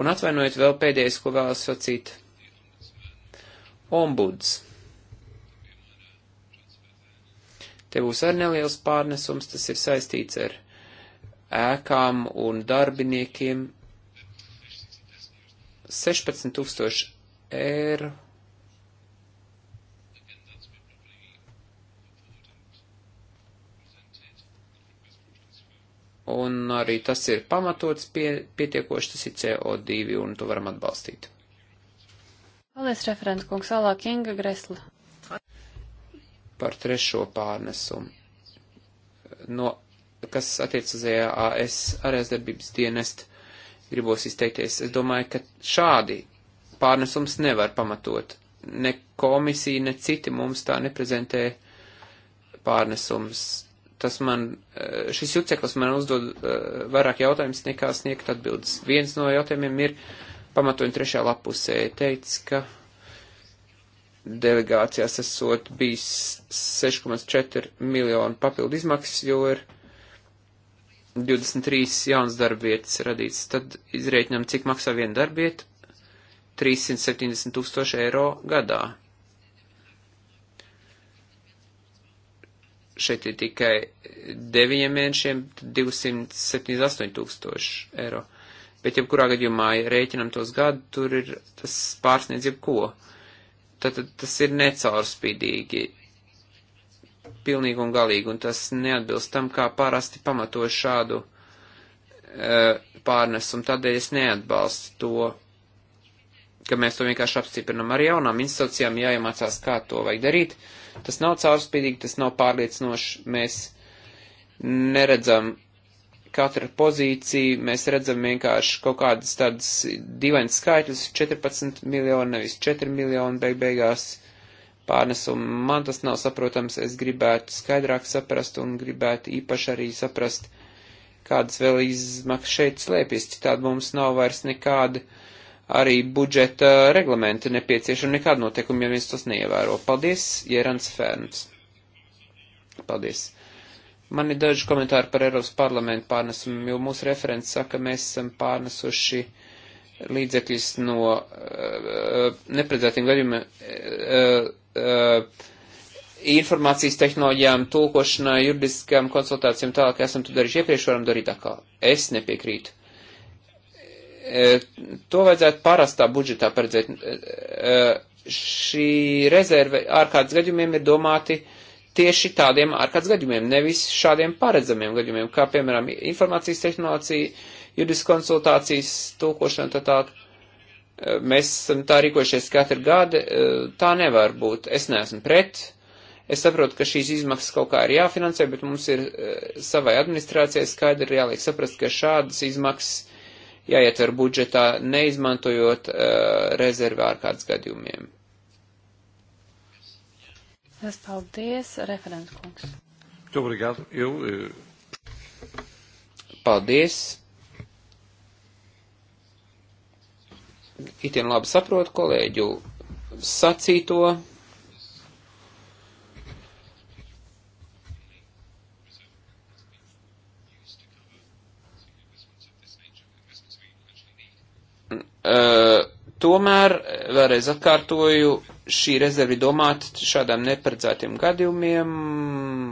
Un atvainojiet vēl pēdējais, ko vēlas sacīt. Ombuds. Te būs arī neliels pārnesums, tas ir saistīts ar ēkām un darbiniekiem. 16 tūkstoši eiro un arī tas ir pamatots pie, pietiekoši, tas ir CO2, un to varam atbalstīt. Paldies, referents kungs, Alāk Inga Gresla. Par trešo pārnesumu. No, kas attiec uz EAS arēsdarbības dienestu, gribos izteikties. Es domāju, ka šādi pārnesums nevar pamatot. Ne komisija, ne citi mums tā neprezentē pārnesums tas man, eh, šis juceklis man uzdod eh, vairāk jautājumus nekā sniegt atbildes. Viens no jautājumiem ir pamatojumi trešā lapusē. Teica, ka delegācijās esot bijis 6,4 miljonu papildu izmaksas, jo ir 23 jauns darbvietas radīts. Tad izreikinām, cik maksā viena darbvieta - 370 tūkstoši eiro gadā. šeit ir tikai 9 mēnešiem 278 tūkstoši eiro. Bet jebkurā gadījumā, ja rēķinam tos gadu, tur ir tas pārsniedz jebko. Tātad tas ir necaurspīdīgi, pilnīgi un galīgi, un tas neatbilst tam, kā parasti pamatoju šādu e, pārnesumu. Tādēļ es neatbalstu to ka mēs to vienkārši apstiprinam ar jaunām institūcijām, jāiemācās, kā to vajag darīt. Tas nav caurspīdīgi, tas nav pārliecinoši, mēs neredzam katru pozīciju, mēs redzam vienkārši kaut kādas tādas divainas skaitļas, 14 miljoni, nevis 4 miljoni beig beigās pārnesumu. Man tas nav saprotams, es gribētu skaidrāk saprast un gribētu īpaši arī saprast, kādas vēl izmaksas šeit slēpjas, citādi mums nav vairs nekāda arī budžeta reglamenti nepieciešami nekādu noteikumu, ja viens tos neievēro. Paldies, Jerans Ferns. Paldies. Man ir daži komentāri par Eiropas parlamentu pārnesumu, jo mūsu referents saka, mēs esam pārnesuši līdzekļus no uh, neparedzētiem gadījumiem. Uh, uh, informācijas tehnoloģijām, tulkošanai, juridiskām konsultācijām, tā, ka esam to darījuši iepriekš, varam darīt atkal. Es nepiekrītu. E, to vajadzētu parastā budžetā paredzēt. E, e, šī rezerve ārkārtas gadījumiem ir domāti tieši tādiem ārkārtas gadījumiem, nevis šādiem paredzamiem gadījumiem, kā piemēram informācijas tehnoloģija, juridiskas konsultācijas, tūkošana tā tālāk. Mēs esam tā rīkojušies katru gadu, tā nevar būt. Es neesmu pret. Es saprotu, ka šīs izmaksas kaut kā ir jāfinansē, bet mums ir savai administrācijai skaidri jāliek saprast, ka šādas izmaksas jāietver budžetā, neizmantojot uh, rezervi ārkārtas gadījumiem. Es paldies, referents kungs. Obrigado. Eu, eu... Eh, paldies. Itin labi saprotu kolēģu sacīto. Uh, tomēr, vēlreiz atkārtoju, šī rezerve ir domāta šādām neparedzētiem gadījumiem,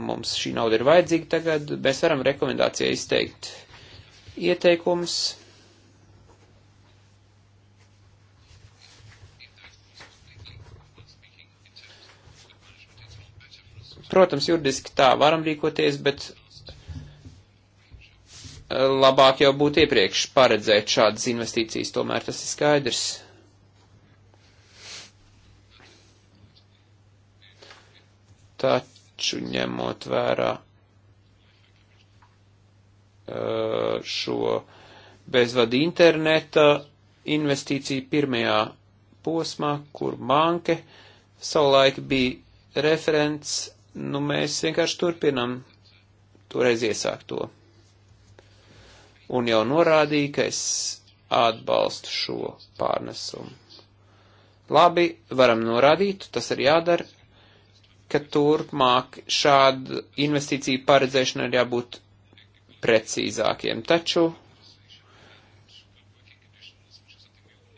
mums šī nauda ir vajadzīga tagad, mēs varam rekomendācijai izteikt ieteikums. Protams, juridiski tā varam rīkoties, bet labāk jau būtu iepriekš paredzēt šādas investīcijas, tomēr tas ir skaidrs. Taču ņemot vērā uh, šo bezvadu interneta investīciju pirmajā posmā, kur banke savulaik bija referents, nu mēs vienkārši turpinam toreiz iesākt to un jau norādīju, ka es atbalstu šo pārnesumu. Labi, varam norādīt, tas ir jādara, ka turpmāk šāda investīcija paredzēšana ir jābūt precīzākiem, taču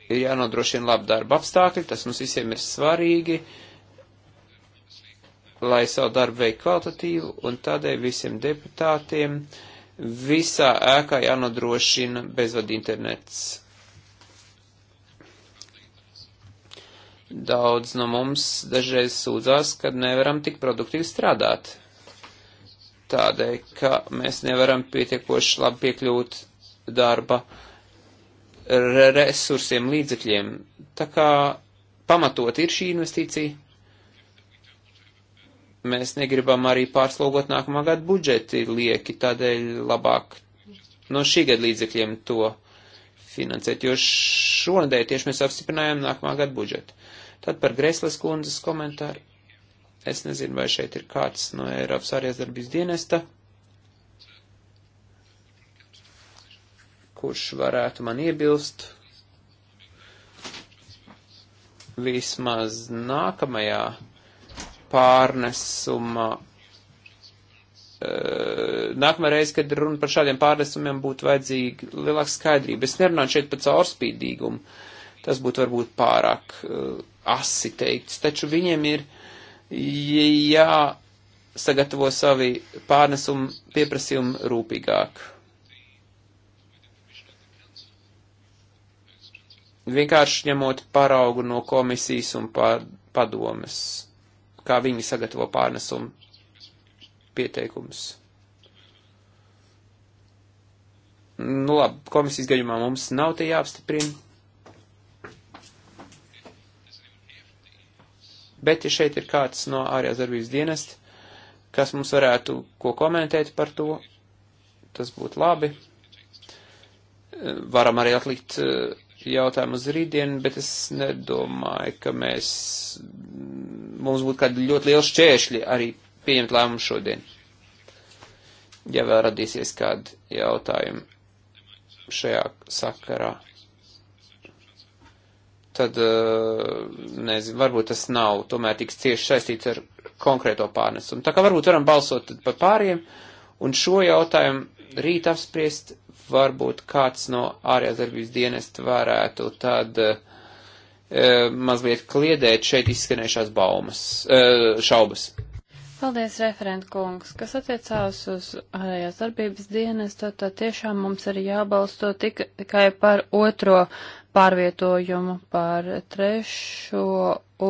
ir jānodrošina labi darba apstākļi, tas mums visiem ir svarīgi, lai savu darbu veiktu kvalitatīvu, un tādēļ visiem deputātiem uh, Visā ēkā jānodrošina bezvadu internets. Daudz no mums dažreiz sūdzās, ka nevaram tik produktīvi strādāt. Tādēļ, ka mēs nevaram pietiekoši labi piekļūt darba resursiem, līdzekļiem. Tā kā pamatot ir šī investīcija Mēs negribam arī pārslogot nākamā gada budžeti lieki, tādēļ labāk no šī gada līdzekļiem to finansēt, jo šonadēļ tieši mēs apstiprinājām nākamā gada budžetu. Tad par Gresles kundzes komentāru. Es nezinu, vai šeit ir kāds no Eiropas ārējasdarbības dienesta, kurš varētu man iebilst. Vismaz nākamajā pārnesuma. E, Nākamreiz, kad runa par šādiem pārnesumiem, būtu vajadzīga lielāka skaidrība. Es nerunāju šeit par caurspīdīgumu, tas būtu varbūt pārāk e, asi teikts, taču viņiem ir jāsagatavo savi pārnesumu pieprasījumi rūpīgāk. vienkārši ņemot paraugu no komisijas un pa, padomes kā viņi sagatavo pārnesumu pieteikumus. Nu labi, komisijas gadījumā mums nav tie jāapstiprina. Bet, ja šeit ir kāds no ārējās darbības dienesta, kas mums varētu ko komentēt par to, tas būtu labi. Varam arī atlikt eh, jautājumu uz rītdienu, bet es nedomāju, ka mēs mums būtu kādi ļoti lieli šķēršļi arī pieņemt lēmumu šodien. Ja vēl radīsies kādi jautājumi šajā sakarā, tad, eh, nezinu, varbūt tas nav tomēr tik cieši saistīts ar konkrēto pārnesumu. Tā kā varbūt varam balsot par pāriem un šo jautājumu rīt apspriest, varbūt kāds no ārējās darbības dienesta varētu tad uh, Eh, mazliet kliedēt šeit izskanējušās baumas, eh, šaubas. Paldies, referent kungs, kas attiecās uz ārējās darbības dienas, tad tā tiešām mums ir jābalsto tik, tikai par otro pārvietojumu, par trešo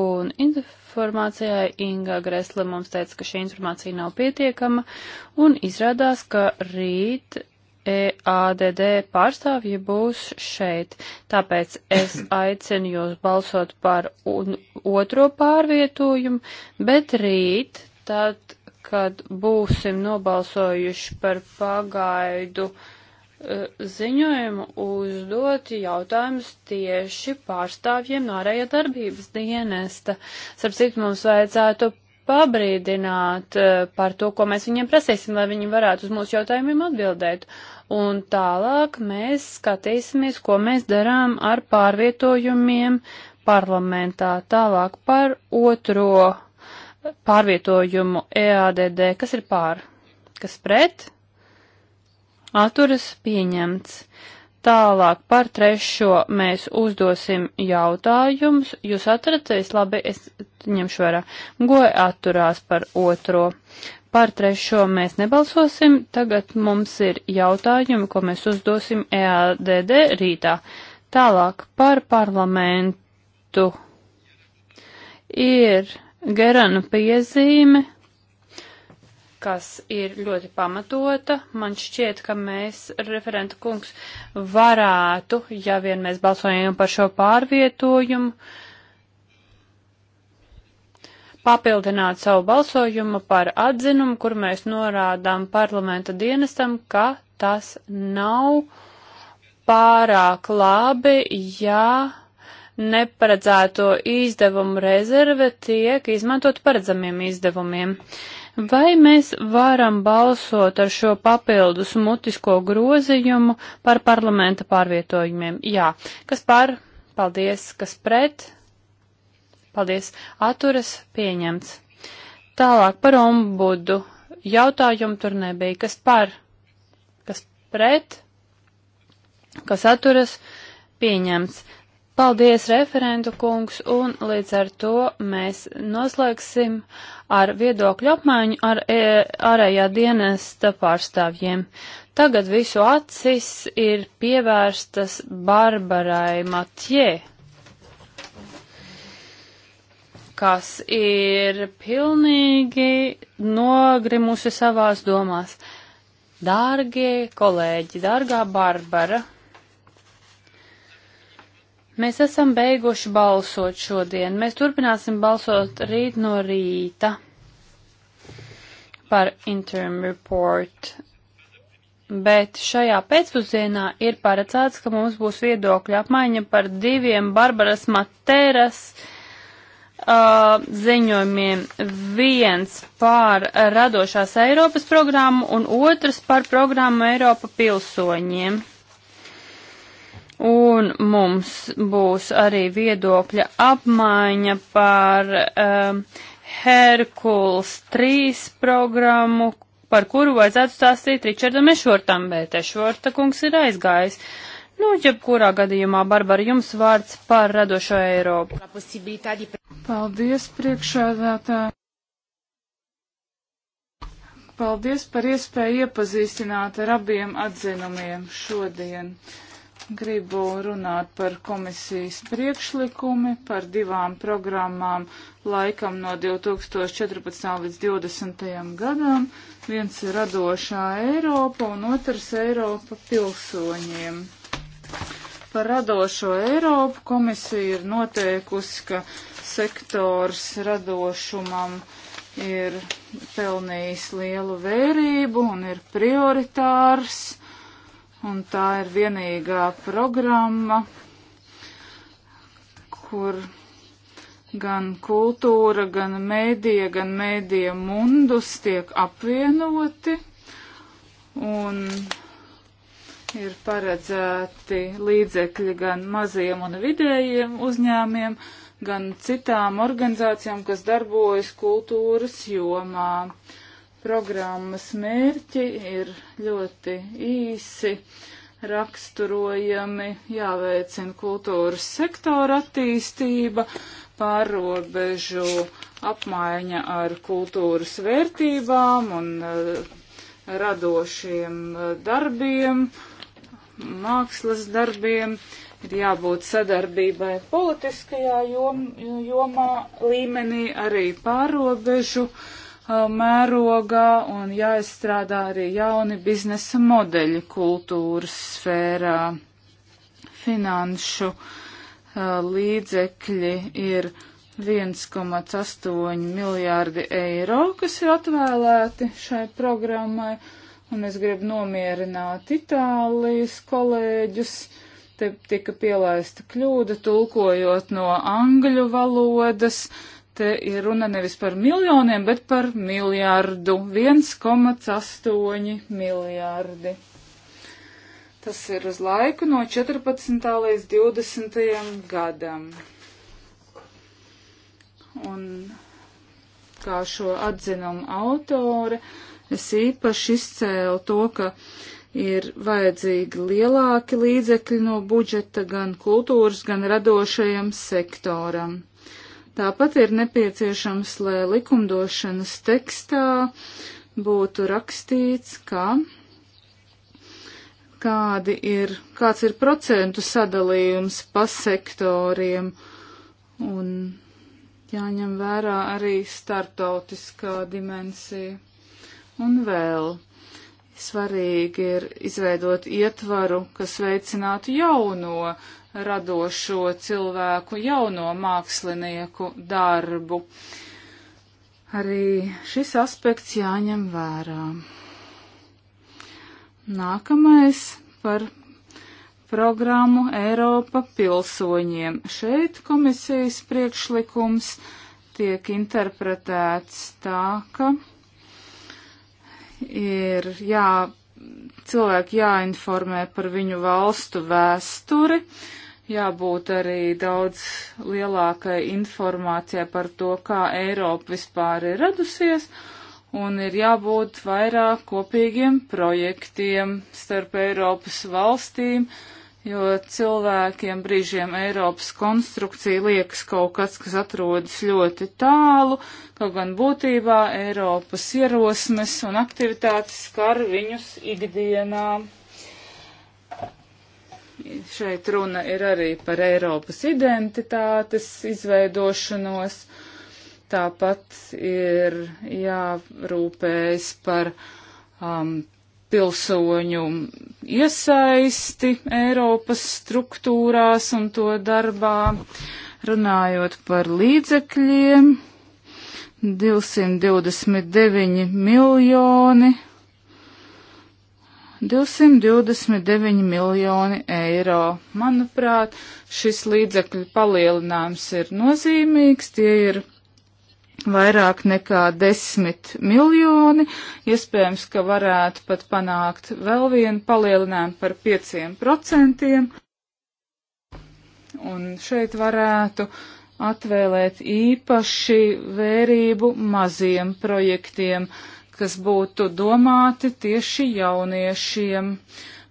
un informācijai Inga Gresle mums teica, ka šī informācija nav pietiekama un izrādās, ka rīt EADD pārstāvji būs šeit, tāpēc es aicinu jūs balsot par otro pārvietojumu, bet rīt, tad, kad būsim nobalsojuši par pagaidu uh, ziņojumu, uzdot jautājumus tieši pārstāvjiem no ārējā darbības dienesta. Starp citu, mums vajadzētu pabrīdināt uh, par to, ko mēs viņiem prasīsim, lai viņi varētu uz mūsu jautājumiem atbildēt. Uh, Un tālāk mēs skatīsimies, ko mēs darām ar pārvietojumiem parlamentā. Tālāk par otro pārvietojumu EADD, kas ir pār, kas pret, atturas pieņemts. Tālāk par trešo mēs uzdosim jautājumus. Jūs atratais, labi, es ņemšu vērā. Goja atturās par otro. Par trešo mēs nebalsosim, tagad mums ir jautājumi, ko mēs uzdosim EADD rītā. Tālāk par parlamentu ir Gerana piezīme, kas ir ļoti pamatota. Man šķiet, ka mēs, referenta kungs, varētu, ja vien mēs balsojam par šo pārvietojumu, uh, papildināt savu balsojumu par atzinumu, kur mēs norādām parlamenta dienestam, ka tas nav pārāk labi, ja neparedzēto izdevumu rezerve tiek izmantot paredzamiem izdevumiem. Vai mēs varam balsot ar šo papildus mutisko grozījumu par parlamenta pārvietojumiem? Jā. Kas par? Paldies. Kas pret? Paldies. Atturas pieņemts. Tālāk par ombudu. Jautājumu tur nebija. Kas par? Kas pret? Kas atturas? Pieņemts. Paldies, referentu kungs, un līdz ar to mēs noslēgsim ar viedokļu apmaiņu ar e, ārējā dienesta pārstāvjiem. Tagad visu acis ir pievērstas Barbarai Matjē kas ir pilnīgi nogrimuši savās domās. Dārgie kolēģi, dārgā Barbara, mēs esam beiguši balsot šodien. Mēs turpināsim balsot rīt no rīta par interim report. Bet šajā pēcpusdienā ir paredzēts, ka mums būs viedokļa apmaiņa par diviem Barbaras Materas uh, uh, ziņojumiem. Viens par radošās Eiropas programmu un otrs par programmu Eiropa pilsoņiem. Un mums būs arī viedokļa apmaiņa par um, Herkules 3 programmu, par kuru vajadzētu stāstīt Ričardam Ešvortam, bet Ešvorta kungs ir aizgājis. Uh, Nu, jebkurā gadījumā, Barbara, jums vārds par radošo Eiropu. Paldies, priekšādātāji. Paldies par iespēju iepazīstināt ar abiem atzinumiem šodien. Gribu runāt par komisijas priekšlikumi, par divām programmām laikam no 2014. līdz 2020. gadam. Viens ir radošā Eiropa un otrs Eiropa pilsoņiem. Par radošo Eiropu komisija ir noteikusi, ka sektors radošumam ir pelnījis lielu vērību un ir prioritārs, un tā ir vienīgā programma, kur gan kultūra, gan mēdīja, gan mēdīja mundus tiek apvienoti, un ir paredzēti līdzekļi gan maziem un vidējiem uzņēmiem, gan citām organizācijām, kas darbojas kultūras jomā. Programmas mērķi ir ļoti īsi raksturojami, jāveicina kultūras sektora attīstība, pārobežu apmaiņa ar kultūras vērtībām un uh, radošiem eh, darbiem, uh, mākslas darbiem, ir jābūt sadarbībai politiskajā jom, jomā līmenī, arī pārobežu mērogā un jāizstrādā arī jauni biznesa modeļi kultūras sfērā. Finanšu līdzekļi ir 1,8 miljārdi eiro, kas ir atvēlēti šai programmai Un es gribu nomierināt Itālijas kolēģus. Te tika pielaista kļūda, tulkojot no angļu valodas. Te ir runa nevis par miljoniem, bet par miljardu. 1,8 miljardi. Tas ir uz laiku no 14. līdz 20. gadam. Un kā šo atzinumu autore, uh, Es īpaši izcēlu to, ka ir vajadzīgi lielāki līdzekļi no budžeta gan kultūras, gan radošajam sektoram. Tāpat ir nepieciešams, lai likumdošanas tekstā būtu rakstīts, ka kādi ir, kāds ir procentu sadalījums pa sektoriem un jāņem vērā arī startautiskā dimensija. Un vēl svarīgi ir izveidot ietvaru, kas veicinātu jauno radošo cilvēku, jauno mākslinieku darbu. Arī šis aspekts jāņem vērā. Nākamais par programmu Eiropa pilsoņiem. Šeit komisijas priekšlikums tiek interpretēts tā, ka ir jā, cilvēki jāinformē par viņu valstu vēsturi, jābūt arī daudz lielākai informācijai par to, kā Eiropa vispār ir radusies, un ir jābūt vairāk kopīgiem projektiem starp Eiropas valstīm, uh, jo cilvēkiem brīžiem Eiropas konstrukcija liekas kaut kas, kas atrodas ļoti tālu, kaut gan būtībā Eiropas ierosmes un aktivitātes skar viņus ikdienā. Šeit runa ir arī par Eiropas identitātes izveidošanos, tāpat ir jārūpējas par um, pilsoņu iesaisti Eiropas struktūrās un to darbā. Runājot par līdzekļiem, 229 miljoni 229 miljoni eiro. Manuprāt, šis līdzekļu palielinājums ir nozīmīgs, tie ir vairāk nekā desmit miljoni, iespējams, ka varētu pat panākt vēl vienu palielinājumu par pieciem procentiem. Un šeit varētu atvēlēt īpaši vērību maziem projektiem, kas būtu domāti tieši jauniešiem.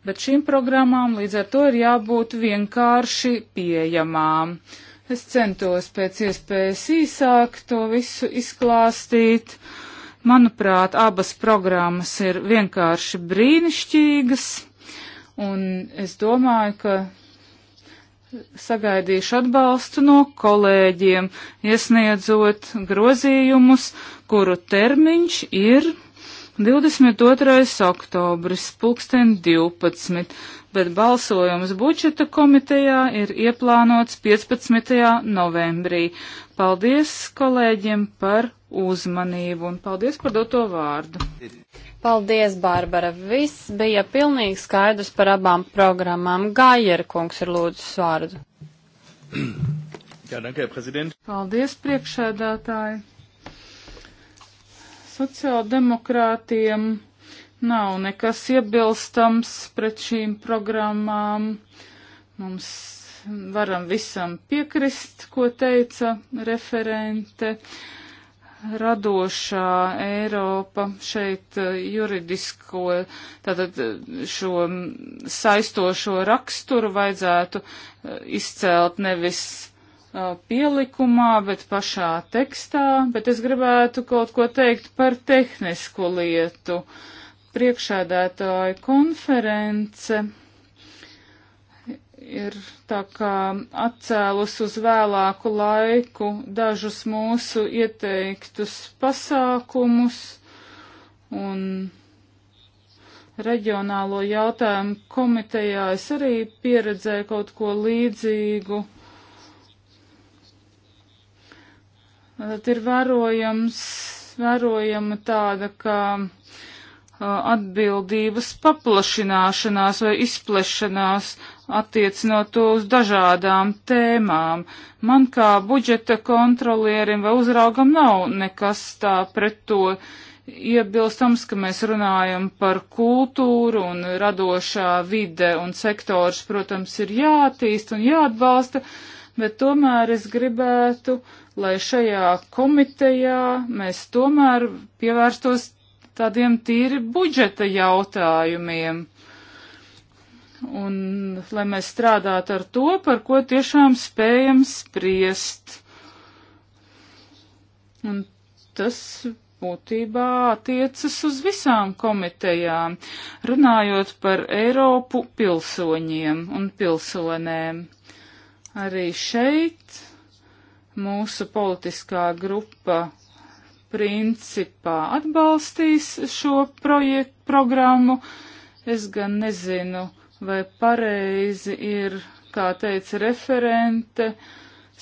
Bet šīm programmām līdz ar to ir jābūt vienkārši pieejamām. Uh, Es centos pēc iespējas īsāk to visu izklāstīt. Manuprāt, abas programmas ir vienkārši brīnišķīgas, un es domāju, ka sagaidīšu atbalstu no kolēģiem, iesniedzot grozījumus, kuru termiņš ir 22. oktobris, pulksten 12, bet balsojums budžeta komitejā ir ieplānots 15. novembrī. Paldies kolēģiem par uzmanību un paldies par doto vārdu. Paldies, Bārbara. Viss bija pilnīgi skaidrs par abām programmām. Gājera kungs ir lūdzu vārdu. Jā, danke, prezident. Paldies, priekšēdātāji. Sociāldemokrātiem nav nekas iebilstams pret šīm programmām. Mums varam visam piekrist, ko teica referente. Radošā Eiropa šeit eh, juridisko, tātad eh, šo saistošo raksturu vajadzētu eh, izcelt nevis Uh, pielikumā, bet pašā tekstā, bet es gribētu kaut ko teikt par tehnisku lietu. Priekšēdētāja konference ir tā kā atcēlus uz vēlāku laiku dažus mūsu ieteiktus pasākumus un reģionālo jautājumu komitejā es arī pieredzēju kaut ko līdzīgu. Tad ir vērojams, vērojama tāda, ka atbildības paplašināšanās vai izplešanās attiecinot to uz dažādām tēmām. Man kā budžeta kontrolierim vai uzraugam nav nekas tā pret to iebilstams, ka mēs runājam par kultūru un radošā vide un sektors, protams, ir jātīst un jāatbalsta, bet tomēr es gribētu uh, lai šajā komitejā mēs tomēr pievērstos tādiem tīri budžeta jautājumiem. Un lai mēs strādātu ar to, par ko tiešām spējam spriest. Un tas būtībā attiecas uz visām komitejām, runājot par Eiropu pilsoņiem un pilsonēm. Arī šeit mūsu politiskā grupa principā atbalstīs šo projektu programmu. Es gan nezinu, vai pareizi ir, kā teica referente,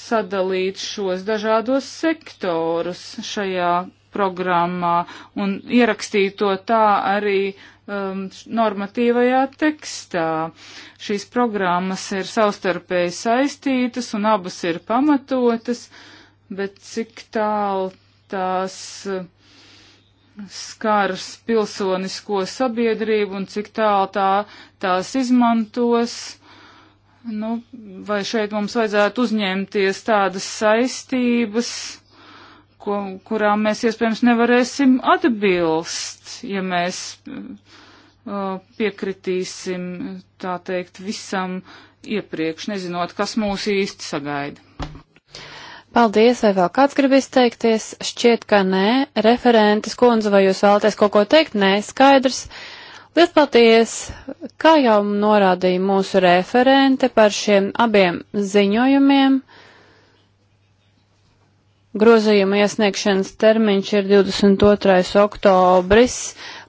sadalīt šos dažādos sektorus šajā programmā un ierakstīt to tā arī um, normatīvajā tekstā. Šīs programmas ir savstarpēji saistītas un abas ir pamatotas, bet cik tālu tās uh, skars pilsonisko sabiedrību un cik tālu tā, tās izmantos. Nu, vai šeit mums vajadzētu uzņemties tādas saistības, ko, kurām mēs iespējams nevarēsim atbilst, ja mēs Uh, piekritīsim, tā teikt, visam iepriekš, nezinot, kas mūs īsti sagaida. Paldies, vai vēl kāds grib izteikties? Šķiet, ka nē. Referentes kundze, vai jūs vēlaties kaut ko teikt? Nē, skaidrs. Liels paldies! Kā jau norādīja mūsu referente par šiem abiem ziņojumiem, grozījuma iesniegšanas termiņš ir 22. oktobris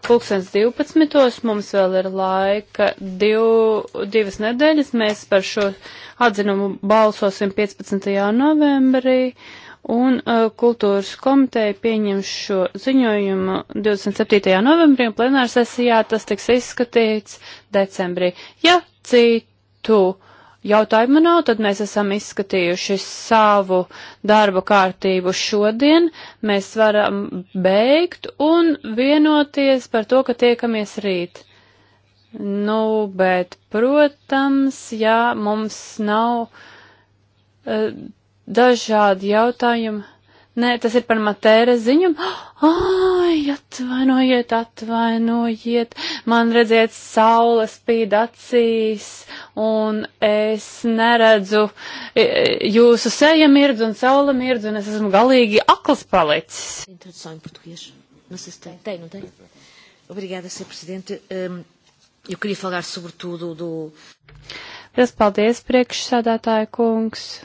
Pulkstens 12. mums vēl ir laika div, divas nedēļas. Mēs par šo atzinumu balsosim 15. novembrī. Un uh, kultūras komiteja pieņems šo ziņojumu 27. novembrī un plenārsesijā tas tiks izskatīts decembrī. Ja citu uh, jautājumu nav, tad mēs esam izskatījuši savu darba kārtību šodien. Mēs varam beigt un vienoties par to, ka tiekamies rīt. Nu, bet, protams, jā, mums nav uh, dažādi jautājumi. Nē, tas ir par Matēra ziņumu. Ai, atvainojiet, atvainojiet, man redziet, saule spīd acīs, un es neredzu e, e, jūsu seja mirdz un saule mirdz, un es esmu galīgi akls palicis. Introdução em português. Não sei se tem. Tem, não tem? Obrigada, Sr. Presidente. Um, eu queria falar sobretudo do... Paldies, priekšsādātāja kungs.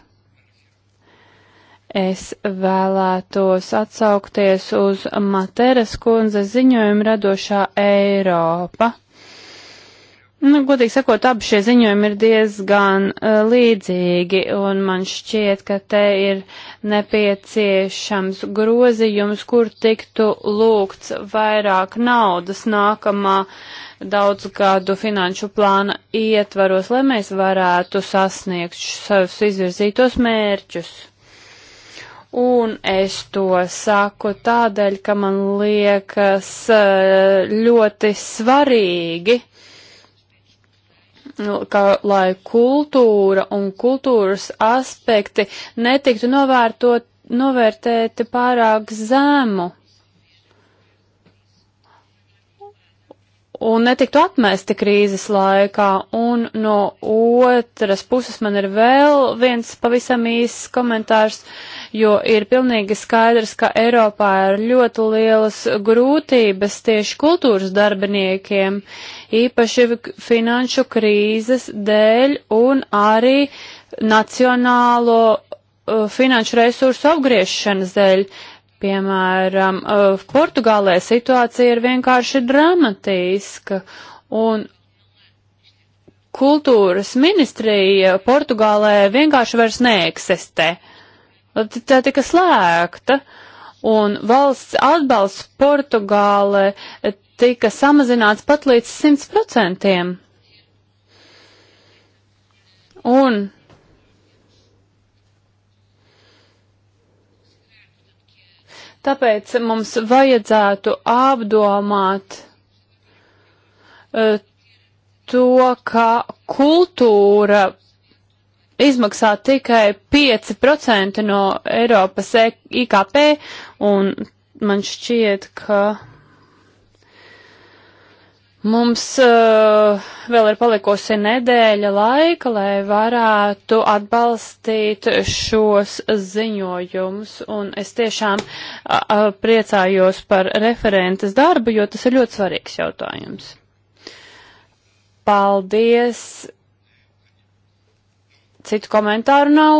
Es vēlētos atsaukties uz Materas kundze ziņojumu radošā Eiropa. Nu, godīgi sakot, abi šie ziņojumi ir diezgan uh, līdzīgi, un man šķiet, ka te ir nepieciešams grozījums, kur tiktu lūgts vairāk naudas nākamā daudz gadu finanšu plāna ietvaros, lai mēs varētu sasniegt savus izvirzītos mērķus. Un es to saku tādēļ, ka man liekas eh, ļoti svarīgi, nu, ka, lai kultūra un kultūras aspekti netiktu novērtot, novērtēti pārāk zemu. un netiktu atmesti krīzes laikā. Un no otras puses man ir vēl viens pavisam īsts komentārs, jo ir pilnīgi skaidrs, ka Eiropā ir ļoti lielas grūtības tieši kultūras darbiniekiem, īpaši finanšu krīzes dēļ un arī nacionālo uh, finanšu resursu apgriešanas dēļ. Uh, Piemēram, eh, Portugālē situācija ir vienkārši dramatiska, un kultūras ministrija Portugālē vienkārši vairs neeksistē. Tā tika slēgta, un valsts atbalsts Portugālē tika samazināts pat līdz 100%. Un Tāpēc mums vajadzētu apdomāt uh, to, ka kultūra izmaksā tikai 5% no Eiropas e- IKP, un man šķiet, ka Mums uh, vēl ir palikusi nedēļa laika, lai varētu atbalstīt šos ziņojumus, un es tiešām uh, priecājos par referentes darbu, jo tas ir ļoti svarīgs jautājums. Paldies! Citu komentāru nav.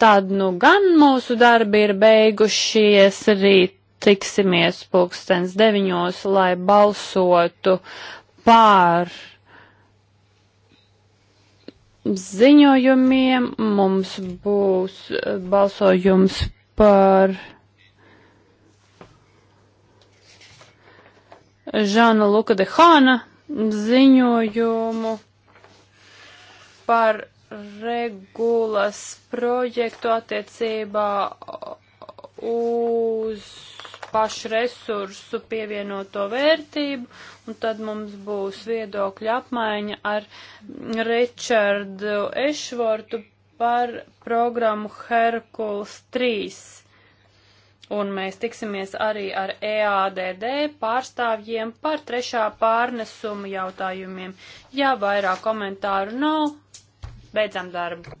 Tad nu gan mūsu darbi ir beigušies rīt tiksimies pulkstens deviņos, lai balsotu pār ziņojumiem. Mums būs balsojums par Žana Luka Dehāna ziņojumu par regulas projektu attiecībā uz pašu resursu pievienoto vērtību, un tad mums būs viedokļa apmaiņa ar Richardu Ešvortu par programmu Herkules 3. Un mēs tiksimies arī ar EADD pārstāvjiem par trešā pārnesuma jautājumiem. Ja vairāk komentāru nav, beidzam darbu.